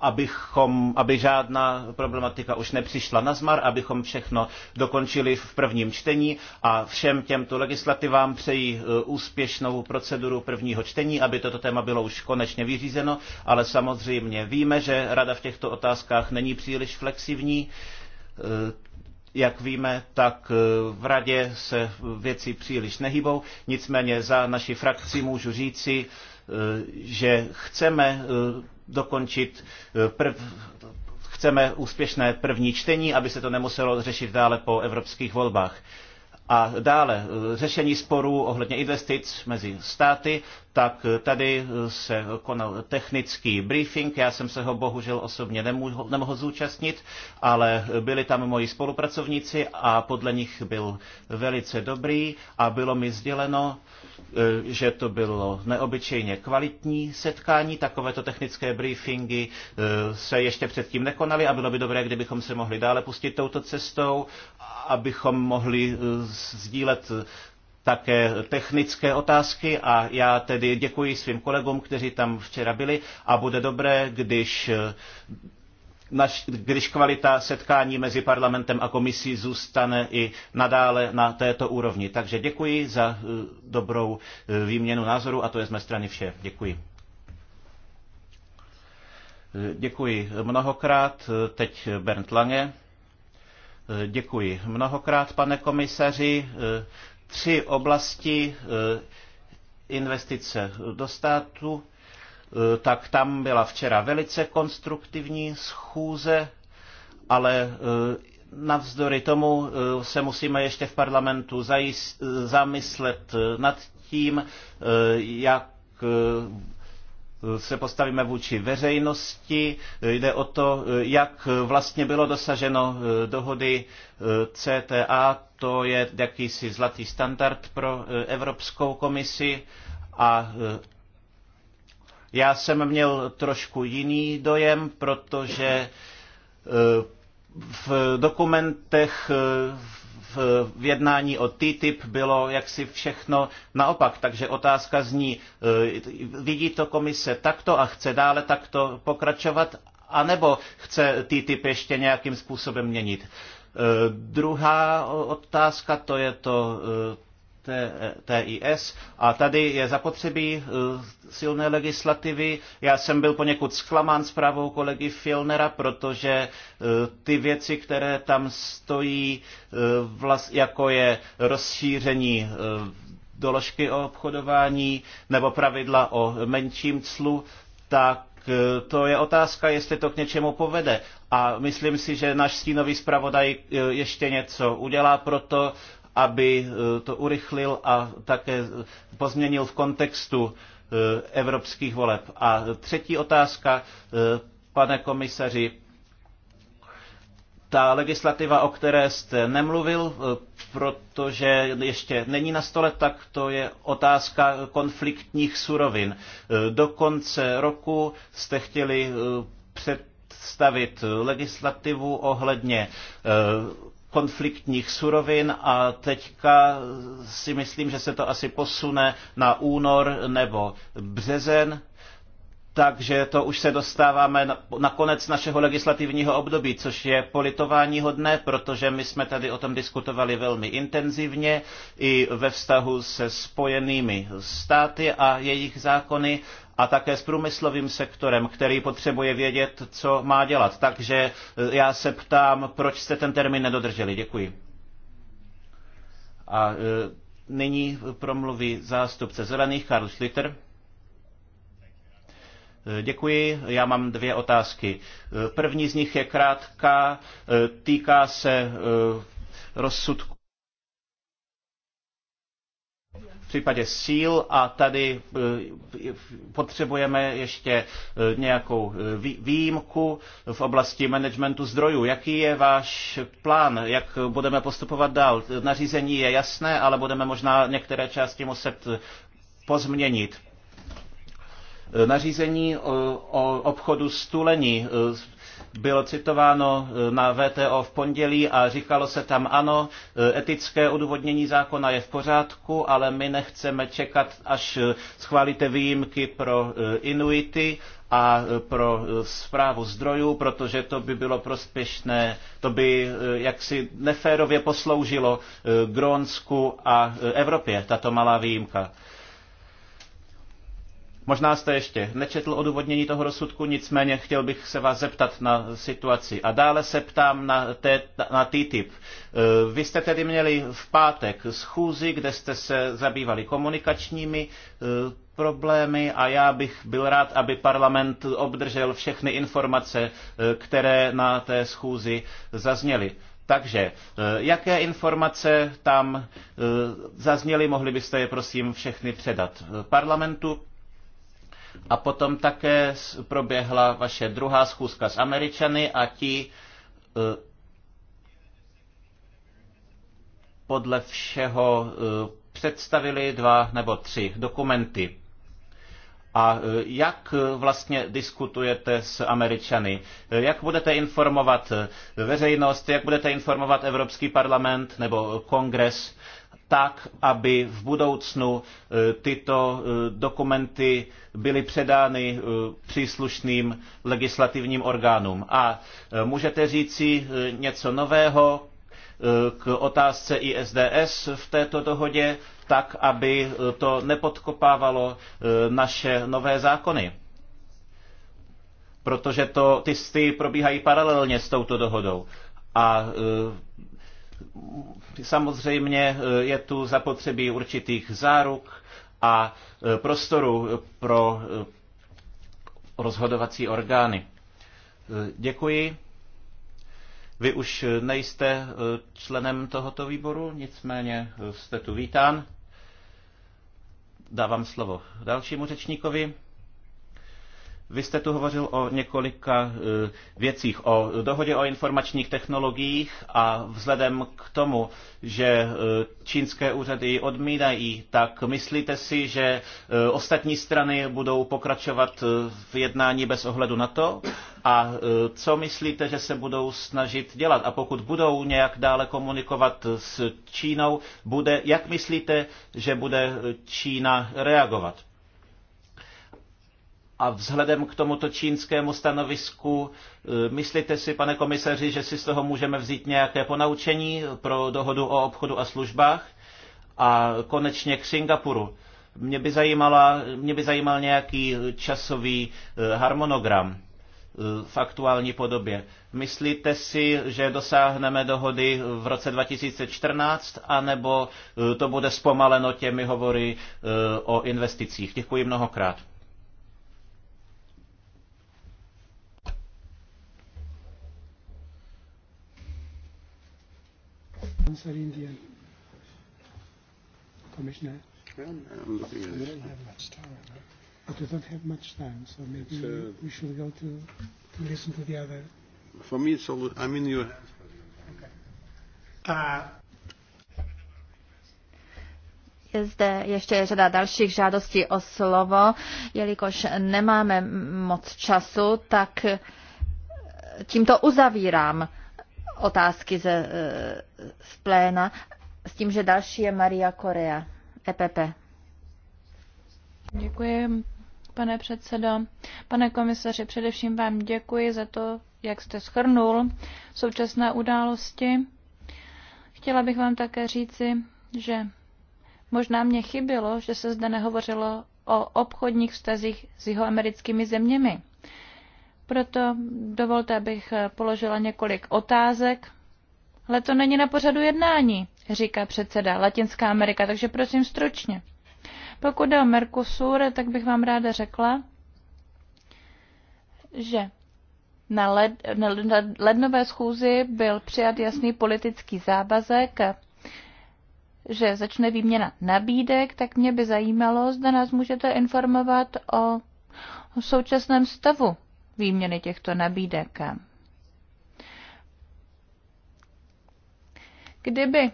Speaker 1: abychom, aby žádná problematika už nepřišla na zmar, abychom všechno dokončili v prvním čtení a všem těmto legislativám přeji e, úspěšnou proceduru prvního čtení, aby toto téma bylo už konečně vyřízeno, ale samozřejmě víme, že Rada v těchto otázkách není příliš flexivní. E, jak víme, tak e, v radě se věci příliš nehybou, nicméně za naši frakci můžu říci, Eh, že chceme eh, dokončit eh, prv, chceme úspěšné první čtení, aby se to nemuselo řešit dále po evropských volbách. A dále eh, řešení sporů ohledně investic mezi státy, tak eh, tady eh, se konal technický briefing, já jsem se ho bohužel osobně nemohl, nemohl zúčastnit, ale byli tam moji spolupracovníci a podle nich byl velice dobrý a bylo mi sděleno, že to bylo neobyčejně kvalitní setkání, takovéto technické briefingy se ještě předtím nekonaly a bylo by dobré, kdybychom se mohli dále pustit touto cestou, abychom mohli sdílet také technické otázky a já tedy děkuji svým kolegům, kteří tam včera byli a bude dobré, když naš, když kvalita setkání mezi parlamentem a komisí zůstane i nadále na této úrovni. Takže děkuji za eh, dobrou eh, výměnu názoru a to je z mé strany vše. Děkuji. Eh, děkuji mnohokrát. Teď Bernd Lange. Děkuji. Mnohokrát, pane komisaři, tři oblasti eh, investice do státu, eh, tak tam byla včera velice konstruktivní schůze, ale eh, navzdory tomu se musíme ještě v parlamentu zamyslet nad tím, jak se postavíme vůči veřejnosti. Jde o to, jak vlastně bylo dosaženo eh, dohody eh, CTA, to je jakýsi zlatý standard pro eh, Evropskou komisi a já jsem měl trošku jiný dojem, protože v dokumentech v jednání o TTIP bylo jaksi všechno naopak. Takže otázka zní, eh, vidí to komise takto a chce dále takto pokračovat, anebo chce TTIP ještě nějakým způsobem měnit? Eh, druhá otázka, to je to eh, TIS a tady je zapotřebí eh, silné legislativy. Já jsem byl poněkud zklamán zprávou kolegy Filnera, protože eh, ty věci, které tam stojí, eh, jako je rozšíření doložky o obchodování nebo pravidla o menším clu, tak to je otázka, jestli to k něčemu povede. A myslím si, že náš stínový zpravodaj ještě něco udělá pro to, aby eh, to urychlil a také pozměnil v kontextu eh, evropských voleb. A třetí otázka, eh, pane komisaři, ta legislativa, o které jste nemluvil, protože ještě není na stole, tak to je otázka konfliktních surovin. Do konce roku jste chtěli představit legislativu ohledně konfliktních surovin a teďka si myslím, že se to asi posune na únor nebo březen takže to už se dostáváme na konec našeho legislativního období, což je politování hodné, protože my jsme tady o tom diskutovali velmi intenzivně i ve vztahu se spojenými státy a jejich zákony a také s průmyslovým sektorem, který potřebuje vědět, co má dělat. Takže eh, já se ptám, proč jste ten termín nedodrželi. Děkuji. A eh, nyní promluví zástupce zelených Karl Schlitter. Eh, děkuji, já mám dvě otázky. Eh, první z nich je krátká, eh, týká se rozsudku v případě síl a tady potřebujeme ještě nějakou výjimku v oblasti managementu zdrojů. Jaký je váš plán, jak budeme postupovat dál? Nařízení je jasné, ale budeme možná některé části muset pozměnit Eh, nařízení eh, o obchodu s tulení eh, bylo citováno na VTO v pondělí a říkalo se tam ano, etické odůvodnění zákona je v pořádku, ale my nechceme čekat, až schválíte výjimky pro Inuity a pro zprávu zdrojů, protože to by bylo prospěšné, to by jaksi neférově posloužilo Grónsku a Evropě, tato malá výjimka. Možná jste ještě nečetl odůvodnění toho rozsudku, nicméně chtěl bych se vás zeptat na situaci. A dále se ptám na, té, na TTIP. E, vy jste tedy měli v pátek schůzi, kde jste se zabývali komunikačními e, problémy a já bych byl rád, aby parlament obdržel všechny informace, e, které na té schůzi zazněly. Takže jaké informace tam zazněly, mohli byste je prosím všechny předat parlamentu? A potom také proběhla vaše druhá schůzka s Američany a ti e, podle všeho e, představili dva nebo tři dokumenty. A e, jak vlastně diskutujete s Američany? Jak budete informovat veřejnost? Jak budete informovat Evropský parlament nebo kongres? tak, aby v budoucnu e, tyto e, dokumenty byly předány e, příslušným legislativním orgánům. A můžete říci něco nového k otázce ISDS v této dohodě, tak, aby to nepodkopávalo naše nové zákony? Protože to, ty, ty probíhají paralelně s touto dohodou. A Samozřejmě eh, je tu zapotřebí určitých záruk a eh, prostoru pro eh, rozhodovací orgány. Děkuji. Vy už nejste členem tohoto výboru, nicméně jste tu vítán. Dávám slovo dalšímu řečníkovi. Vy jste tu hovořil o několika eh, věcích, o dohodě o informačních technologiích a vzhledem k tomu, že eh, čínské úřady odmínají, tak myslíte si, že eh, ostatní strany budou pokračovat v jednání bez ohledu na to? A co myslíte, že se budou snažit dělat? A pokud budou nějak dále komunikovat s Čínou, bude, jak myslíte, že bude Čína reagovat? A vzhledem k tomuto čínskému stanovisku, e, myslíte si, pane komisaři, že si z toho můžeme vzít nějaké ponaučení pro dohodu o obchodu a službách? A konečně k Singapuru. Mě by, zajímala, mě by zajímal nějaký časový e, harmonogram e, v aktuální podobě. Myslíte si, že dosáhneme dohody v roce 2014, anebo to bude zpomaleno těmi hovory o investicích? Děkuji mnohokrát.
Speaker 5: Answer
Speaker 3: Indian. Commissioner? Well, I'm looking at we don't have much time. Huh? But we don't have much time, so maybe uh, we should go to, to listen
Speaker 5: to the other. For me, it's all. I mean, you. Okay. Uh,
Speaker 2: je zde ještě řada dalších žádostí o slovo. Jelikož nemáme moc času, tak tímto uzavírám otázky ze eh, z pléna, s tím, že další je Maria Korea, EPP.
Speaker 4: Děkuji, pane předsedo. Pane komisaři, především vám děkuji za to, jak jste schrnul současné události. Chtěla bych vám také říci, že možná mě chybilo, že se zde nehovořilo o obchodních vztazích s americkými zeměmi. Proto dovolte, abych položila několik otázek ale to není na pořadu jednání, říká předseda Latinská Amerika, takže prosím stručně. Pokud jde o Mercosur, tak bych vám ráda řekla, že na, led, na lednové schůzi byl přijat jasný politický závazek, že začne výměna nabídek, tak mě by zajímalo, zda nás můžete informovat o současném stavu výměny těchto nabídek. Kdyby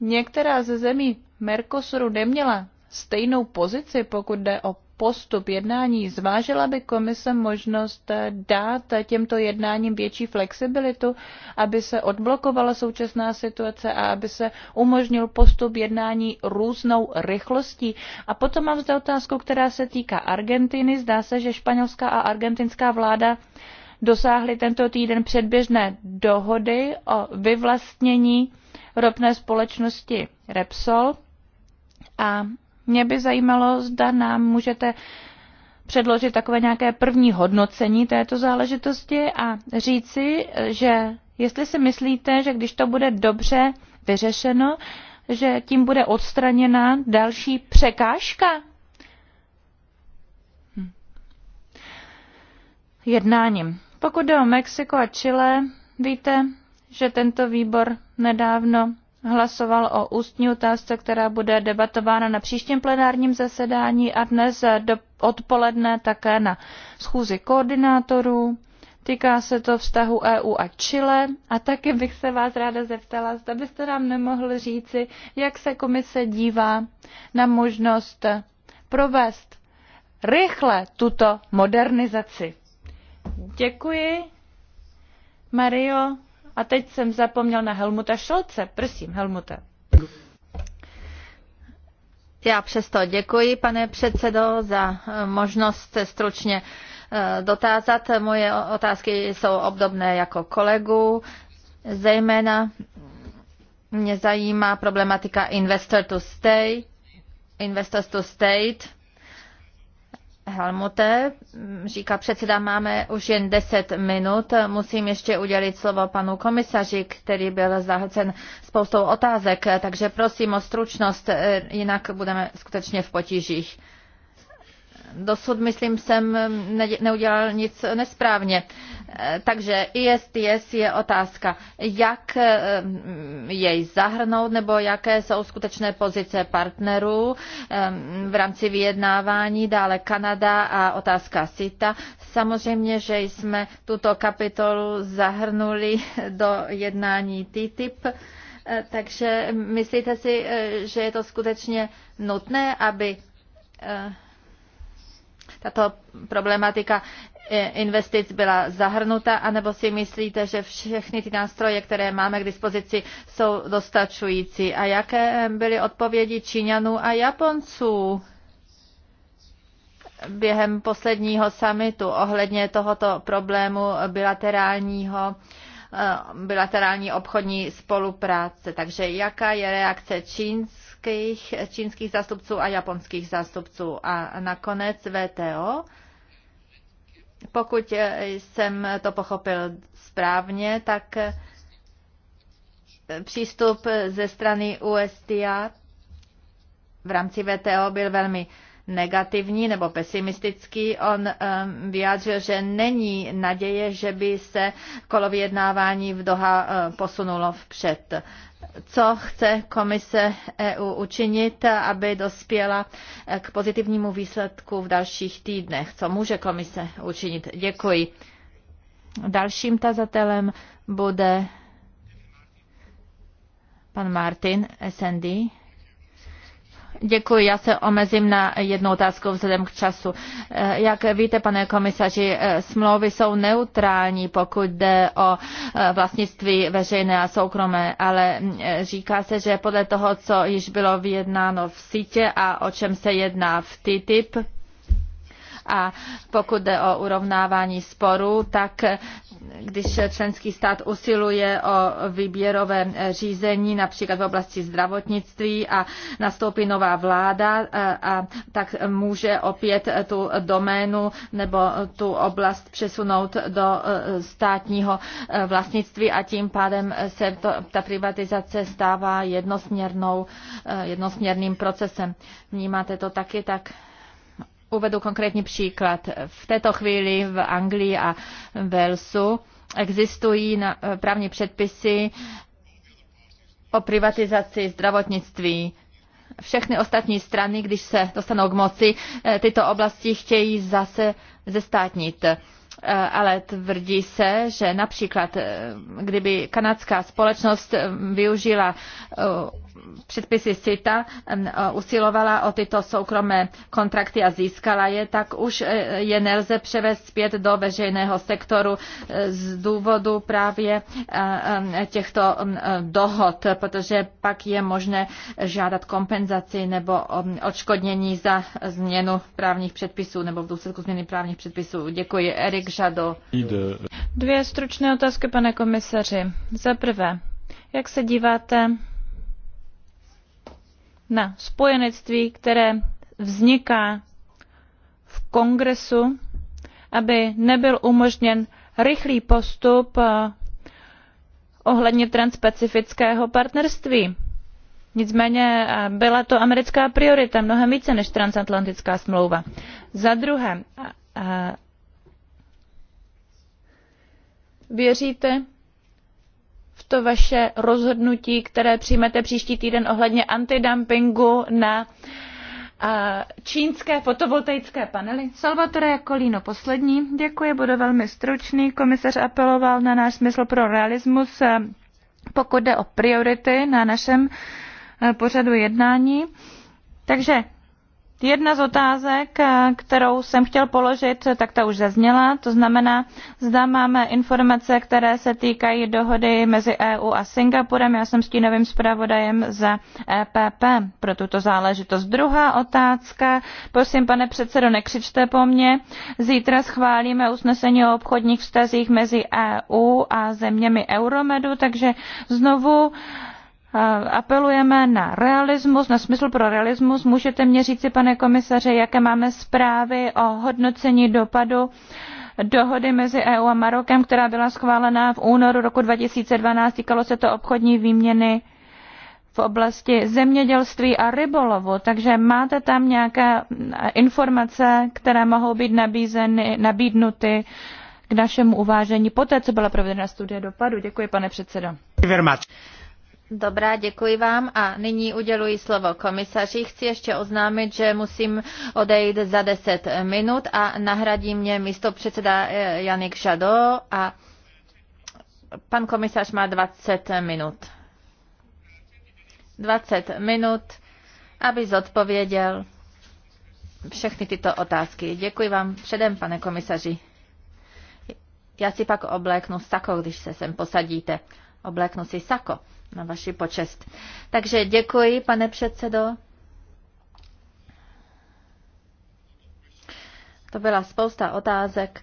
Speaker 4: některá ze zemí Mercosuru neměla stejnou pozici, pokud jde o postup jednání, zvážila by komise možnost eh, dát těmto jednáním větší flexibilitu, aby se odblokovala současná situace a aby se umožnil postup jednání různou rychlostí. A potom mám zde otázku, která se týká Argentiny. Zdá se, že španělská a argentinská vláda dosáhly tento týden předběžné dohody o vyvlastnění ropné společnosti Repsol. A mě by zajímalo, zda nám můžete předložit takové nějaké první hodnocení této záležitosti a říci, že jestli si myslíte, že když to bude dobře vyřešeno, že tím bude odstraněna další překážka hm. jednáním. Pokud jde o Mexiko a Chile, víte, že tento výbor nedávno hlasoval o ústní otázce, která bude debatována na příštím plenárním zasedání a dnes do, odpoledne také na schůzi koordinátorů. Týká se to vztahu EU a Chile a taky bych se vás ráda zeptala, zda byste nám nemohl říci, jak se komise dívá na možnost provést rychle tuto modernizaci. Děkuji, Mario. A teď jsem zapomněl na Helmuta Šolce. Prosím,
Speaker 2: Helmute. Já přesto děkuji, pane předsedo, za eh, možnost se stručně eh, dotázat. Moje otázky jsou obdobné jako kolegu, zejména mě zajímá problematika investor to stay, investor to state Helmute, říká předseda, máme už jen 10 minut, musím ještě udělit slovo panu komisaři, který byl zahlcen spoustou otázek, takže prosím o stručnost, eh, jinak budeme skutečně v potížích dosud, myslím, jsem mm, neudělal nic nesprávně. Eh, takže ISTS je otázka, jak eh, mm, jej zahrnout nebo jaké jsou skutečné pozice partnerů eh, v rámci vyjednávání, dále Kanada a otázka SITA. Samozřejmě, že jsme tuto kapitolu zahrnuli do jednání TTIP. Takže myslíte si, že je to skutečně nutné, aby tato problematika eh, investic byla zahrnuta, anebo si myslíte, že všechny ty nástroje, které máme k dispozici, jsou dostačující? A jaké byly odpovědi Číňanů a Japonců během posledního samitu ohledně tohoto problému bilaterálního eh, bilaterální obchodní spolupráce. Takže jaká je reakce Čínsk amerických, čínských zástupců a japonských zástupců. A nakonec VTO. Pokud jsem to pochopil správně, tak přístup ze strany USDA v rámci VTO byl velmi negativní nebo pesimistický. On eh, vyjádřil, že není naděje, že by se kolo vyjednávání v Doha eh, posunulo vpřed. Co chce komise EU učinit, aby dospěla eh, k pozitivnímu výsledku v dalších týdnech? Co může komise učinit? Děkuji. Dalším tazatelem bude pan Martin SND. Děkuji, já se omezím na jednu otázku vzhledem k času. Eh, jak víte, pane komisaři, eh, smlouvy jsou neutrální, pokud jde o eh, vlastnictví veřejné a soukromé, ale mm, říká se, že podle toho, co již bylo vyjednáno v sítě a o čem se jedná v TTIP, a pokud jde o urovnávání sporů, tak když členský stát usiluje o výběrové řízení, například v oblasti zdravotnictví a nastoupí nová vláda, a tak může opět tu doménu nebo tu oblast přesunout do e, státního e, vlastnictví a tím pádem se to, ta privatizace stává jednosměrnou, e, jednosměrným procesem. Vnímáte to taky tak? Uvedu konkrétní příklad. V této chvíli v Anglii a Walesu existují na, eh, právní předpisy o privatizaci zdravotnictví. Všechny ostatní strany, když se dostanou k moci, eh, tyto oblasti chtějí zase zestátnit eh, ale tvrdí se, že například kdyby kanadská společnost využila předpisy CITA e, usilovala o tyto soukromé kontrakty a získala je, tak už e, je nelze převést zpět do veřejného sektoru e, z důvodu právě těchto dohod, protože pak je možné žádat kompenzaci nebo odškodnění za změnu právních předpisů nebo v důsledku změny právních předpisů. Děkuji. Erik Žado.
Speaker 4: Dvě stručné otázky, pane komisaři. Za prvé, jak se díváte na spojenectví, které vzniká v kongresu, aby nebyl umožněn rychlý postup eh, ohledně transpacifického partnerství. Nicméně eh, byla to americká priorita mnohem více než transatlantická smlouva. Za druhé, eh, věříte, to vaše rozhodnutí, které přijmete příští týden ohledně antidumpingu na čínské fotovoltaické panely. Salvatore Jakolíno poslední. Děkuji, budu velmi stručný. Komisař apeloval na náš smysl pro realismus, pokud jde o priority na našem pořadu jednání. Takže Jedna z otázek, eh, kterou jsem chtěl položit, eh, tak ta už zazněla, to znamená, zda máme informace, které se týkají dohody mezi EU a Singapurem. Já jsem stínovým zpravodajem za EPP pro tuto záležitost. Druhá otázka, prosím pane předsedo, nekřičte po mně. Zítra schválíme usnesení o obchodních vztazích mezi EU a zeměmi Euromedu, takže znovu apelujeme na realismus, na smysl pro realismus. Můžete mě říci, pane komisaře, jaké máme zprávy o hodnocení dopadu dohody mezi EU a Marokem, která byla schválena v únoru roku 2012. Týkalo se to obchodní výměny v oblasti zemědělství a rybolovu, takže máte tam nějaké informace, které mohou být nabízeny, nabídnuty k našemu uvážení poté, co byla provedena studie dopadu. Děkuji, pane předsedo.
Speaker 2: Dobrá, děkuji vám a nyní uděluji slovo komisaři. Chci ještě oznámit, že musím odejít za 10 minut a nahradí mě místo předseda eh, Janik Žado a pan komisař má 20 minut. 20 minut, aby zodpověděl všechny tyto otázky. Děkuji vám předem, pane komisaři. Já si pak obléknu sako, když se sem posadíte. Obléknu si sako na vaši počest. Takže děkuji, pane předsedo. To byla spousta otázek.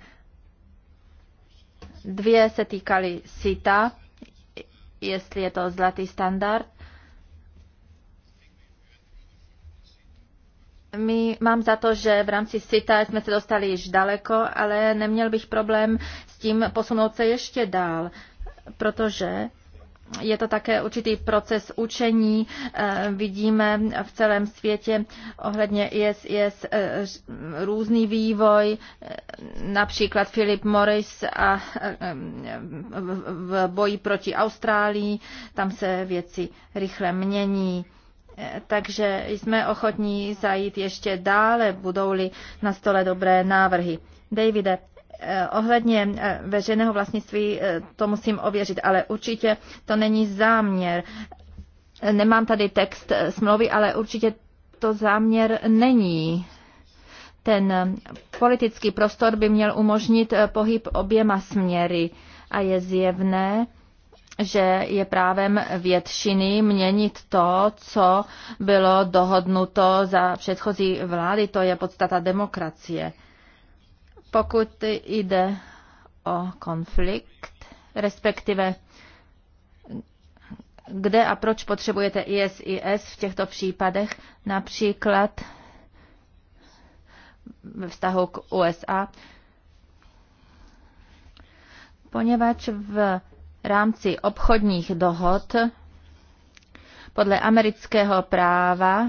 Speaker 2: Dvě se týkaly SITA, jestli je to zlatý standard. My mám za to, že v rámci SITA jsme se dostali již daleko, ale neměl bych problém s tím posunout se ještě dál, protože je to také určitý proces učení. Eh, vidíme v celém světě ohledně ISIS eh, různý vývoj, eh, například Philip Morris a v boji proti Austrálii, tam se věci rychle mění. Takže jsme ochotní zajít ještě dále, budou-li na stole dobré návrhy. Davide, Eh, ohledně eh, veřejného vlastnictví eh, to musím ověřit, ale určitě to není záměr. Nemám tady text smlouvy, ale určitě to záměr není. Ten politický prostor by měl umožnit pohyb oběma směry a je zjevné, že je právem většiny měnit to, co bylo dohodnuto za předchozí vlády. To je podstata demokracie. Pokud jde o konflikt, respektive kde a proč potřebujete ISIS v těchto případech, například ve vztahu k USA, poněvadž v rámci obchodních dohod podle amerického práva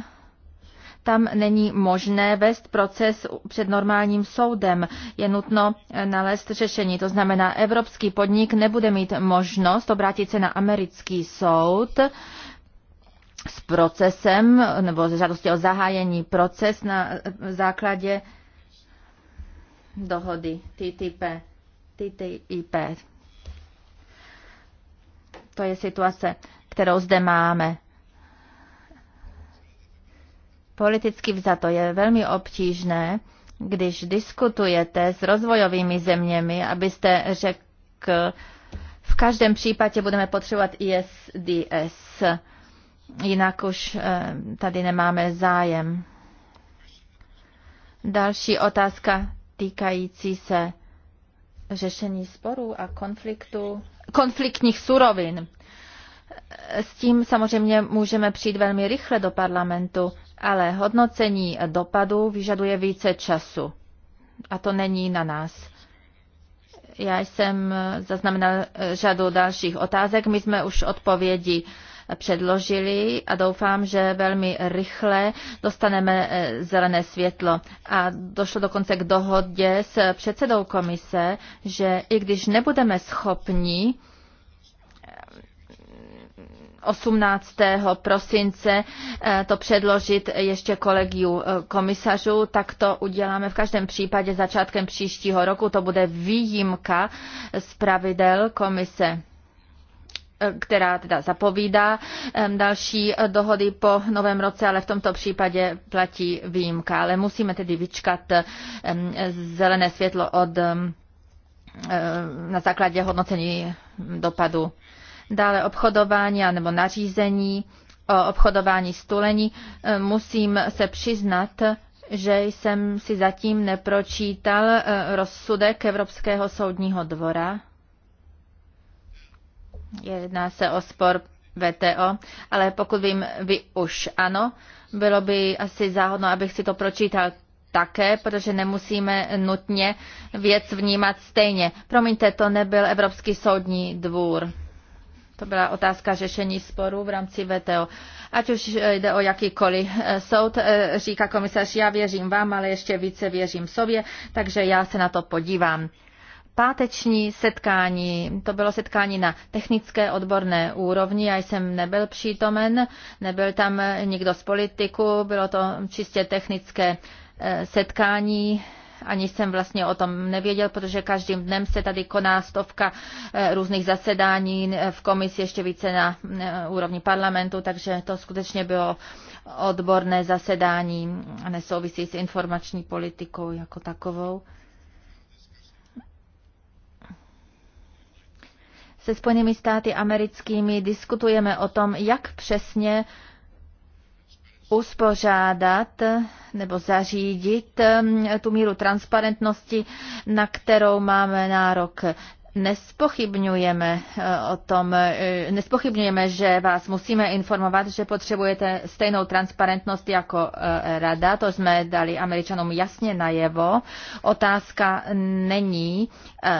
Speaker 2: tam není možné vést proces před normálním soudem. Je nutno eh, nalézt řešení. To znamená, evropský podnik nebude mít možnost obrátit se na americký soud, s procesem nebo s žádostí o zahájení proces na eh, základě dohody TTIP. TTIP. To je situace, kterou zde máme. Politicky vzato je velmi obtížné, když diskutujete s rozvojovými zeměmi, abyste řekl, v každém případě budeme potřebovat ISDS, jinak už eh, tady nemáme zájem. Další otázka týkající se řešení sporů a konfliktu, konfliktních surovin. S tím samozřejmě můžeme přijít velmi rychle do parlamentu, ale hodnocení dopadu vyžaduje více času. A to není na nás. Já jsem zaznamenal řadu dalších otázek. My jsme už odpovědi předložili a doufám, že velmi rychle dostaneme eh, zelené světlo. A došlo dokonce k dohodě s předsedou komise, že i když nebudeme schopni 18. prosince eh, to předložit ještě kolegiu eh, komisařů, tak to uděláme v každém případě začátkem příštího roku. To bude výjimka z pravidel komise eh, která teda zapovídá další dohody po novém roce, ale v tomto případě platí výjimka. Ale musíme tedy vyčkat zelené světlo od, na základě hodnocení dopadu dále obchodování nebo nařízení o obchodování stulení, e, musím se přiznat, že jsem si zatím nepročítal e, rozsudek Evropského soudního dvora. Jedná se o spor VTO, ale pokud vím, vy už ano, bylo by asi záhodno, abych si to pročítal také, protože nemusíme nutně věc vnímat stejně. Promiňte, to nebyl Evropský soudní dvůr. To byla otázka řešení sporů v rámci VTO. Ať už eh, jde o jakýkoliv eh, soud, eh, říká komisař, já věřím vám, ale ještě více věřím sobě, takže já se na to podívám. Páteční setkání, to bylo setkání na technické odborné úrovni, já jsem nebyl přítomen, nebyl tam nikdo z politiku, bylo to čistě technické setkání ani jsem vlastně o tom nevěděl, protože každým dnem se tady koná stovka eh, různých zasedání v komisi, ještě více na eh, úrovni parlamentu, takže to skutečně bylo odborné zasedání a nesouvisí s informační politikou jako takovou. Se Spojenými státy americkými diskutujeme o tom, jak přesně uspořádat nebo zařídit mm, tu míru transparentnosti, na kterou máme nárok. Nespochybňujeme eh, o tom, eh, nespochybňujeme, že vás musíme informovat, že potřebujete stejnou transparentnost jako eh, rada, to jsme dali američanům jasně najevo. Otázka není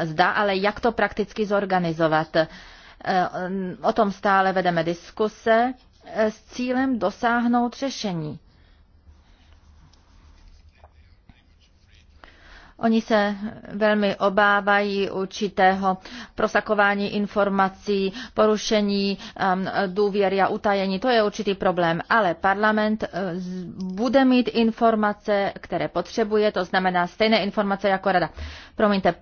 Speaker 2: zda, ale jak to prakticky zorganizovat. O tom stále vedeme diskuse Eh, s cílem dosáhnout řešení. Oni se velmi obávají určitého prosakování informací, porušení um, důvěry a utajení. To je určitý problém, ale parlament uh, bude mít informace, které potřebuje, to znamená stejné informace jako rada. Promiňte,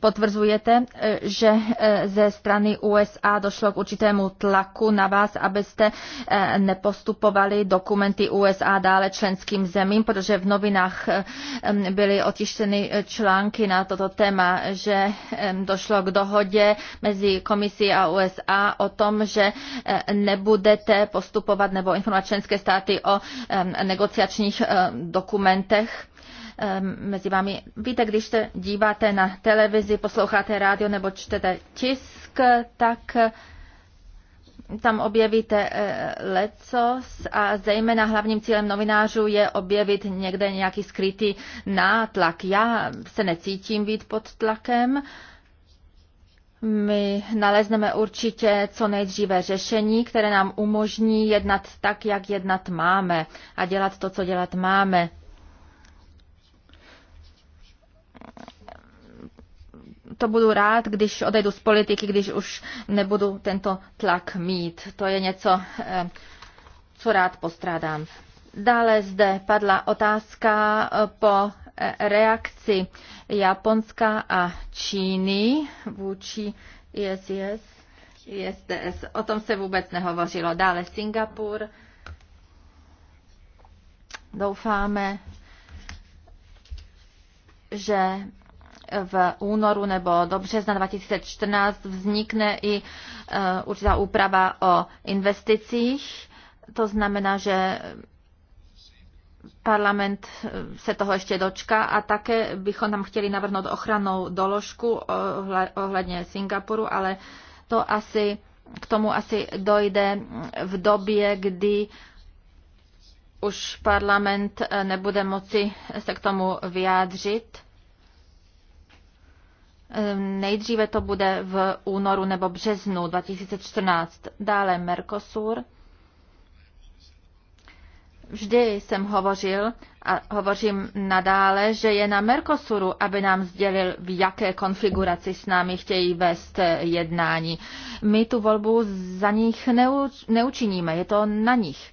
Speaker 2: potvrzujete, eh, že eh, ze strany USA došlo k určitému tlaku na vás, abyste eh, nepostupovali dokumenty USA dále členským zemím, protože v novinách byly otištěny články na toto téma, že došlo k dohodě mezi komisí a USA o tom, že nebudete postupovat nebo informovat členské státy o negociačních dokumentech mezi vámi. Víte, když se díváte na televizi, posloucháte rádio nebo čtete tisk, tak eh, tam objevíte eh, lecos a zejména hlavním cílem novinářů je objevit někde nějaký skrytý nátlak. Já se necítím být pod tlakem. My nalezneme určitě co nejdříve řešení, které nám umožní jednat tak, jak jednat máme a dělat to, co dělat máme to budu rád, když odejdu z politiky, když už nebudu tento tlak mít. To je něco, eh, co rád postrádám. Dále zde padla otázka eh, po eh, reakci Japonska a Číny vůči ISIS. ISDS. O tom se vůbec nehovořilo. Dále Singapur. Doufáme, že v únoru nebo do března 2014 vznikne i e, určitá úprava o investicích. To znamená, že parlament e, se toho ještě dočká a také bychom tam chtěli navrhnout ochranou doložku ohledně Singapuru, ale to asi k tomu asi dojde v době, kdy už parlament eh, nebude moci se k tomu vyjádřit. Eh, nejdříve to bude v únoru nebo březnu 2014. Dále Mercosur. Vždy jsem hovořil a hovořím nadále, že je na Mercosuru, aby nám sdělil, v jaké konfiguraci s námi chtějí vést eh, jednání. My tu volbu za nich neučiníme, je to na nich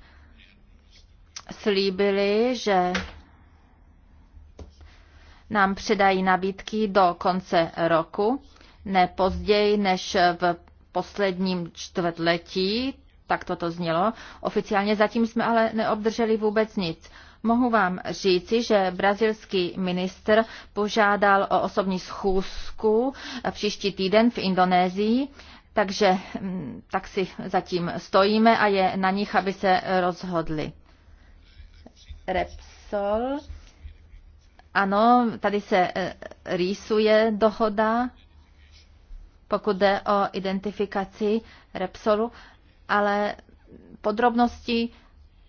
Speaker 2: slíbili, že nám předají nabídky do konce roku, ne později než v posledním čtvrtletí, tak toto znělo. Oficiálně zatím jsme ale neobdrželi vůbec nic. Mohu vám říci, že brazilský minister požádal o osobní schůzku příští týden v Indonésii, takže mm, tak si zatím stojíme a je na nich, aby se rozhodli. Repsol. Ano, tady se eh, rýsuje dohoda, pokud jde o identifikaci Repsolu, ale podrobnosti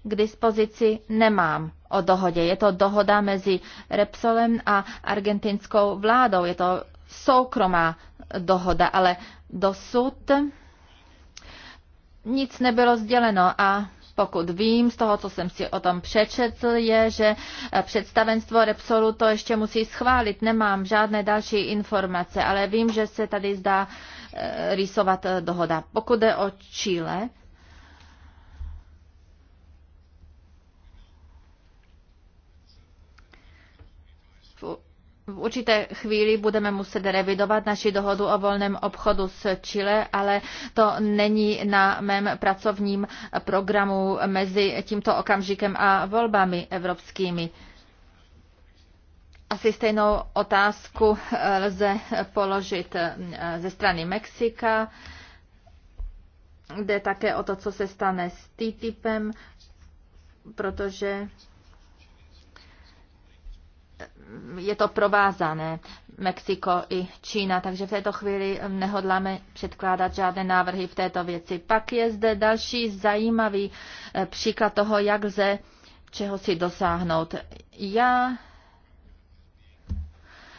Speaker 2: k dispozici nemám o dohodě. Je to dohoda mezi Repsolem a argentinskou vládou. Je to soukromá dohoda, ale dosud nic nebylo sděleno a pokud vím, z toho, co jsem si o tom přečetl, je, že eh, představenstvo Repsolu to ještě musí schválit. Nemám žádné další informace, ale vím, že se tady zdá eh, rýsovat eh, dohoda. Pokud jde o Chile, v určité chvíli budeme muset revidovat naši dohodu o volném obchodu s Chile, ale to není na mém pracovním programu mezi tímto okamžikem a volbami evropskými. Asi stejnou otázku eh, lze položit eh, ze strany Mexika. Jde také o to, co se stane s TTIPem, protože je to provázané Mexiko i Čína, takže v této chvíli nehodláme předkládat žádné návrhy v této věci. Pak je zde další zajímavý eh, příklad toho, jak lze čeho si dosáhnout. Já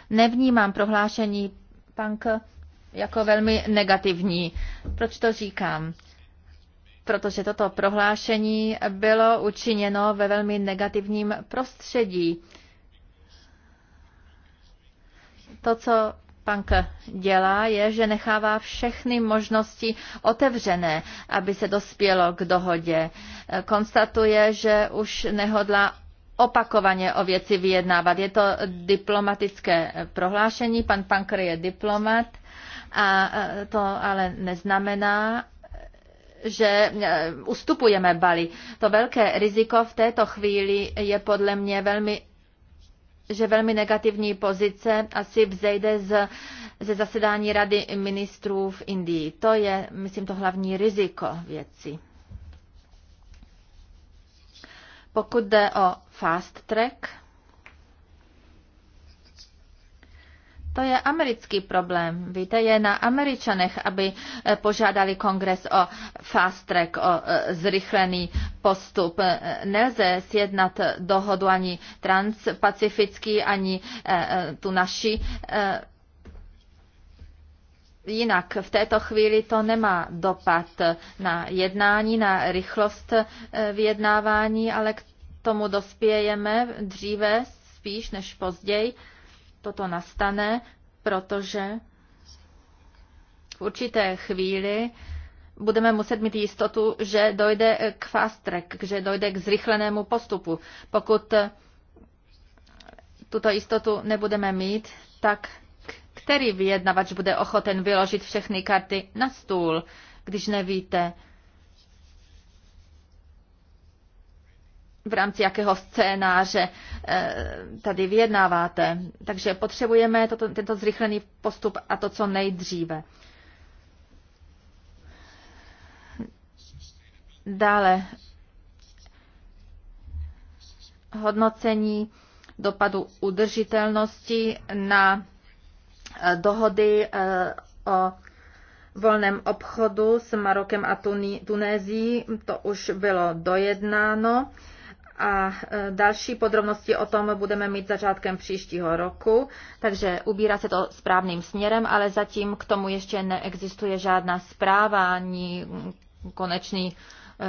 Speaker 2: nevnímám prohlášení punk jako velmi negativní. Proč to říkám? Protože toto prohlášení bylo učiněno ve velmi negativním prostředí to, co Punk dělá, je, že nechává všechny možnosti otevřené, aby se dospělo k dohodě. Konstatuje, že už nehodla opakovaně o věci vyjednávat. Je to diplomatické prohlášení, pan Pankr je diplomat, a to ale neznamená, že e, ustupujeme Bali. To velké riziko v této chvíli je podle mě velmi že velmi negativní pozice asi vzejde z, ze zasedání Rady ministrů v Indii. To je, myslím, to hlavní riziko věci. Pokud jde o fast track, To je americký problém. Víte, je na američanech, aby eh, požádali kongres o fast track, o eh, zrychlený postup. Eh, nelze sjednat dohodu ani transpacifický, ani tu naši jinak. V této chvíli to nemá dopad na jednání, na rychlost vyjednávání, ale k tomu dospějeme dříve spíš než později toto nastane, protože v určité chvíli budeme muset mít jistotu, že dojde k fast track, že dojde k zrychlenému postupu. Pokud tuto jistotu nebudeme mít, tak který vyjednavač bude ochoten vyložit všechny karty na stůl, když nevíte, v rámci jakého scénáře eh, tady vyjednáváte. Takže potřebujeme toto, tento zrychlený postup a to, co nejdříve. Dále hodnocení dopadu udržitelnosti na eh, dohody eh, o volném obchodu s Marokem a Tunézií. To už bylo dojednáno a e, další podrobnosti o tom budeme mít začátkem příštího roku, takže ubírá se to správným směrem, ale zatím k tomu ještě neexistuje žádná zpráva ani konečný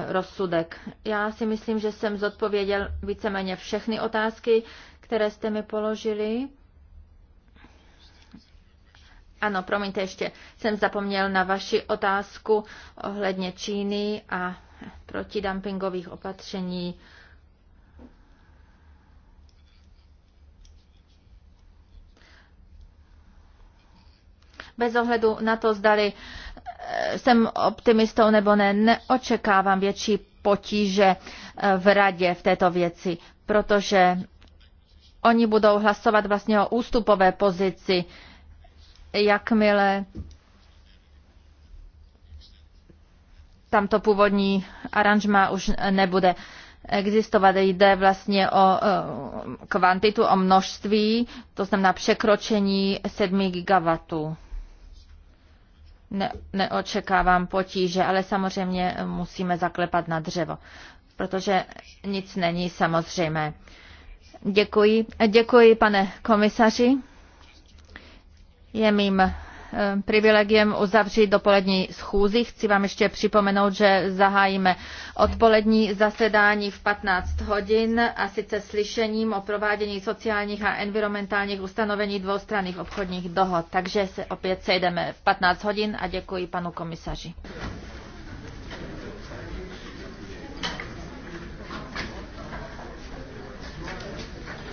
Speaker 2: e, rozsudek. Já si myslím, že jsem zodpověděl víceméně všechny otázky, které jste mi položili. Ano, promiňte ještě, jsem zapomněl na vaši otázku ohledně Číny a protidumpingových opatření bez ohledu na to, zdali eh, jsem optimistou nebo ne, neočekávám větší potíže eh, v radě v této věci, protože oni budou hlasovat vlastně o ústupové pozici, jakmile tamto původní aranžma už nebude existovat. Jde vlastně o eh, kvantitu, o množství, to znamená překročení 7 gigawatů ne, neočekávám potíže, ale samozřejmě musíme zaklepat na dřevo, protože nic není samozřejmé. Děkuji. Děkuji, pane komisaři. Je mým Eh, privilegiem uzavřít dopolední schůzi. Chci vám ještě připomenout, že zahájíme odpolední zasedání v 15 hodin a sice slyšením o provádění sociálních a environmentálních ustanovení dvoustranných obchodních dohod. Takže se opět sejdeme v 15 hodin a děkuji panu komisaři.